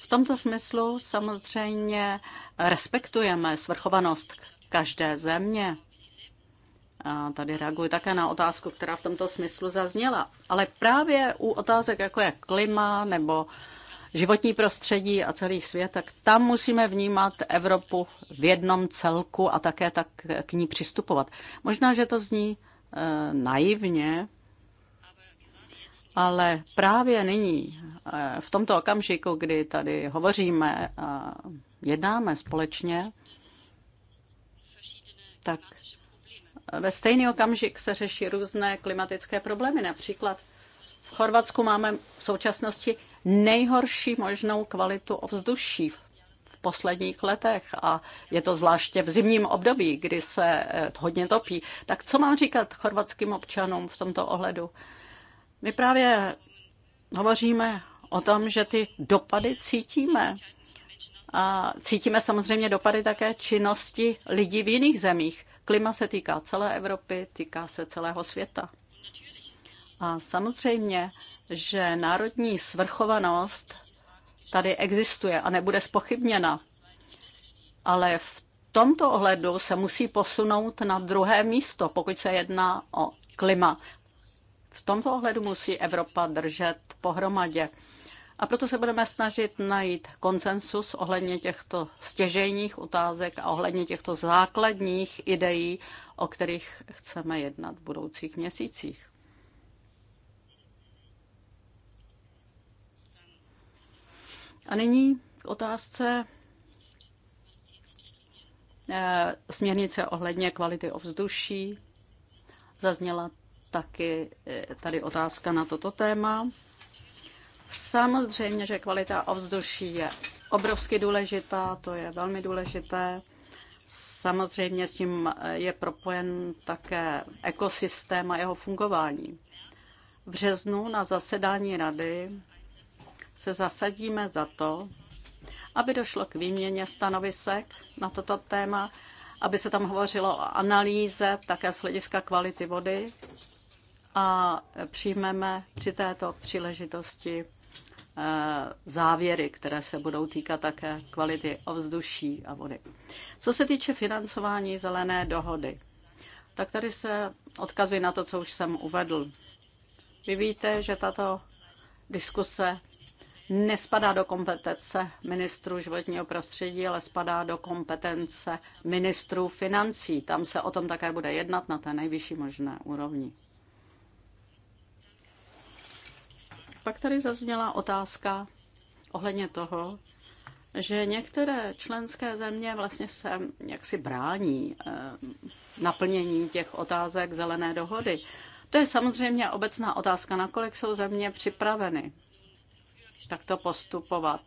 v tomto smyslu samozřejmě respektujeme svrchovanost každé země. A tady reaguji také na otázku, která v tomto smyslu zazněla. Ale právě u otázek, jako je klima nebo životní prostředí a celý svět, tak tam musíme vnímat Evropu v jednom celku a také tak k ní přistupovat. Možná, že to zní e, naivně, ale právě nyní, eh, v tomto okamžiku, kdy tady hovoříme a jednáme společně, tak ve stejný okamžik se řeší různé klimatické problémy. Například v Chorvatsku máme v současnosti nejhorší možnou kvalitu ovzduší v posledních letech a je to zvláště v zimním období, kdy se eh, hodně topí. Tak co mám říkat chorvatským občanům v tomto ohledu? My právě hovoříme o tom, že ty dopady cítíme. A cítíme samozřejmě dopady také činnosti lidí v jiných zemích. Klima se týká celé Evropy, týká se celého světa. A samozřejmě, že národní svrchovanost tady existuje a nebude spochybněna. Ale v tomto ohledu se musí posunout na druhé místo, pokud se jedná o klima. V tomto ohledu musí Evropa držet pohromadě. A proto se budeme snažit najít konsensus ohledně těchto stěžejních otázek a ohledně těchto základních ideí, o kterých chceme jednat v budoucích měsících. A nyní k otázce eh, směrnice ohledně kvality ovzduší. Zazněla taky eh, tady otázka na toto téma. Samozřejmě, že kvalita ovzduší je obrovsky důležitá, to je velmi důležité. Samozřejmě s tím eh, je propojen také ekosystém a jeho fungování. V březnu na zasedání rady se zasadíme za to, aby došlo k výměně stanovisek na toto téma, aby se tam hovořilo o analýze také z hlediska kvality vody a přijmeme při této příležitosti eh, závěry, které se budou týkat také kvality ovzduší a vody. Co se týče financování zelené dohody, tak tady se odkazuji na to, co už jsem uvedl. Vy víte, že tato diskuse nespadá do kompetence ministrů životního prostředí, ale spadá do kompetence ministrů financí. Tam se o tom také bude jednat na té nejvyšší možné úrovni. Pak tady zazněla otázka ohledně toho, že některé členské země vlastně se jaksi brání eh, naplnění těch otázek zelené dohody. To je samozřejmě obecná otázka, nakolik jsou země připraveny takto postupovat.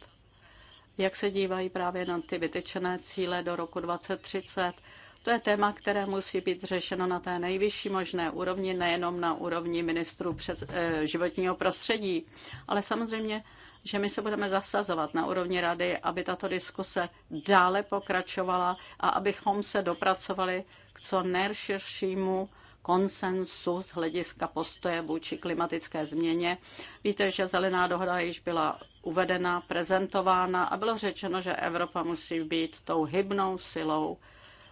Jak se dívají právě na ty vytyčené cíle do roku 2030 to je téma, které musí být řešeno na té nejvyšší možné úrovni, nejenom na úrovni ministrů přes, e, životního prostředí, ale samozřejmě, že my se budeme zasazovat na úrovni rady, aby tato diskuse dále pokračovala a abychom se dopracovali k co nejširšímu konsensu z hlediska postoje vůči klimatické změně. Víte, že zelená dohoda již byla uvedena, prezentována a bylo řečeno, že Evropa musí být tou hybnou silou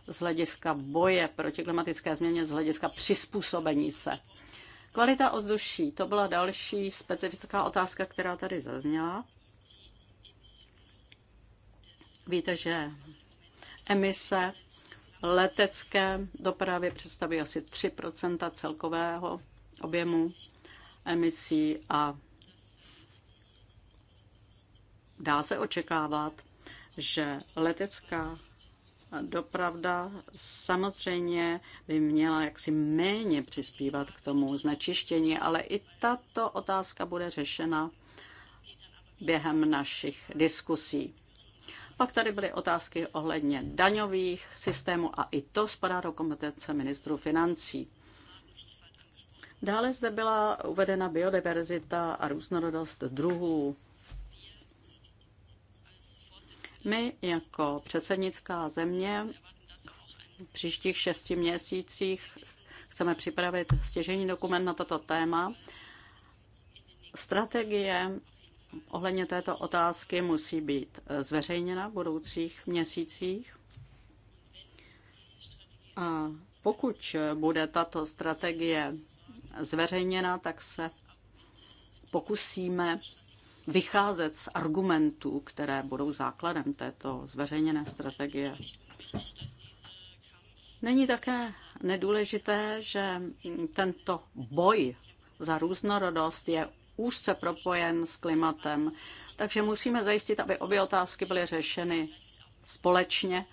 z hlediska boje proti klimatické změně, z hlediska přizpůsobení se. Kvalita ozduší, to byla další specifická otázka, která tady zazněla. Víte, že emise letecké dopravy představují asi 3 celkového objemu emisí a dá se očekávat, že letecká dopravda samozřejmě by měla jaksi méně přispívat k tomu znečištění, ale i tato otázka bude řešena během našich diskusí. Pak tady byly otázky ohledně daňových systémů a i to spadá do kompetence ministru financí. Dále zde byla uvedena biodiverzita a různorodost druhů my jako předsednická země v příštích šesti měsících chceme připravit stěžení dokument na toto téma. Strategie ohledně této otázky musí být zveřejněna v budoucích měsících. A pokud bude tato strategie zveřejněna, tak se pokusíme vycházet z argumentů, které budou základem této zveřejněné strategie. Není také nedůležité, že tento boj za různorodost je úzce propojen s klimatem, takže musíme zajistit, aby obě otázky byly řešeny společně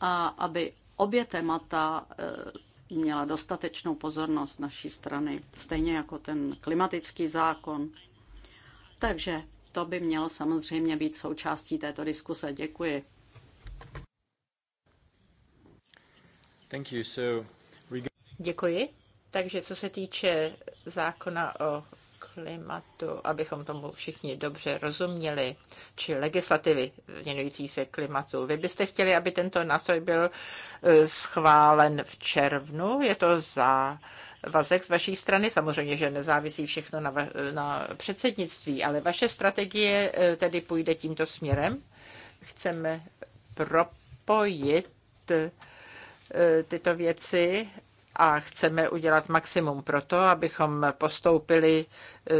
a aby obě témata eh, měla dostatečnou pozornost naší strany, stejně jako ten klimatický zákon. Takže to by mělo samozřejmě být součástí této diskuse. Děkuji. Thank you. So, Děkuji. Takže co se týče zákona o klimatu, abychom tomu všichni dobře rozuměli, či legislativy věnující se klimatu. Vy byste chtěli, aby tento nástroj byl eh, schválen v červnu, je to za vazek z vaší strany. Samozřejmě, že nezávisí všechno na, na předsednictví, ale vaše strategie eh, tedy půjde tímto směrem. Chceme propojit eh, tyto věci a chceme udělat maximum pro to, abychom postoupili e,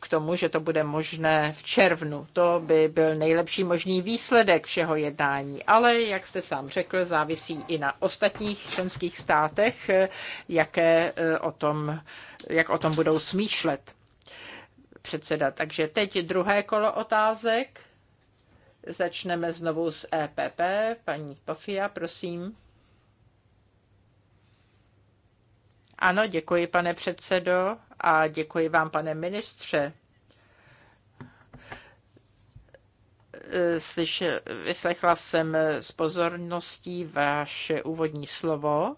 k tomu, že to bude možné v červnu. To by byl nejlepší možný výsledek všeho jednání. Ale, jak jste sám řekl, závisí i na ostatních členských státech, e, jaké e, o tom, jak o tom budou smýšlet předseda. Takže teď druhé kolo otázek. Začneme znovu s EPP. Paní Pofia, prosím. Ano, děkuji, pane předsedo, a děkuji vám, pane ministře. Slyš, vyslechla jsem s pozorností vaše úvodní slovo.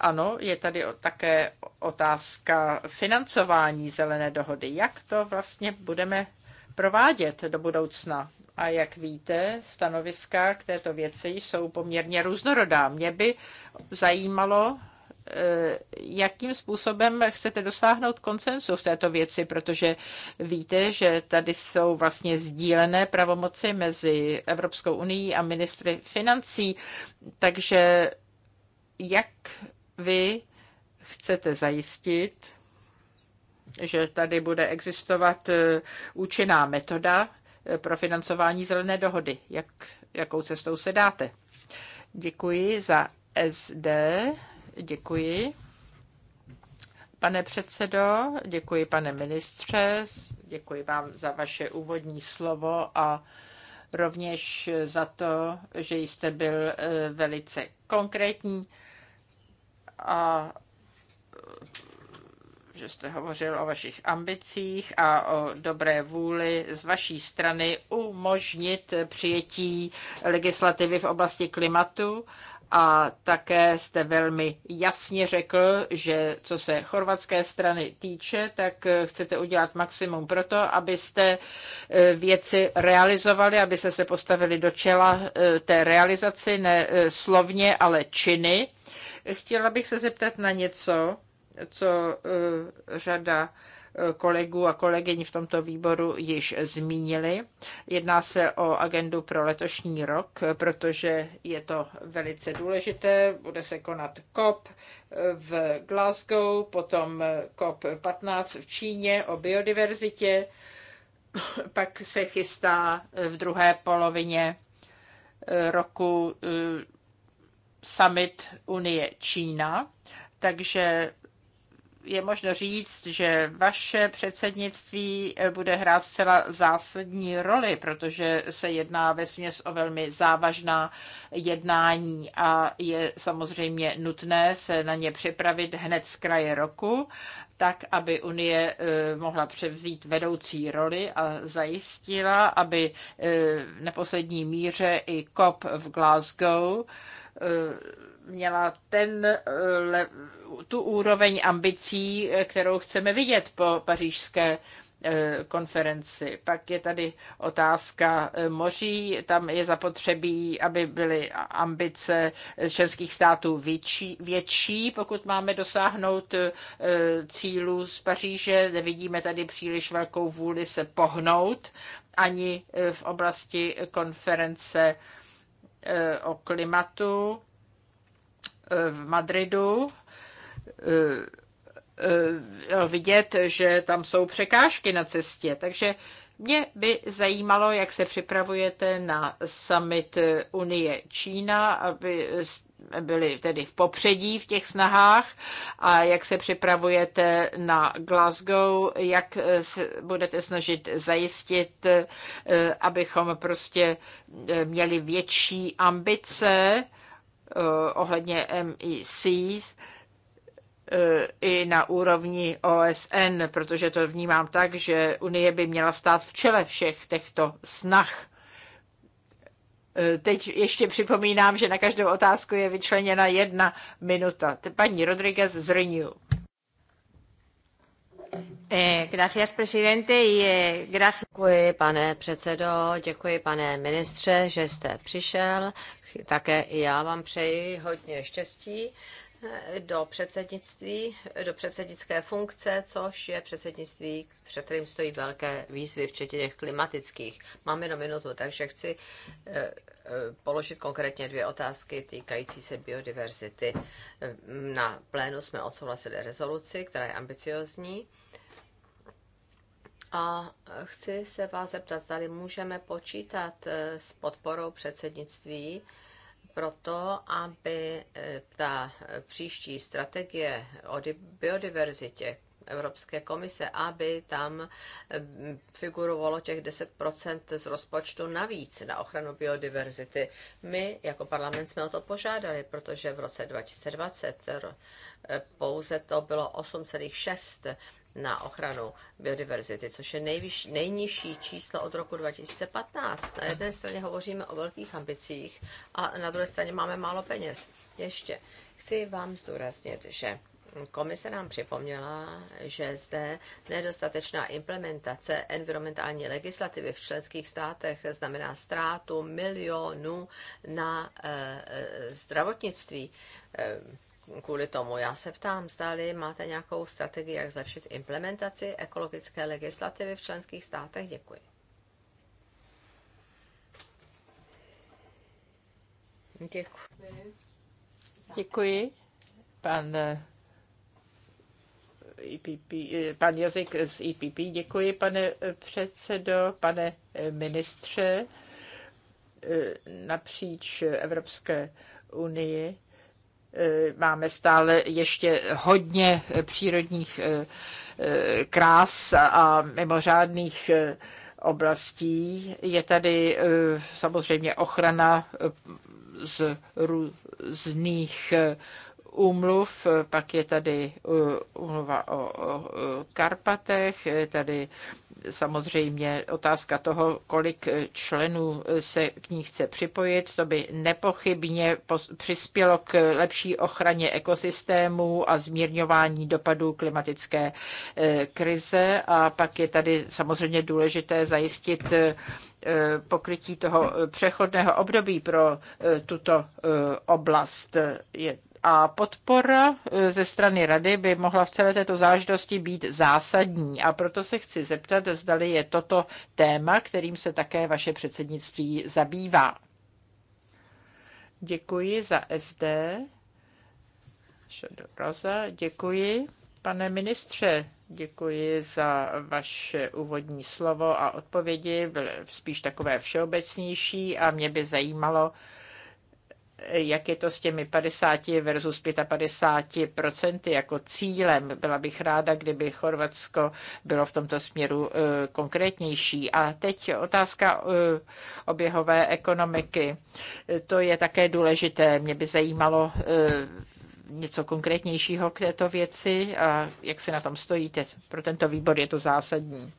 Ano, je tady také otázka financování zelené dohody. Jak to vlastně budeme provádět do budoucna? A jak víte, stanoviska k této věci jsou poměrně různorodá. Mě by zajímalo, jakým způsobem chcete dosáhnout koncensu v této věci, protože víte, že tady jsou vlastně sdílené pravomoci mezi Evropskou unii a ministry financí, takže jak vy chcete zajistit, že tady bude existovat eh, účinná metoda eh, pro financování zelené dohody. Jak, jakou cestou se dáte? Děkuji za SD. Děkuji. Pane předsedo, děkuji pane ministře, děkuji vám za vaše úvodní slovo a rovněž za to, že jste byl eh, velice konkrétní a že jste hovořil o vašich ambicích a o dobré vůli z vaší strany umožnit přijetí legislativy v oblasti klimatu a také jste velmi jasně řekl, že co se chorvatské strany týče, tak eh, chcete udělat maximum pro to, abyste eh, věci realizovali, abyste se postavili do čela eh, té realizaci, ne slovně, ale činy. Chtěla bych se zeptat na něco, co řada kolegů a kolegyň v tomto výboru již zmínili. Jedná se o agendu pro letošní rok, protože je to velice důležité. Bude se konat COP v Glasgow, potom COP 15 v Číně o biodiverzitě, pak se chystá v druhé polovině roku eh, summit Unie Čína, takže je možno říct, že vaše předsednictví eh, bude hrát zcela zásadní roli, protože se jedná ve směs o velmi závažná jednání a je samozřejmě nutné se na ně připravit hned z kraje roku, tak, aby Unie eh, mohla převzít vedoucí roli a zajistila, aby eh, v neposlední míře i COP v Glasgow měla ten, eh, tu úroveň ambicí, eh, kterou chceme vidět po pařížské eh, konferenci. Pak je tady otázka moří. Tam je zapotřebí, aby byly ambice členských států větší, větší pokud máme dosáhnout cílů z Paříže. Nevidíme tady příliš velkou vůli se pohnout ani v oblasti konference o klimatu v Madridu eh, eh, vidět, že tam jsou překážky na cestě. Takže mě by zajímalo, jak se připravujete na summit Unie Čína, aby byli tedy v popředí v těch snahách a jak se připravujete na Glasgow, jak se budete snažit zajistit, eh, abychom prostě měli větší ambice Eh, ohledně MEC eh, i na úrovni OSN, protože to vnímám tak, že Unie by měla stát v čele všech těchto snah. Eh, teď ještě připomínám, že na každou otázku je vyčleněna jedna minuta. Paní Rodriguez z Renew. Eh, eh, děkuji, pane předsedo, děkuji, pane ministře, že jste přišel. Také i já vám přeji hodně štěstí eh, do předsednictví, do předsednické funkce, což je předsednictví, před kterým stojí velké výzvy, včetně těch klimatických. Mám jenom minutu, takže chci položit konkrétně dvě otázky týkající se biodiverzity. Na plénu jsme odsouhlasili rezoluci, která je ambiciozní a eh, chci se vás zeptat, zda můžeme počítat eh, s podporou předsednictví to, aby eh, ta příští strategie o biodiverzitě Evropské komise, aby tam figurovalo těch 10% z rozpočtu navíc na ochranu biodiverzity. My jako parlament jsme o to požádali, protože v roce 2020 pouze to bylo 8,6 na ochranu biodiverzity, což je nejvyš, nejnižší číslo od roku 2015. Na jedné straně hovoříme o velkých ambicích a na druhé straně máme málo peněz. Ještě chci vám zdůraznit, že Komise nám připomněla, že zde nedostatečná implementace environmentální legislativy v členských státech znamená ztrátu milionů na eh, eh, zdravotnictví. Ehm, kvůli tomu. Já se ptám, zdali máte nějakou strategii, jak zlepšit implementaci ekologické legislativy v členských státech. Děkuji. Děkuji. Děkuji. Pan EPP, eh, e eh, pan Jazyk z EPP. Děkuji, pane eh, předsedo, pane ministře napříč Evropské unii Eh, máme stále ještě hodně eh, přírodních eh, krás a mimořádných oblastí. Je tady samozřejmě ochrana z různých úmluv, pak je tady úmluva o Karpatech, je tady samozřejmě otázka toho, kolik členů se k ní chce připojit, to by nepochybně přispělo k lepší ochraně ekosystémů a zmírňování dopadů klimatické eh, krize. A pak je tady samozřejmě důležité zajistit eh, pokrytí toho přechodného období pro eh, tuto oblast. Je a podpora eh, ze strany rady by mohla v celé této záždosti být zásadní. A proto se chci zeptat, zdali je toto téma, kterým se také vaše předsednictví zabývá. Děkuji za SD. Roza, děkuji. Pane ministře, děkuji za vaše úvodní slovo a odpovědi. Byly spíš takové všeobecnější a mě by zajímalo, jak je to s těmi 50 versus 55 procenty jako cílem. Byla bych ráda, kdyby Chorvatsko bylo v tomto směru eh, konkrétnější. A teď otázka eh, oběhové ekonomiky. To je také důležité. Mě by zajímalo eh, něco konkrétnějšího k této věci a jak se na tom stojíte. Pro tento výbor je to zásadní.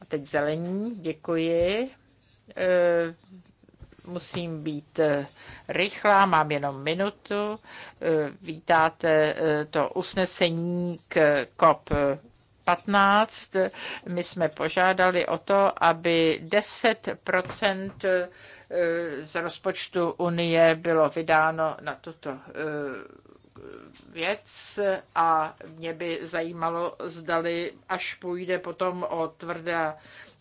A teď zelení, děkuji musím být eh, rychlá, mám jenom minutu. Eh, vítáte eh, to usnesení k COP 15. My jsme požádali o to, aby 10 z rozpočtu Unie bylo vydáno na tuto věc a mě by zajímalo, zdali až půjde potom o tvrdá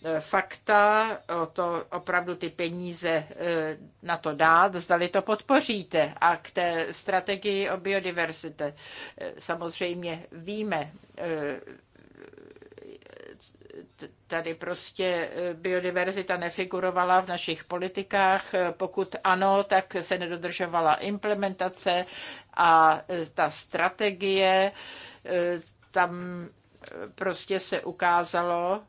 e, fakta, o to opravdu ty peníze e, na to dát, zdali to podpoříte. A k té strategii o biodiverzitě e, samozřejmě víme, tady prostě eh, biodiverzita nefigurovala v našich politikách. Pokud ano, tak se nedodržovala implementace a eh, ta strategie, eh, tam prostě se ukázalo,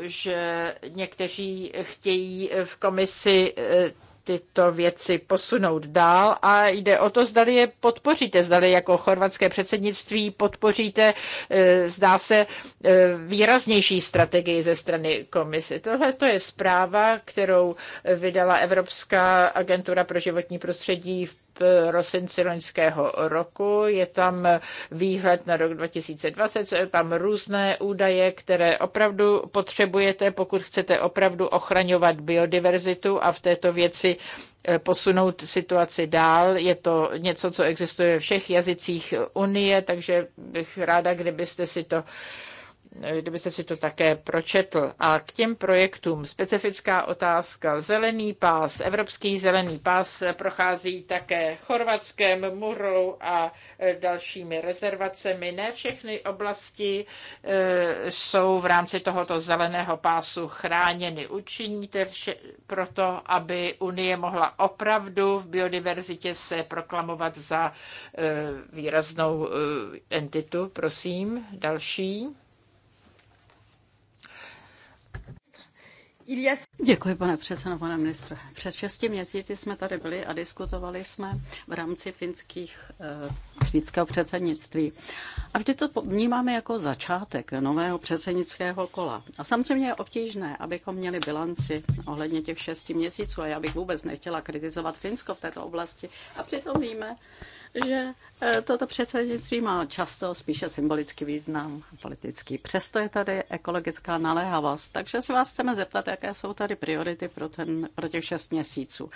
že někteří chtějí v komisi tyto věci posunout dál a jde o to, zdali je podpoříte, zdali jako chorvatské předsednictví podpoříte, eh, zdá se, eh, výraznější strategii ze strany komise. Tohle to je zpráva, kterou vydala Evropská agentura pro životní prostředí v prosinci loňského roku. Je tam výhled na rok 2020, jsou tam různé údaje, které opravdu potřebujete, pokud chcete opravdu ochraňovat biodiverzitu a v této věci eh, posunout situaci dál. Je to něco, co existuje ve všech jazycích Unie, takže bych ráda, kdybyste si to kdybyste si to také pročetl. A k těm projektům specifická otázka. Zelený pás, Evropský zelený pás prochází také Chorvatském, Murou a e, dalšími rezervacemi. Ne všechny oblasti e, jsou v rámci tohoto zeleného pásu chráněny. Učiníte vše proto, aby Unie mohla opravdu v biodiverzitě se proklamovat za e, výraznou entitu. Prosím, další. Děkuji, pane předsedo, pane ministře. Před šesti měsíci jsme tady byli a diskutovali jsme v rámci finských eh, svítského předsednictví. A vždy to vnímáme jako začátek nového předsednického kola. A samozřejmě je obtížné, abychom měli bilanci ohledně těch šesti měsíců. A já bych vůbec nechtěla kritizovat Finsko v této oblasti. A přitom víme, že eh, toto předsednictví má často spíše symbolický význam politický. Přesto je tady ekologická naléhavost, takže se vás chceme zeptat, jaké jsou tady priority pro, ten, pro těch šest měsíců.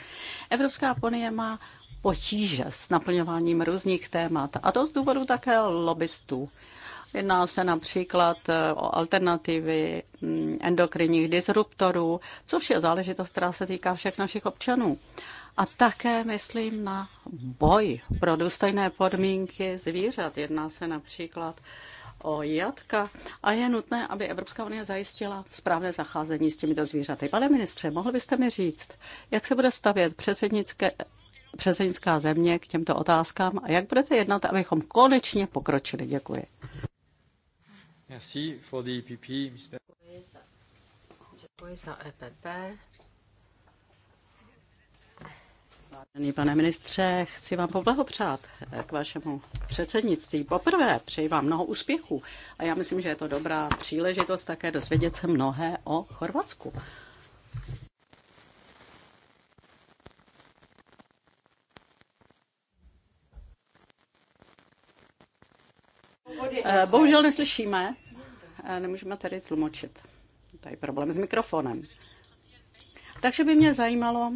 Evropská ponie má potíže s naplňováním různých témat a to z důvodu také lobbystů. Jedná se například eh, o alternativy mm, endokrinních disruptorů, což je záležitost, která se týká všech našich občanů. A také myslím na boj pro důstojné podmínky zvířat. Jedná se například o jatka a je nutné, aby Evropská unie zajistila správné zacházení s těmito zvířaty. Pane ministře, mohl byste mi říct, jak se bude stavět předsednické, předsednická země k těmto otázkám a jak budete jednat, abychom konečně pokročili? Děkuji. for the EPP. děkuji za EPP, pane ministře, chci vám poblahopřát k vašemu předsednictví. Poprvé přeji vám mnoho úspěchů a já myslím, že je to dobrá příležitost také dozvědět se mnohé o Chorvatsku. Eh, bohužel neslyšíme, eh, nemůžeme tady tlumočit. Tady problém s mikrofonem. Takže by mě zajímalo,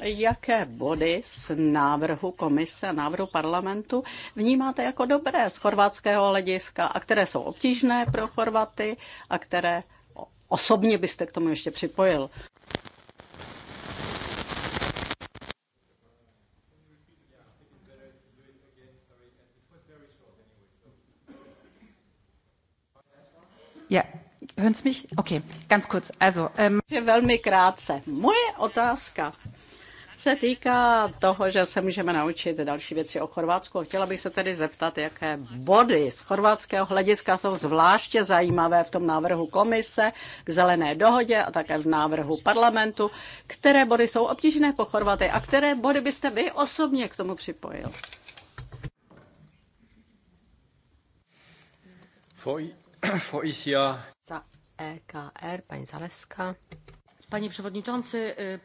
jaké body z návrhu komise, návrhu parlamentu vnímáte jako dobré z chorvatského hlediska a které jsou obtížné pro Chorvaty a které osobně byste k tomu ještě připojil? Ja, hören Sie mich? Okay, ganz kurz. Also, ähm... Velmi krátce. Moje otázka se týká toho, že se můžeme naučit další věci o Chorvatsku. Chtěla bych se tedy zeptat, jaké body z chorvatského hlediska jsou zvláště zajímavé v tom návrhu komise k zelené dohodě a také v návrhu parlamentu. Které body jsou obtížné po Chorvaty a které body byste vy osobně k tomu připojil? For, for ICR. Za EKR, paní Zaleska. Pane předsedající,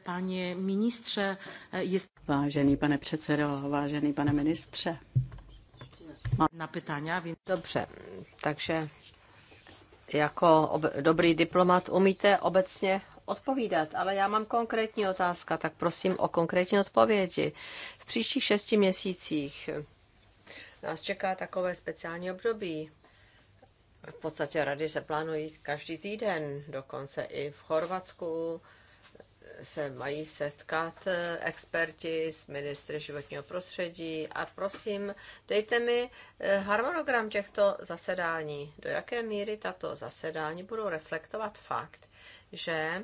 pane ministře, e, jest... Vážený pane předsedo, vážený pane ministře. Má... Na pytania, vím. Dobře, takže jako ob... dobrý diplomat umíte obecně odpovídat, ale já mám konkrétní otázka, tak prosím o konkrétní odpovědi. V příštích šesti měsících nás čeká takové speciální období v podstatě rady se plánují každý týden, dokonce i v Chorvatsku se mají setkat eh, experti z ministry životního prostředí a prosím, dejte mi eh, harmonogram těchto zasedání. Do jaké míry tato zasedání budou reflektovat fakt, že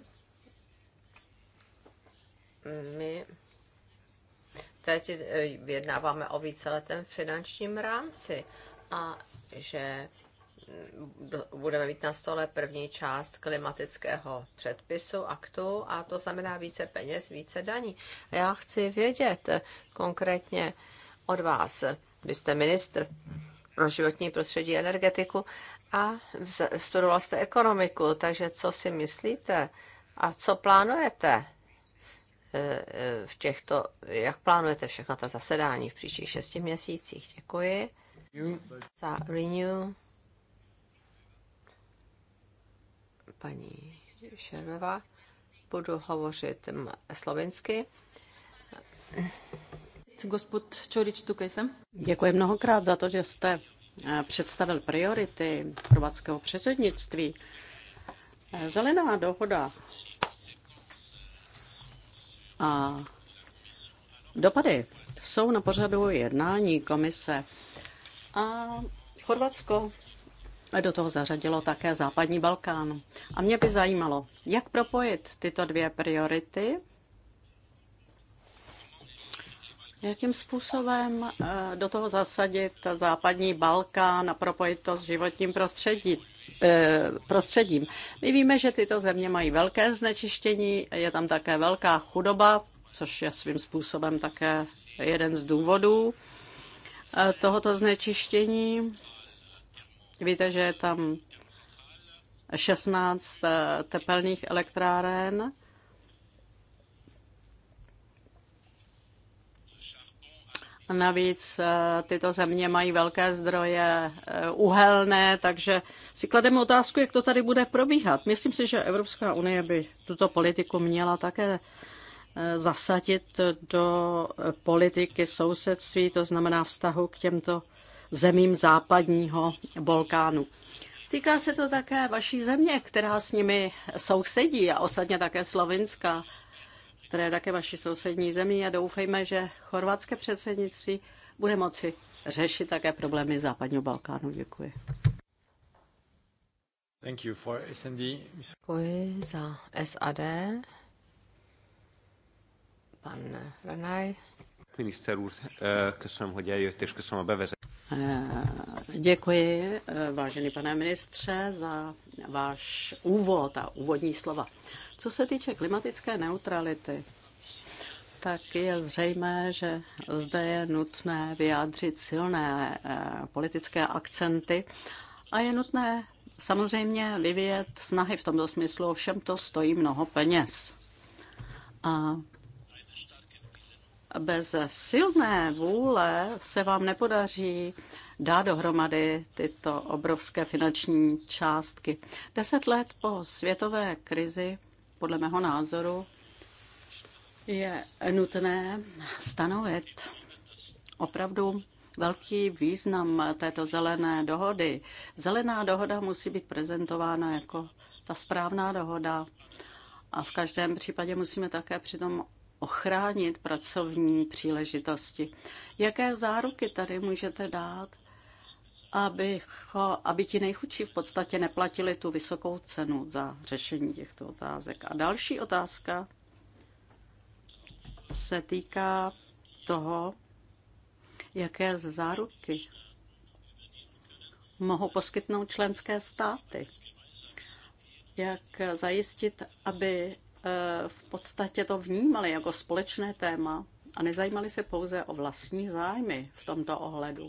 my teď eh, vyjednáváme o víceletém finančním rámci a že budeme mít na stole první část klimatického předpisu aktu a to znamená více peněz, více daní. A já chci vědět konkrétně od vás, vy jste ministr pro životní prostředí energetiku a studoval jste ekonomiku, takže co si myslíte a co plánujete e, e, v těchto, jak plánujete všechno ta zasedání v příštích šesti měsících? Děkuji. Za Renew. paní Šervová. Budu hovořit slovensky. Gospod Čorič, tu jsem. Děkuji mnohokrát za to, že jste e, představil priority chorvatského předsednictví. E, zelená dohoda a dopady jsou na pořadu jednání komise. A Chorvatsko do toho zařadilo také Západní Balkán. A mě by zajímalo, jak propojit tyto dvě priority, jakým způsobem eh, do toho zasadit Západní Balkán a propojit to s životním prostředí, eh, prostředím. My víme, že tyto země mají velké znečištění, je tam také velká chudoba, což je svým způsobem také jeden z důvodů eh, tohoto znečištění. Víte, že je tam 16 eh, tepelných elektráren. Navíc eh, tyto země mají velké zdroje eh, uhelné, takže si klademe otázku, jak to tady bude probíhat. Myslím si, že Evropská unie by tuto politiku měla také zasadit do politiky sousedství, to znamená vztahu k těmto zemím západního Balkánu. Týká se to také vaší země, která s nimi sousedí a osadně také Slovinska, které je také vaší sousední zemí a doufejme, že chorvatské předsednictví bude moci řešit také problémy západního Balkánu. Děkuji. Thank you for SND. Děkuji za SAD. Pan Renaj. Minister, úr, uh, hogy eljött, jste köszönöm a bevezetést. Eh, děkuji, eh, vážený pane ministře, za váš úvod a úvodní slova. Co se týče klimatické neutrality, tak je zřejmé, že zde je nutné vyjádřit silné eh, politické akcenty a je nutné samozřejmě vyvíjet snahy v tomto smyslu, ovšem to stojí mnoho peněz. A bez silné vůle se vám nepodaří dá dohromady tyto obrovské finanční částky. Deset let po světové krizi, podle mého názoru, je nutné stanovit opravdu velký význam této zelené dohody. Zelená dohoda musí být prezentována jako ta správná dohoda. A v každém případě musíme také přitom ochránit pracovní příležitosti. Jaké záruky tady můžete dát, aby, aby ti nejchudší v podstatě neplatili tu vysokou cenu za řešení těchto otázek? A další otázka se týká toho, jaké záruky mohou poskytnout členské státy. Jak zajistit, aby Eh, v podstatě to vnímali jako společné téma a nezajímali se pouze o vlastní zájmy v tomto ohledu.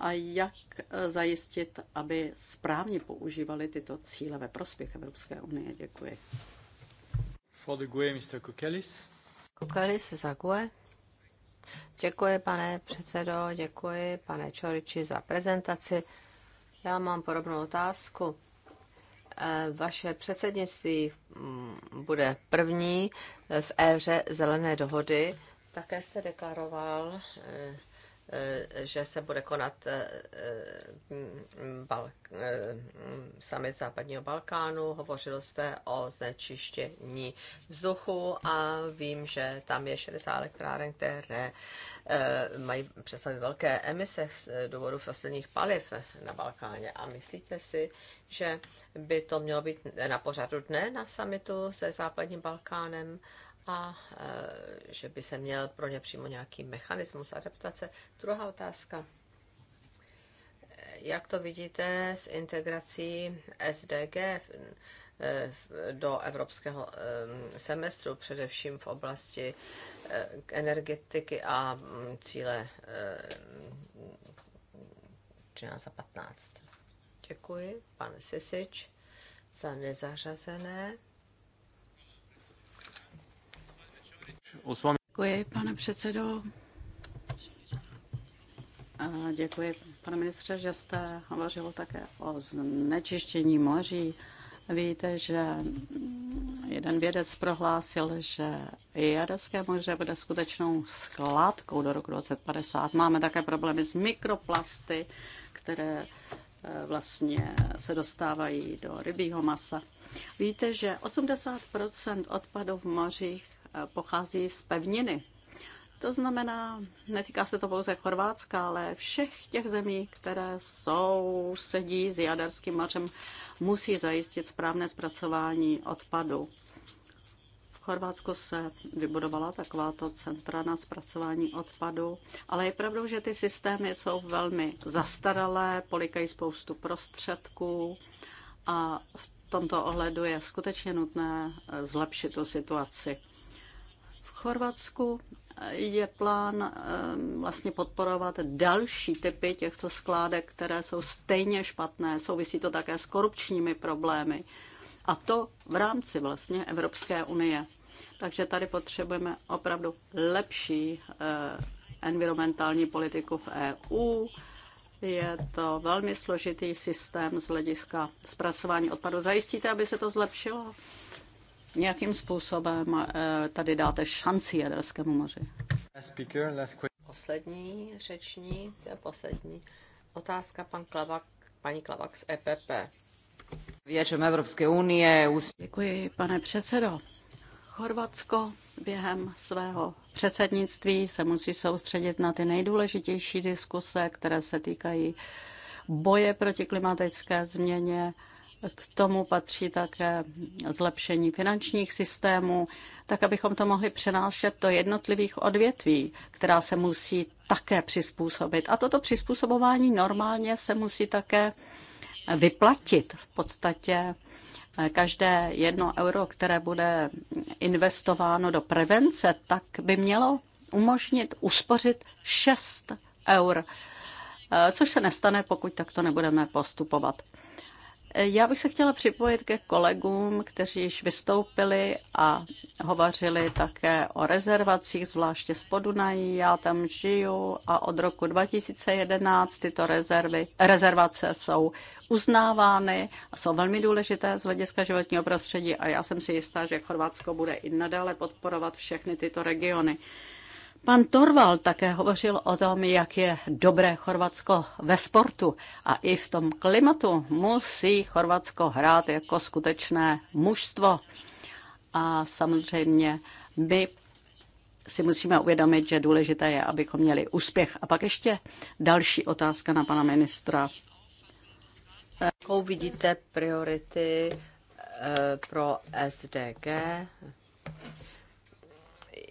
A jak eh, zajistit, aby správně používali tyto cíle ve prospěch Evropské unie? Děkuji. For the GUE, Mr. Kukelis. Kukelis za GUE. Děkuji, pane předsedo, děkuji, pane Čoriči, za prezentaci. Já mám podobnou otázku Eh, vaše předsednictví mm, bude první eh, v éře zelené dohody. Také jste deklaroval, eh, Eh, že se bude konat eh, eh, summit západního Balkánu. Hovořil jste o znečištění vzduchu a vím, že tam je 60 elektráren, které mají představit velké emise z důvodu fosilních paliv na Balkáně. A myslíte si, že by to mělo být na pořadu dne na summitu se západním Balkánem? a e, že by se měl pro ně přímo nějaký mechanismus adaptace. Druhá otázka. E, jak to vidíte s integrací SDG e, do evropského semestru, především v oblasti energetiky a cíle 13 a 15? Děkuji, pan Sisič, za nezařazené. Děkuji, pane předsedo. děkuji, pane ministře, že jste hovořil také o znečištění moří. Víte, že jeden vědec prohlásil, že Jaderské moře bude skutečnou skládkou do roku 2050. Máme také problémy s mikroplasty, které e, vlastně se dostávají do rybího masa. Víte, že 80 odpadů v mořích pochází z pevniny. To znamená, netýká se to pouze Chorvátska, ale všech těch zemí, které jsou, sedí s Jaderským mořem, musí zajistit správné zpracování odpadu. V Chorvátsku se vybudovala takováto centra na zpracování odpadu, ale je pravdou, že ty systémy jsou velmi zastaralé, polikají spoustu prostředků a v tomto ohledu je skutečně nutné zlepšit tu situaci. Chorvatsku je plán eh, vlastně podporovat další typy těchto skládek, které jsou stejně špatné. Souvisí to také s korupčními problémy. A to v rámci vlastně Evropské unie. Takže tady potřebujeme opravdu lepší eh, environmentální politiku v EU. Je to velmi složitý systém z hlediska zpracování odpadu. Zajistíte, aby se to zlepšilo? nějakým způsobem eh, tady dáte šanci Jaderskému moři. Poslední řečník, poslední otázka, pan Klavak, paní Klavak z EPP. Věřím Evropské unie. Děkuji, pane předsedo. Chorvatsko během svého předsednictví se musí soustředit na ty nejdůležitější diskuse, které se týkají boje proti klimatické změně, k tomu patří také zlepšení finančních systémů, tak abychom to mohli přenášet do jednotlivých odvětví, která se musí také přizpůsobit. A toto přizpůsobování normálně se musí také vyplatit. V podstatě eh, každé jedno euro, které bude investováno do prevence, tak by mělo umožnit uspořit 6 eur, eh, což se nestane, pokud takto nebudeme postupovat. Já bych se chtěla připojit ke kolegům, kteří již vystoupili a hovořili také o rezervacích, zvláště z Podunají. Já tam žiju a od roku 2011 tyto rezervy, rezervace jsou uznávány a jsou velmi důležité z hlediska životního prostředí a já jsem si jistá, že Chorvatsko bude i nadále podporovat všechny tyto regiony. Pan Torval také hovořil o tom, jak je dobré Chorvatsko ve sportu a i v tom klimatu musí Chorvatsko hrát jako skutečné mužstvo. A samozřejmě my si musíme uvědomit, že důležité je, abychom měli úspěch. A pak ještě další otázka na pana ministra. Jakou vidíte priority eh, pro SDG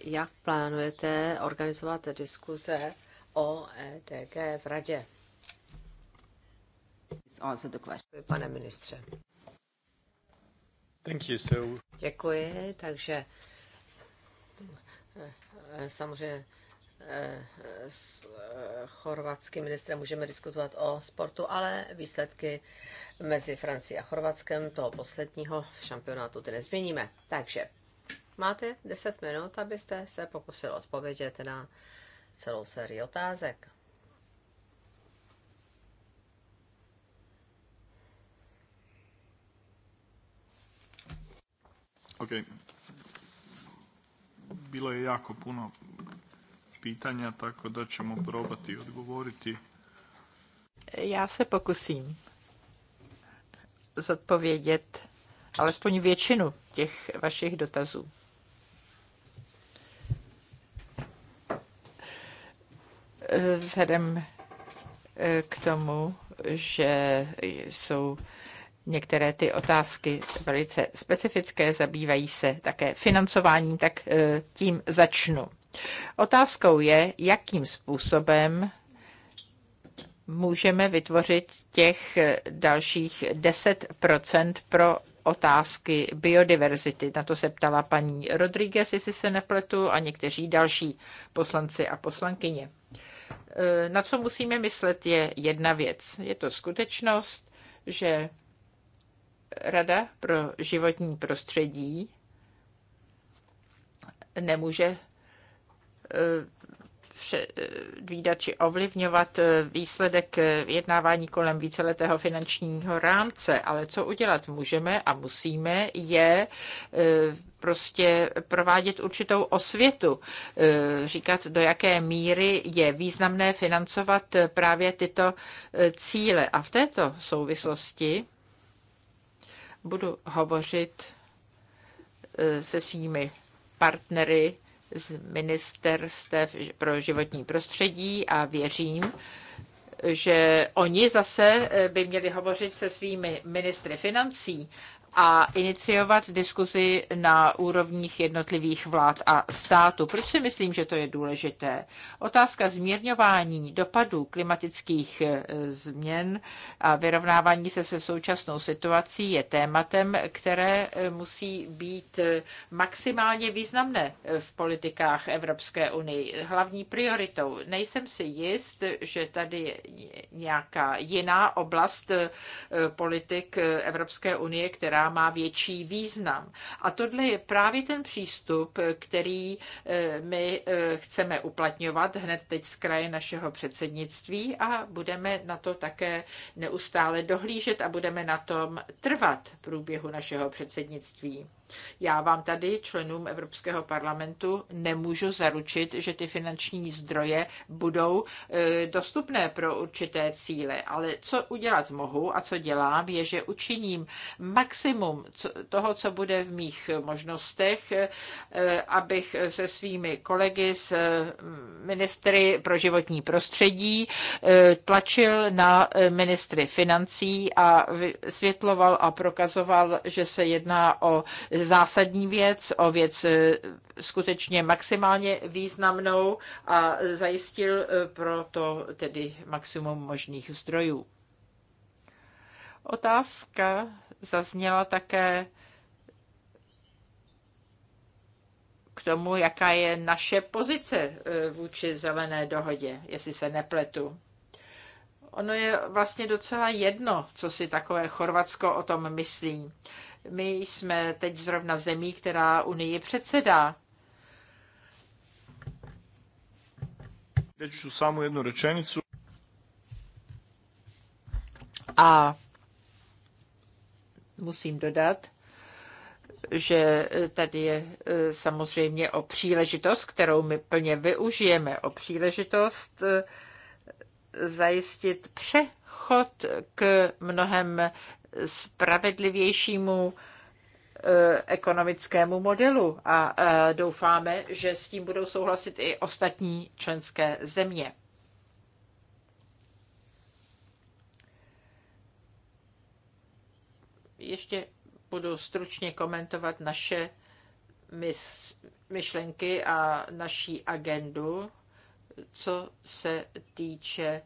jak plánujete organizovat diskuze o EDG v radě? Pane ministře. Thank you, so... Děkuji, takže eh, eh, samozřejmě eh, s chorvatským ministrem můžeme diskutovat o sportu, ale výsledky mezi Francií a Chorvatskem toho posledního v šampionátu tedy nezměníme. Takže Máte 10 minut, abyste se pokusili odpovědět na celou sérii otázek. Ok. Bilo je jako puno pitanja, tako da ćemo probati odgovoriti. Já se pokusím zodpovědět alespoň většinu těch vašich dotazů. Vzhledem eh, k tomu, že jsou některé ty otázky velice specifické, zabývají se také financováním, tak eh, tím začnu. Otázkou je, jakým způsobem můžeme vytvořit těch eh, dalších 10 pro otázky biodiverzity. Na to se ptala paní Rodriguez, jestli se nepletu, a někteří další poslanci a poslankyně. Eh, na co musíme myslet, je jedna věc. Je to skutečnost, že Rada pro životní prostředí nemůže eh, předvídat či ovlivňovat eh, výsledek eh, jednávání kolem víceletého finančního rámce, ale co udělat můžeme a musíme, je eh, prostě provádět určitou osvětu, říkat, do jaké míry je významné financovat právě tyto cíle. A v této souvislosti budu hovořit se svými partnery z ministerstev pro životní prostředí a věřím, že oni zase eh, by měli hovořit se svými ministry financí a iniciovat diskuzi na úrovních jednotlivých vlád a států. Proč si myslím, že to je důležité? Otázka zmírňování dopadů klimatických e, změn a vyrovnávání se se současnou situací je tématem, které e, musí být e, maximálně významné v politikách Evropské unie. Hlavní prioritou. Nejsem si jist, že tady je nějaká jiná oblast politik Evropské unie, která která má větší význam. A tohle je právě ten přístup, který eh, my eh, chceme uplatňovat hned teď z kraje našeho předsednictví a budeme na to také neustále dohlížet a budeme na tom trvat v průběhu našeho předsednictví. Já vám tady, členům Evropského parlamentu, nemůžu zaručit, že ty finanční zdroje budou e, dostupné pro určité cíle, ale co udělat mohu a co dělám, je, že učiním maximum toho, co bude v mých možnostech, e, abych se svými kolegy z e, ministry pro životní prostředí tlačil na ministry financí a vysvětloval a prokazoval, že se jedná o zásadní věc, o věc e, skutečně maximálně významnou a zajistil e, proto tedy maximum možných zdrojů. Otázka zazněla také k tomu, jaká je naše pozice e, vůči zelené dohodě, jestli se nepletu. Ono je vlastně docela jedno, co si takové Chorvatsko o tom myslí. My jsme teď zrovna zemí, která Unii předsedá. Reći samo jednu rečenicu. A musím dodat, že tady je e, samozřejmě o příležitost, kterou my plně využijeme, o příležitost e, zajistit přechod k mnohem spravedlivějšímu eh, ekonomickému modelu a eh, doufáme, že s tím budou souhlasit i ostatní členské země. Ještě budu stručně komentovat naše myšlenky a naší agendu, co se týče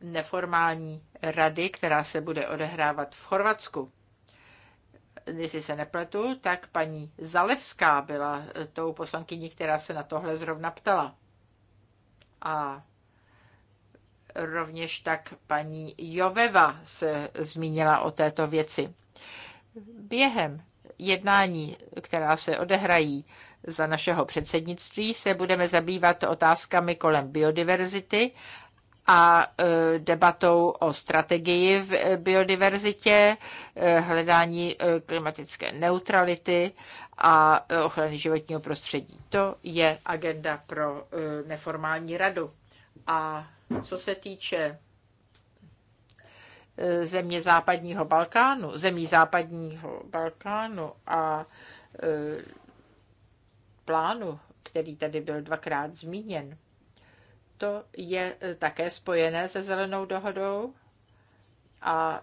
neformální rady, která se bude odehrávat v Chorvatsku. Jestli se nepletu, tak paní Zalevská byla eh, tou poslankyní, která se na tohle zrovna ptala. A rovněž tak paní Joveva se zmínila o této věci. Během jednání, která se odehrají za našeho předsednictví, se budeme zabývat otázkami kolem biodiverzity a e, debatou o strategii v e, biodiverzitě, e, hledání klimatické neutrality a ochrany životního prostředí. To je agenda pro neformální radu. A co se týče země západního Balkánu, zemí západního Balkánu a plánu, který tady byl dvakrát zmíněn, to je e, také spojené se zelenou dohodou a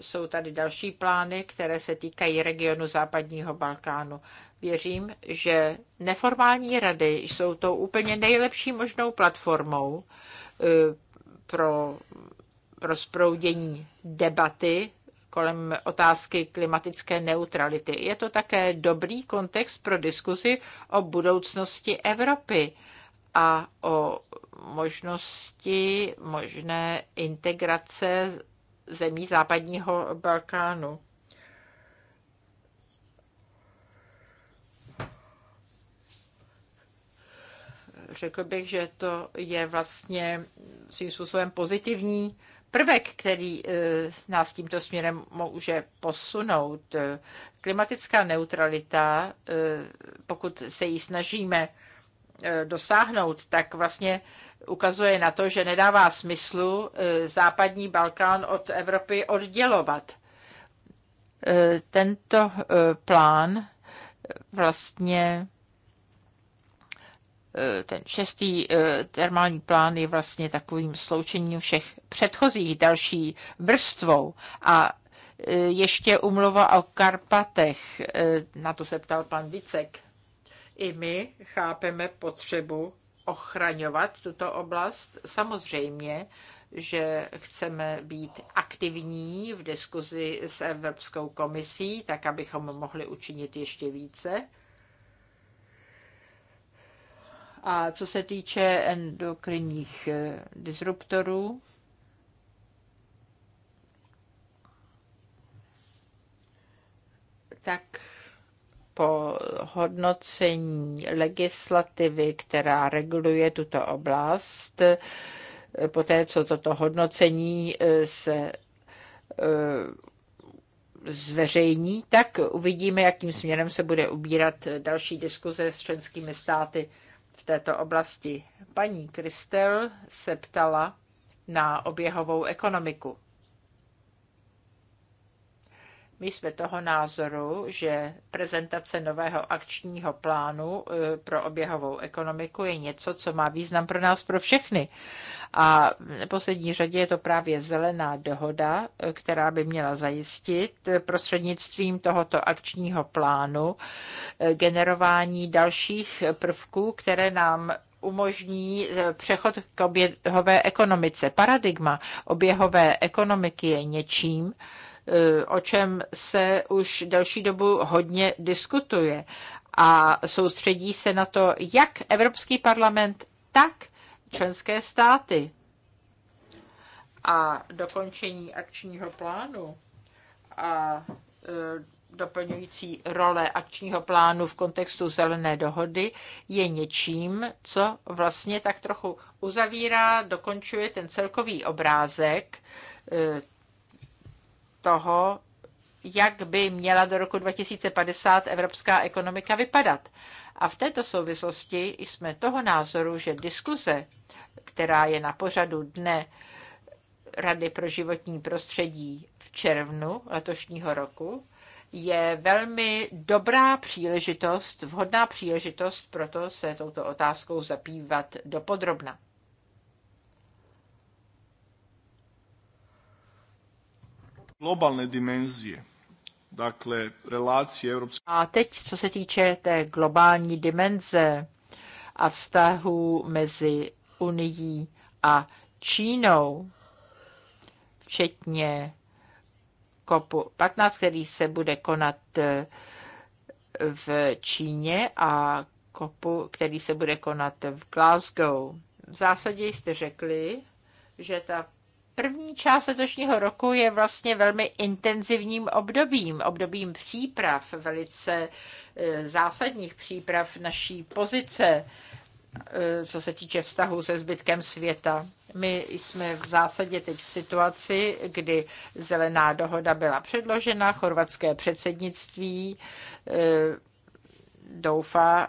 jsou tady další plány, které se týkají regionu západního Balkánu. Věřím, že neformální rady jsou tou úplně nejlepší možnou platformou e, pro rozproudění debaty kolem otázky klimatické neutrality. Je to také dobrý kontext pro diskuzi o budoucnosti Evropy a o možnosti možné integrace zemí západního Balkánu. Řekl bych, že to je vlastně svým způsobem pozitivní prvek, který e, nás tímto směrem může posunout. Klimatická neutralita, e, pokud se ji snažíme E, dosáhnout, tak vlastně ukazuje na to, že nedává smyslu e, západní Balkán od Evropy oddělovat. E, tento plán vlastně ten šestý termální plán je vlastně takovým sloučením všech předchozích další vrstvou a ještě umluva o Karpatech, na to se ptal pan Vicek. I my chápeme potřebu ochraňovat tuto oblast. Samozřejmě, že chceme být aktivní v diskuzi s Evropskou komisí, tak abychom mohli učinit ještě více. A co se týče endokrinních eh, disruptorů, tak po hodnocení legislativy, která reguluje tuto oblast, po té, co toto hodnocení eh, se eh, zveřejní, tak uvidíme, jakým směrem se bude ubírat další diskuze s členskými státy v této oblasti. Paní Kristel se ptala na oběhovou ekonomiku. My jsme toho názoru, že prezentace nového akčního plánu e, pro oběhovou ekonomiku je něco, co má význam pro nás, pro všechny. A v neposlední řadě je to právě zelená dohoda, e, která by měla zajistit e, prostřednictvím tohoto akčního plánu generování dalších prvků, které nám umožní přechod k oběhové ekonomice. Paradigma oběhové ekonomiky je něčím, Eh, o čem se už delší dobu hodně diskutuje a soustředí se na to jak Evropský parlament, tak členské státy. A dokončení akčního plánu a eh, doplňující role akčního plánu v kontextu zelené dohody je něčím, co vlastně tak trochu uzavírá, dokončuje ten celkový obrázek eh, toho, jak by měla do roku 2050 evropská ekonomika vypadat. A v této souvislosti jsme toho názoru, že diskuze, která je na pořadu dne Rady pro životní prostředí v červnu letošního roku, je velmi dobrá příležitost, vhodná příležitost pro to se touto otázkou zabývat dopodrobna. Globální dimenzie. Dakle, relace evropské... A teď, co se týče té globální dimenze a vztahu mezi Unií a Čínou, včetně cop 15, který se bude konat eh, v Číně a COP, který se bude konat v Glasgow. V zásadě jste řekli, že ta První část letošního roku je vlastně velmi intenzivním obdobím, obdobím příprav, velice e, zásadních příprav naší pozice, e, co se týče vztahu se zbytkem světa. My jsme v zásadě teď v situaci, kdy zelená dohoda byla předložena, chorvatské předsednictví e, doufá,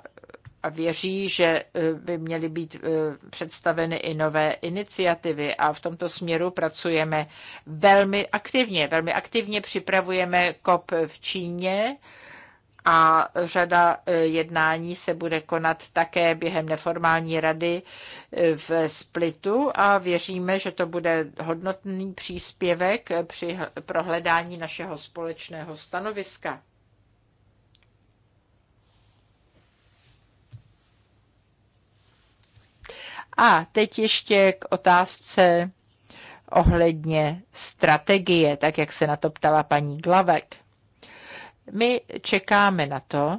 a věří, že eh, by měly být eh, představeny i nové iniciativy a v tomto směru pracujeme velmi aktivně. Velmi aktivně připravujeme COP v Číně a řada eh, jednání se bude konat také během neformální rady v Splitu a věříme, že to bude hodnotný příspěvek při prohledání našeho společného stanoviska. A teď ještě k otázce ohledně strategie, tak jak se na to ptala paní Glavek. My čekáme na to,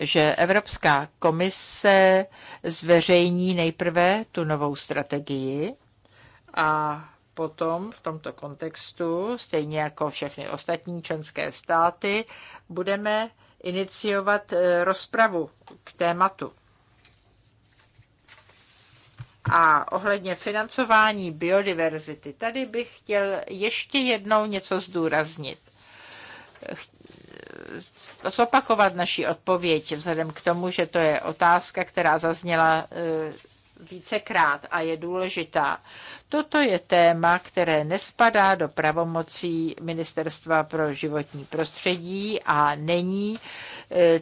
že Evropská komise zveřejní nejprve tu novou strategii a potom v tomto kontextu, stejně jako všechny ostatní členské státy, budeme iniciovat eh, rozpravu k tématu. A ohledně financování biodiverzity, tady bych chtěl ještě jednou něco zdůraznit. Zopakovat naši odpověď, vzhledem k tomu, že to je otázka, která zazněla e, vícekrát a je důležitá. Toto je téma, které nespadá do pravomocí Ministerstva pro životní prostředí a není uh,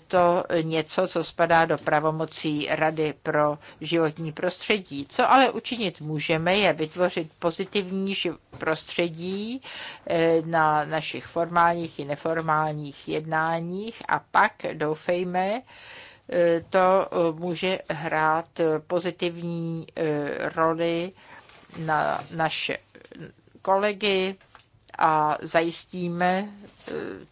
to něco, co spadá do pravomocí Rady pro životní prostředí. Co ale učinit můžeme, je vytvořit pozitivní prostředí eh, na našich formálních i neformálních jednáních a pak doufejme, eh, to může hrát pozitivní eh, roli na naše kolegy a zajistíme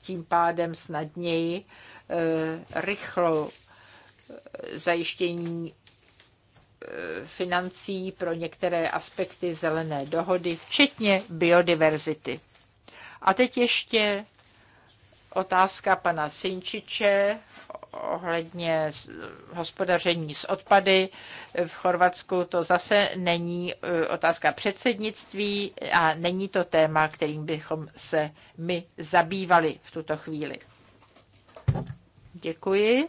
tím pádem snadněji Eh, rychlo eh, zajištění eh, financí pro některé aspekty zelené dohody, včetně biodiverzity. A teď ještě otázka pana Sinčiče ohledně hospodaření s odpady. V Chorvatsku to zase není otázka předsednictví a není to téma, kterým bychom se my zabývali v tuto chvíli. Děkuji.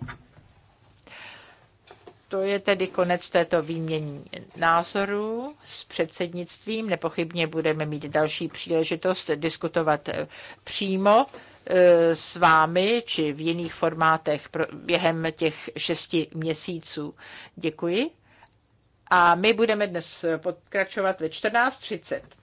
To je tedy konec této výmění názorů s předsednictvím. Nepochybně budeme mít další příležitost diskutovat eh, přímo eh, s vámi či v jiných formátech během těch šesti měsíců. Děkuji. A my budeme dnes pokračovat ve 14.30.